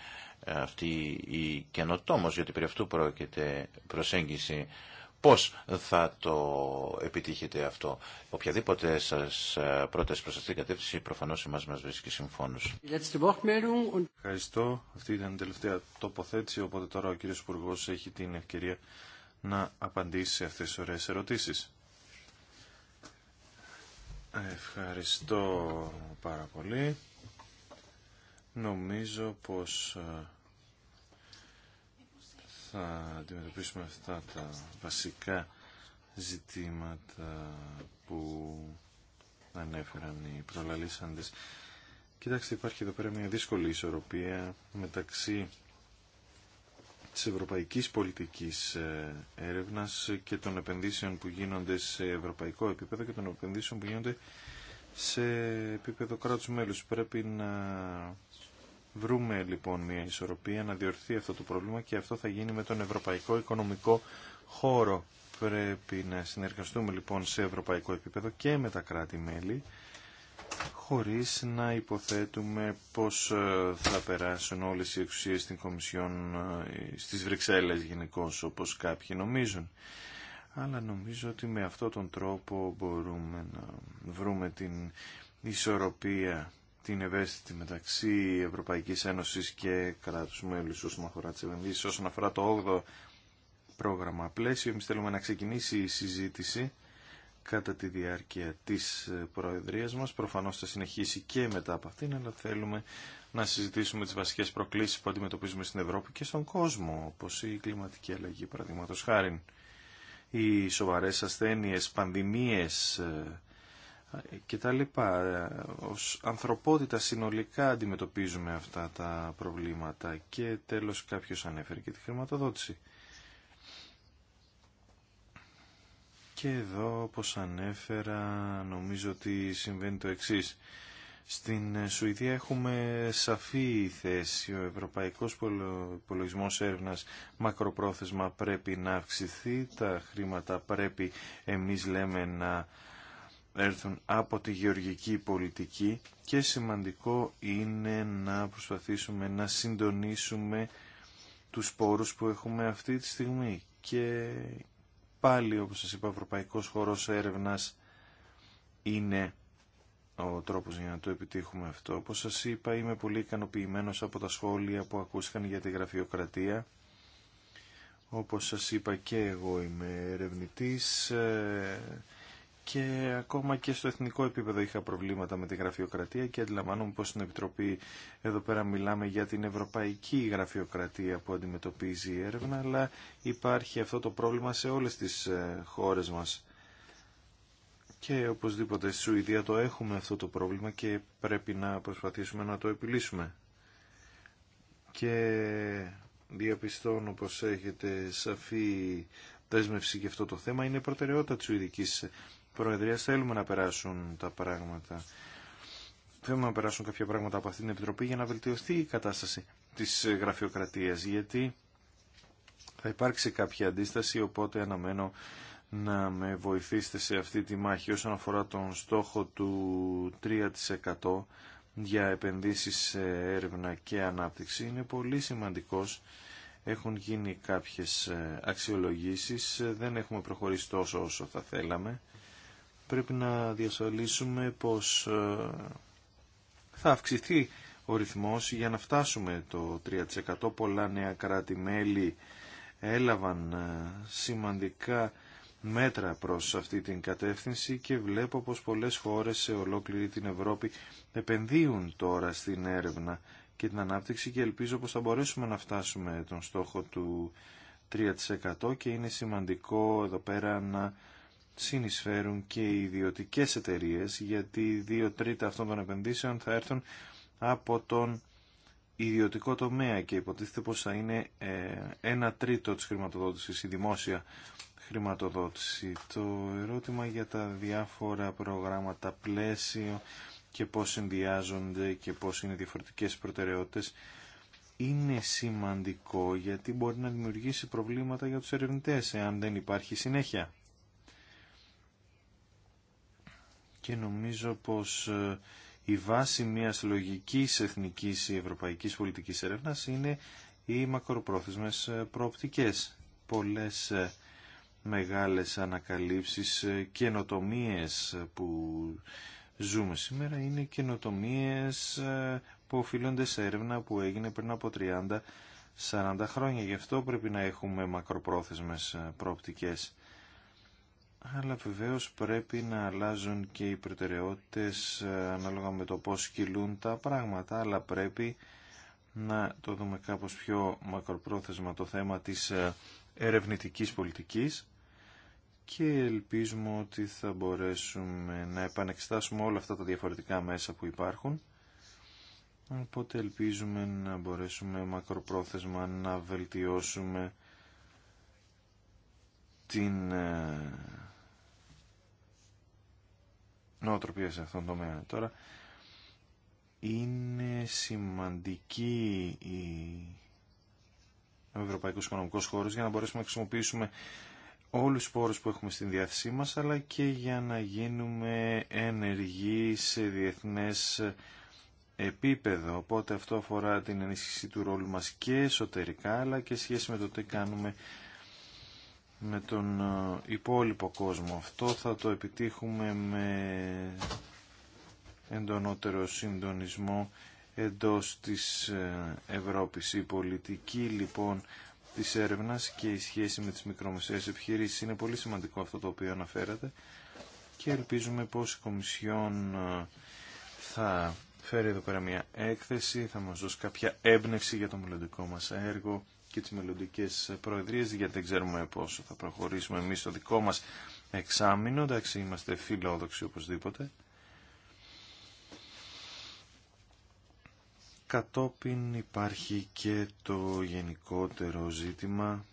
αυτή η καινοτόμος, γιατί περί αυτού πρόκειται προσέγγιση Πώς θα το επιτύχετε αυτό. Οποιαδήποτε σας ε, πρόταση προς αυτήν την κατεύθυνση προφανώς εμάς μας βρίσκει συμφώνους. Ευχαριστώ. Αυτή ήταν η τελευταία τοποθέτηση οπότε τώρα ο κύριος Υπουργό έχει την ευκαιρία να απαντήσει σε αυτές τις ωραίες ερωτήσεις. Ευχαριστώ πάρα πολύ. Νομίζω πως ε, θα αντιμετωπίσουμε αυτά τα βασικά ζητήματα που ανέφεραν οι προλαλήσαντες. Κοιτάξτε, υπάρχει εδώ πέρα μια δύσκολη ισορροπία μεταξύ της ευρωπαϊκής πολιτικής ε, έρευνας και των επενδύσεων που γίνονται σε ευρωπαϊκό επίπεδο και των επενδύσεων που γίνονται σε επίπεδο κράτους μέλους. Πρέπει να βρούμε λοιπόν μια ισορροπία να διορθεί αυτό το πρόβλημα και αυτό θα γίνει με τον Ευρωπαϊκό Οικονομικό Χώρο. Πρέπει να συνεργαστούμε λοιπόν σε ευρωπαϊκό επίπεδο και με τα κράτη-μέλη χωρίς να υποθέτουμε πως ε, θα περάσουν όλες οι εξουσίες στην Κομισιόν ε, στις Βρυξέλλες γενικώ όπως κάποιοι νομίζουν. Αλλά νομίζω ότι με αυτόν τον τρόπο μπορούμε να βρούμε την ισορροπία την ευαίσθητη μεταξύ Ευρωπαϊκής Ένωσης και κράτους μέλου όσον αφορά τις επενδύσεις. Όσον αφορά το 8ο πρόγραμμα πλαίσιο, εμείς θέλουμε να ξεκινήσει η συζήτηση κατά τη διάρκεια της Προεδρίας μας. Προφανώς θα συνεχίσει και μετά από αυτήν, αλλά θέλουμε να συζητήσουμε τις βασικές προκλήσεις που αντιμετωπίζουμε στην Ευρώπη και στον κόσμο, όπως η κλιματική αλλαγή, παραδείγματο χάρη. Οι σοβαρές ασθένειε πανδημίες, ε, και τα λοιπά. Ως ανθρωπότητα συνολικά αντιμετωπίζουμε αυτά τα προβλήματα και τέλος κάποιος ανέφερε και τη χρηματοδότηση. Και εδώ, όπως ανέφερα, νομίζω ότι συμβαίνει το εξής. Στην Σουηδία έχουμε σαφή θέση. Ο Ευρωπαϊκός υπολογισμό έρευνα μακροπρόθεσμα πρέπει να αυξηθεί. Τα χρήματα πρέπει, εμείς λέμε, να έρθουν από τη γεωργική πολιτική και σημαντικό είναι να προσπαθήσουμε να συντονίσουμε τους πόρους που έχουμε αυτή τη στιγμή. Και πάλι, όπως σας είπα, ο Ευρωπαϊκός Χώρος Έρευνας είναι ο τρόπος για να το επιτύχουμε αυτό. Όπως σας είπα, είμαι πολύ ικανοποιημένο από τα σχόλια που ακούστηκαν για τη γραφειοκρατία. Όπως σας είπα και εγώ είμαι ερευνητής ε, και ακόμα και στο εθνικό επίπεδο είχα προβλήματα με τη γραφειοκρατία και αντιλαμβάνομαι πως στην Επιτροπή εδώ πέρα μιλάμε για την ευρωπαϊκή γραφειοκρατία που αντιμετωπίζει η έρευνα αλλά υπάρχει αυτό το πρόβλημα σε όλες τις ε, χώρες μας και οπωσδήποτε στη Σουηδία το έχουμε αυτό το πρόβλημα και πρέπει να προσπαθήσουμε να το επιλύσουμε και διαπιστώνω πως έχετε σαφή δέσμευση για αυτό το θέμα είναι προτεραιότητα της Σουηδικής Προεδρία θέλουμε να περάσουν τα πράγματα. Θέλουμε να περάσουν κάποια πράγματα από αυτή την Επιτροπή για να βελτιωθεί η κατάσταση της γραφειοκρατίας, γιατί θα υπάρξει κάποια αντίσταση, οπότε αναμένω να με βοηθήσετε σε αυτή τη μάχη όσον αφορά τον στόχο του 3% για επενδύσεις σε έρευνα και ανάπτυξη. Είναι πολύ σημαντικός. Έχουν γίνει κάποιες αξιολογήσεις. Δεν έχουμε προχωρήσει τόσο όσο θα θέλαμε πρέπει να διασφαλίσουμε πως ε, θα αυξηθεί ο ρυθμός για να φτάσουμε το 3%. Πολλά νέα κράτη-μέλη έλαβαν ε, σημαντικά μέτρα προς αυτή την κατεύθυνση και βλέπω πως πολλές χώρες σε ολόκληρη την Ευρώπη επενδύουν τώρα στην έρευνα και την ανάπτυξη και ελπίζω πως θα μπορέσουμε να φτάσουμε τον στόχο του 3% και είναι σημαντικό εδώ πέρα να συνεισφέρουν και οι ιδιωτικές εταιρείε, γιατί δύο τρίτα αυτών των επενδύσεων θα έρθουν από τον ιδιωτικό τομέα και υποτίθεται πως θα είναι ε, ένα τρίτο της χρηματοδότησης, η δημόσια χρηματοδότηση. Το ερώτημα για τα διάφορα προγράμματα πλαίσιο και πώς συνδυάζονται και πώς είναι διαφορετικές προτεραιότητες είναι σημαντικό γιατί μπορεί να δημιουργήσει προβλήματα για τους ερευνητές εάν δεν υπάρχει συνέχεια. και νομίζω πως ε, η βάση μιας λογικής εθνικής ή ευρωπαϊκής πολιτικής έρευνας είναι οι μακροπρόθεσμες ε, προοπτικές. Πολλές ε, μεγάλες ανακαλύψεις, καινοτομίε που ζούμε σήμερα είναι καινοτομίε που οφείλονται σε έρευνα που έγινε πριν από 30-40 χρόνια. Γι' αυτό πρέπει να έχουμε μακροπρόθεσμες προοπτικές αλλά βεβαίως πρέπει να αλλάζουν και οι προτεραιότητες ε, ανάλογα με το πώς κυλούν τα πράγματα, αλλά πρέπει να το δούμε κάπως πιο μακροπρόθεσμα το θέμα της ε, ερευνητικής πολιτικής και ελπίζουμε ότι θα μπορέσουμε να επανεξετάσουμε όλα αυτά τα διαφορετικά μέσα που υπάρχουν οπότε ελπίζουμε να μπορέσουμε μακροπρόθεσμα να βελτιώσουμε την ε, νοοτροπία σε αυτόν τον τομέα. Τώρα, είναι σημαντική η... ο Ευρωπαϊκός Οικονομικός Χώρος για να μπορέσουμε να χρησιμοποιήσουμε όλους τους πόρους που έχουμε στην διάθεσή μας, αλλά και για να γίνουμε ενεργοί σε διεθνές επίπεδο. Οπότε αυτό αφορά την ενίσχυση του ρόλου μας και εσωτερικά, αλλά και σχέση με το τι κάνουμε με τον ε, υπόλοιπο κόσμο. Αυτό θα το επιτύχουμε με εντονότερο συντονισμό εντός της ε, Ευρώπης. Η πολιτική λοιπόν της έρευνας και η σχέση με τις μικρομεσαίες επιχειρήσεις είναι πολύ σημαντικό αυτό το οποίο αναφέρατε και ελπίζουμε πως η Κομισιόν ε, θα φέρει εδώ πέρα μια έκθεση, θα μας δώσει κάποια έμπνευση για το μελλοντικό μας έργο και τις μελλοντικέ προεδρίες γιατί δεν ξέρουμε πόσο θα προχωρήσουμε εμείς στο δικό μας εξάμεινο. Εντάξει, είμαστε φιλόδοξοι οπωσδήποτε. Κατόπιν υπάρχει και το γενικότερο ζήτημα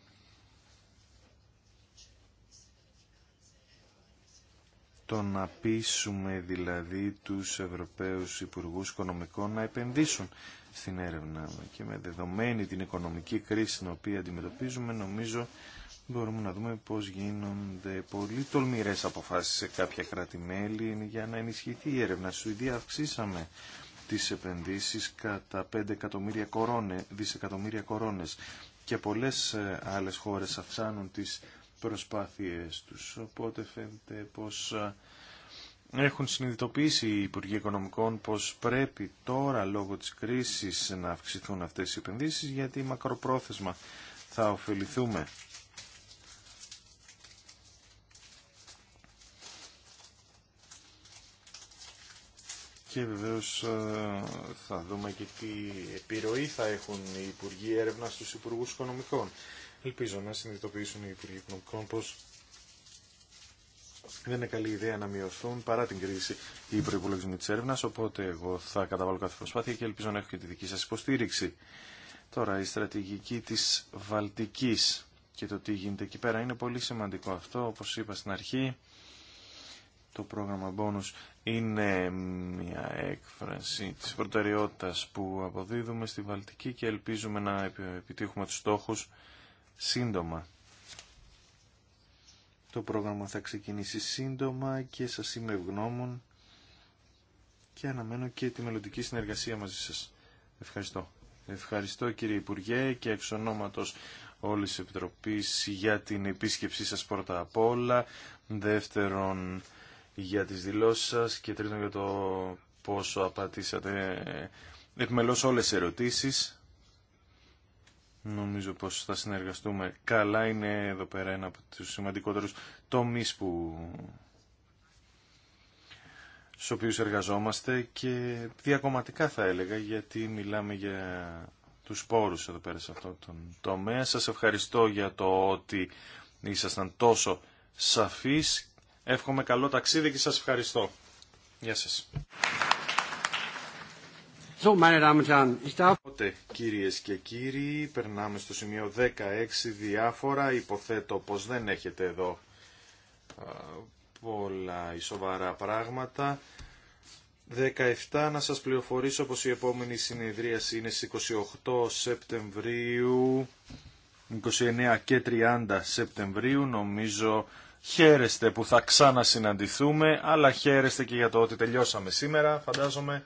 το να πείσουμε δηλαδή τους Ευρωπαίους Υπουργούς Οικονομικών να επενδύσουν στην έρευνά και με δεδομένη την οικονομική κρίση την οποία αντιμετωπίζουμε νομίζω μπορούμε να δούμε πώς γίνονται πολύ τολμηρές αποφάσεις σε κάποια κράτη-μέλη για να ενισχυθεί η έρευνα. Στη Σουηδία αυξήσαμε τις επενδύσεις κατά 5 εκατομμύρια κορώνε, δισεκατομμύρια κορώνες και πολλές ε, άλλες χώρες αυξάνουν τις προσπάθειές τους. Οπότε φαίνεται πως ε, έχουν συνειδητοποιήσει οι Υπουργοί Οικονομικών πως πρέπει τώρα λόγω της κρίσης να αυξηθούν αυτές οι επενδύσεις γιατί μακροπρόθεσμα θα ωφεληθούμε. Και βεβαίως ε, θα δούμε και τι επιρροή θα έχουν οι Υπουργοί Έρευνα στους Υπουργούς Οικονομικών. Ελπίζω να συνειδητοποιήσουν οι Υπουργοί Οικονομικών πως δεν είναι καλή ιδέα να μειωθούν παρά την κρίση οι προπολογισμοί τη έρευνα, οπότε εγώ θα καταβάλω κάθε προσπάθεια και ελπίζω να έχω και τη δική σα υποστήριξη. Τώρα, η στρατηγική τη Βαλτική και το τι γίνεται εκεί πέρα είναι πολύ σημαντικό αυτό. Όπω είπα στην αρχή, το πρόγραμμα Bonus είναι μια έκφραση τη προτεραιότητα που αποδίδουμε στη Βαλτική και ελπίζουμε να επιτύχουμε του στόχου σύντομα. Το πρόγραμμα θα ξεκινήσει σύντομα και σας είμαι ευγνώμων και αναμένω και τη μελλοντική συνεργασία μαζί σας. Ευχαριστώ. Ευχαριστώ κύριε Υπουργέ και εξ ονόματος όλης της Επιτροπής για την επίσκεψή σας πρώτα απ' όλα, δεύτερον για τις δηλώσεις σας και τρίτον για το πόσο απατήσατε επιμελώς όλες τις ερωτήσεις. Νομίζω πως θα συνεργαστούμε καλά. Είναι εδώ πέρα ένα από τους σημαντικότερους τομείς που στους οποίους εργαζόμαστε και διακομματικά θα έλεγα γιατί μιλάμε για τους πόρους εδώ πέρα σε αυτό τον τομέα. Σας ευχαριστώ για το ότι ήσασταν τόσο σαφείς. Εύχομαι καλό ταξίδι και σας ευχαριστώ. Γεια σας. So, meine Damen Οπότε, κυρίες και κύριοι, περνάμε στο σημείο 16 διάφορα. Υποθέτω πως δεν έχετε εδώ πολλά σοβαρά πράγματα. 17 να σας πληροφορήσω πως η επόμενη συνεδρίαση είναι στις 28 Σεπτεμβρίου, 29 και 30 Σεπτεμβρίου. Νομίζω χαίρεστε που θα ξανασυναντηθούμε, αλλά χαίρεστε και για το ότι τελειώσαμε σήμερα, φαντάζομαι.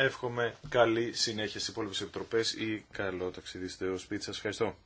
Εύχομαι καλή συνέχεια στι υπόλοιπε επιτροπέ ή καλό ταξίδι στο σπίτι σας. Ευχαριστώ.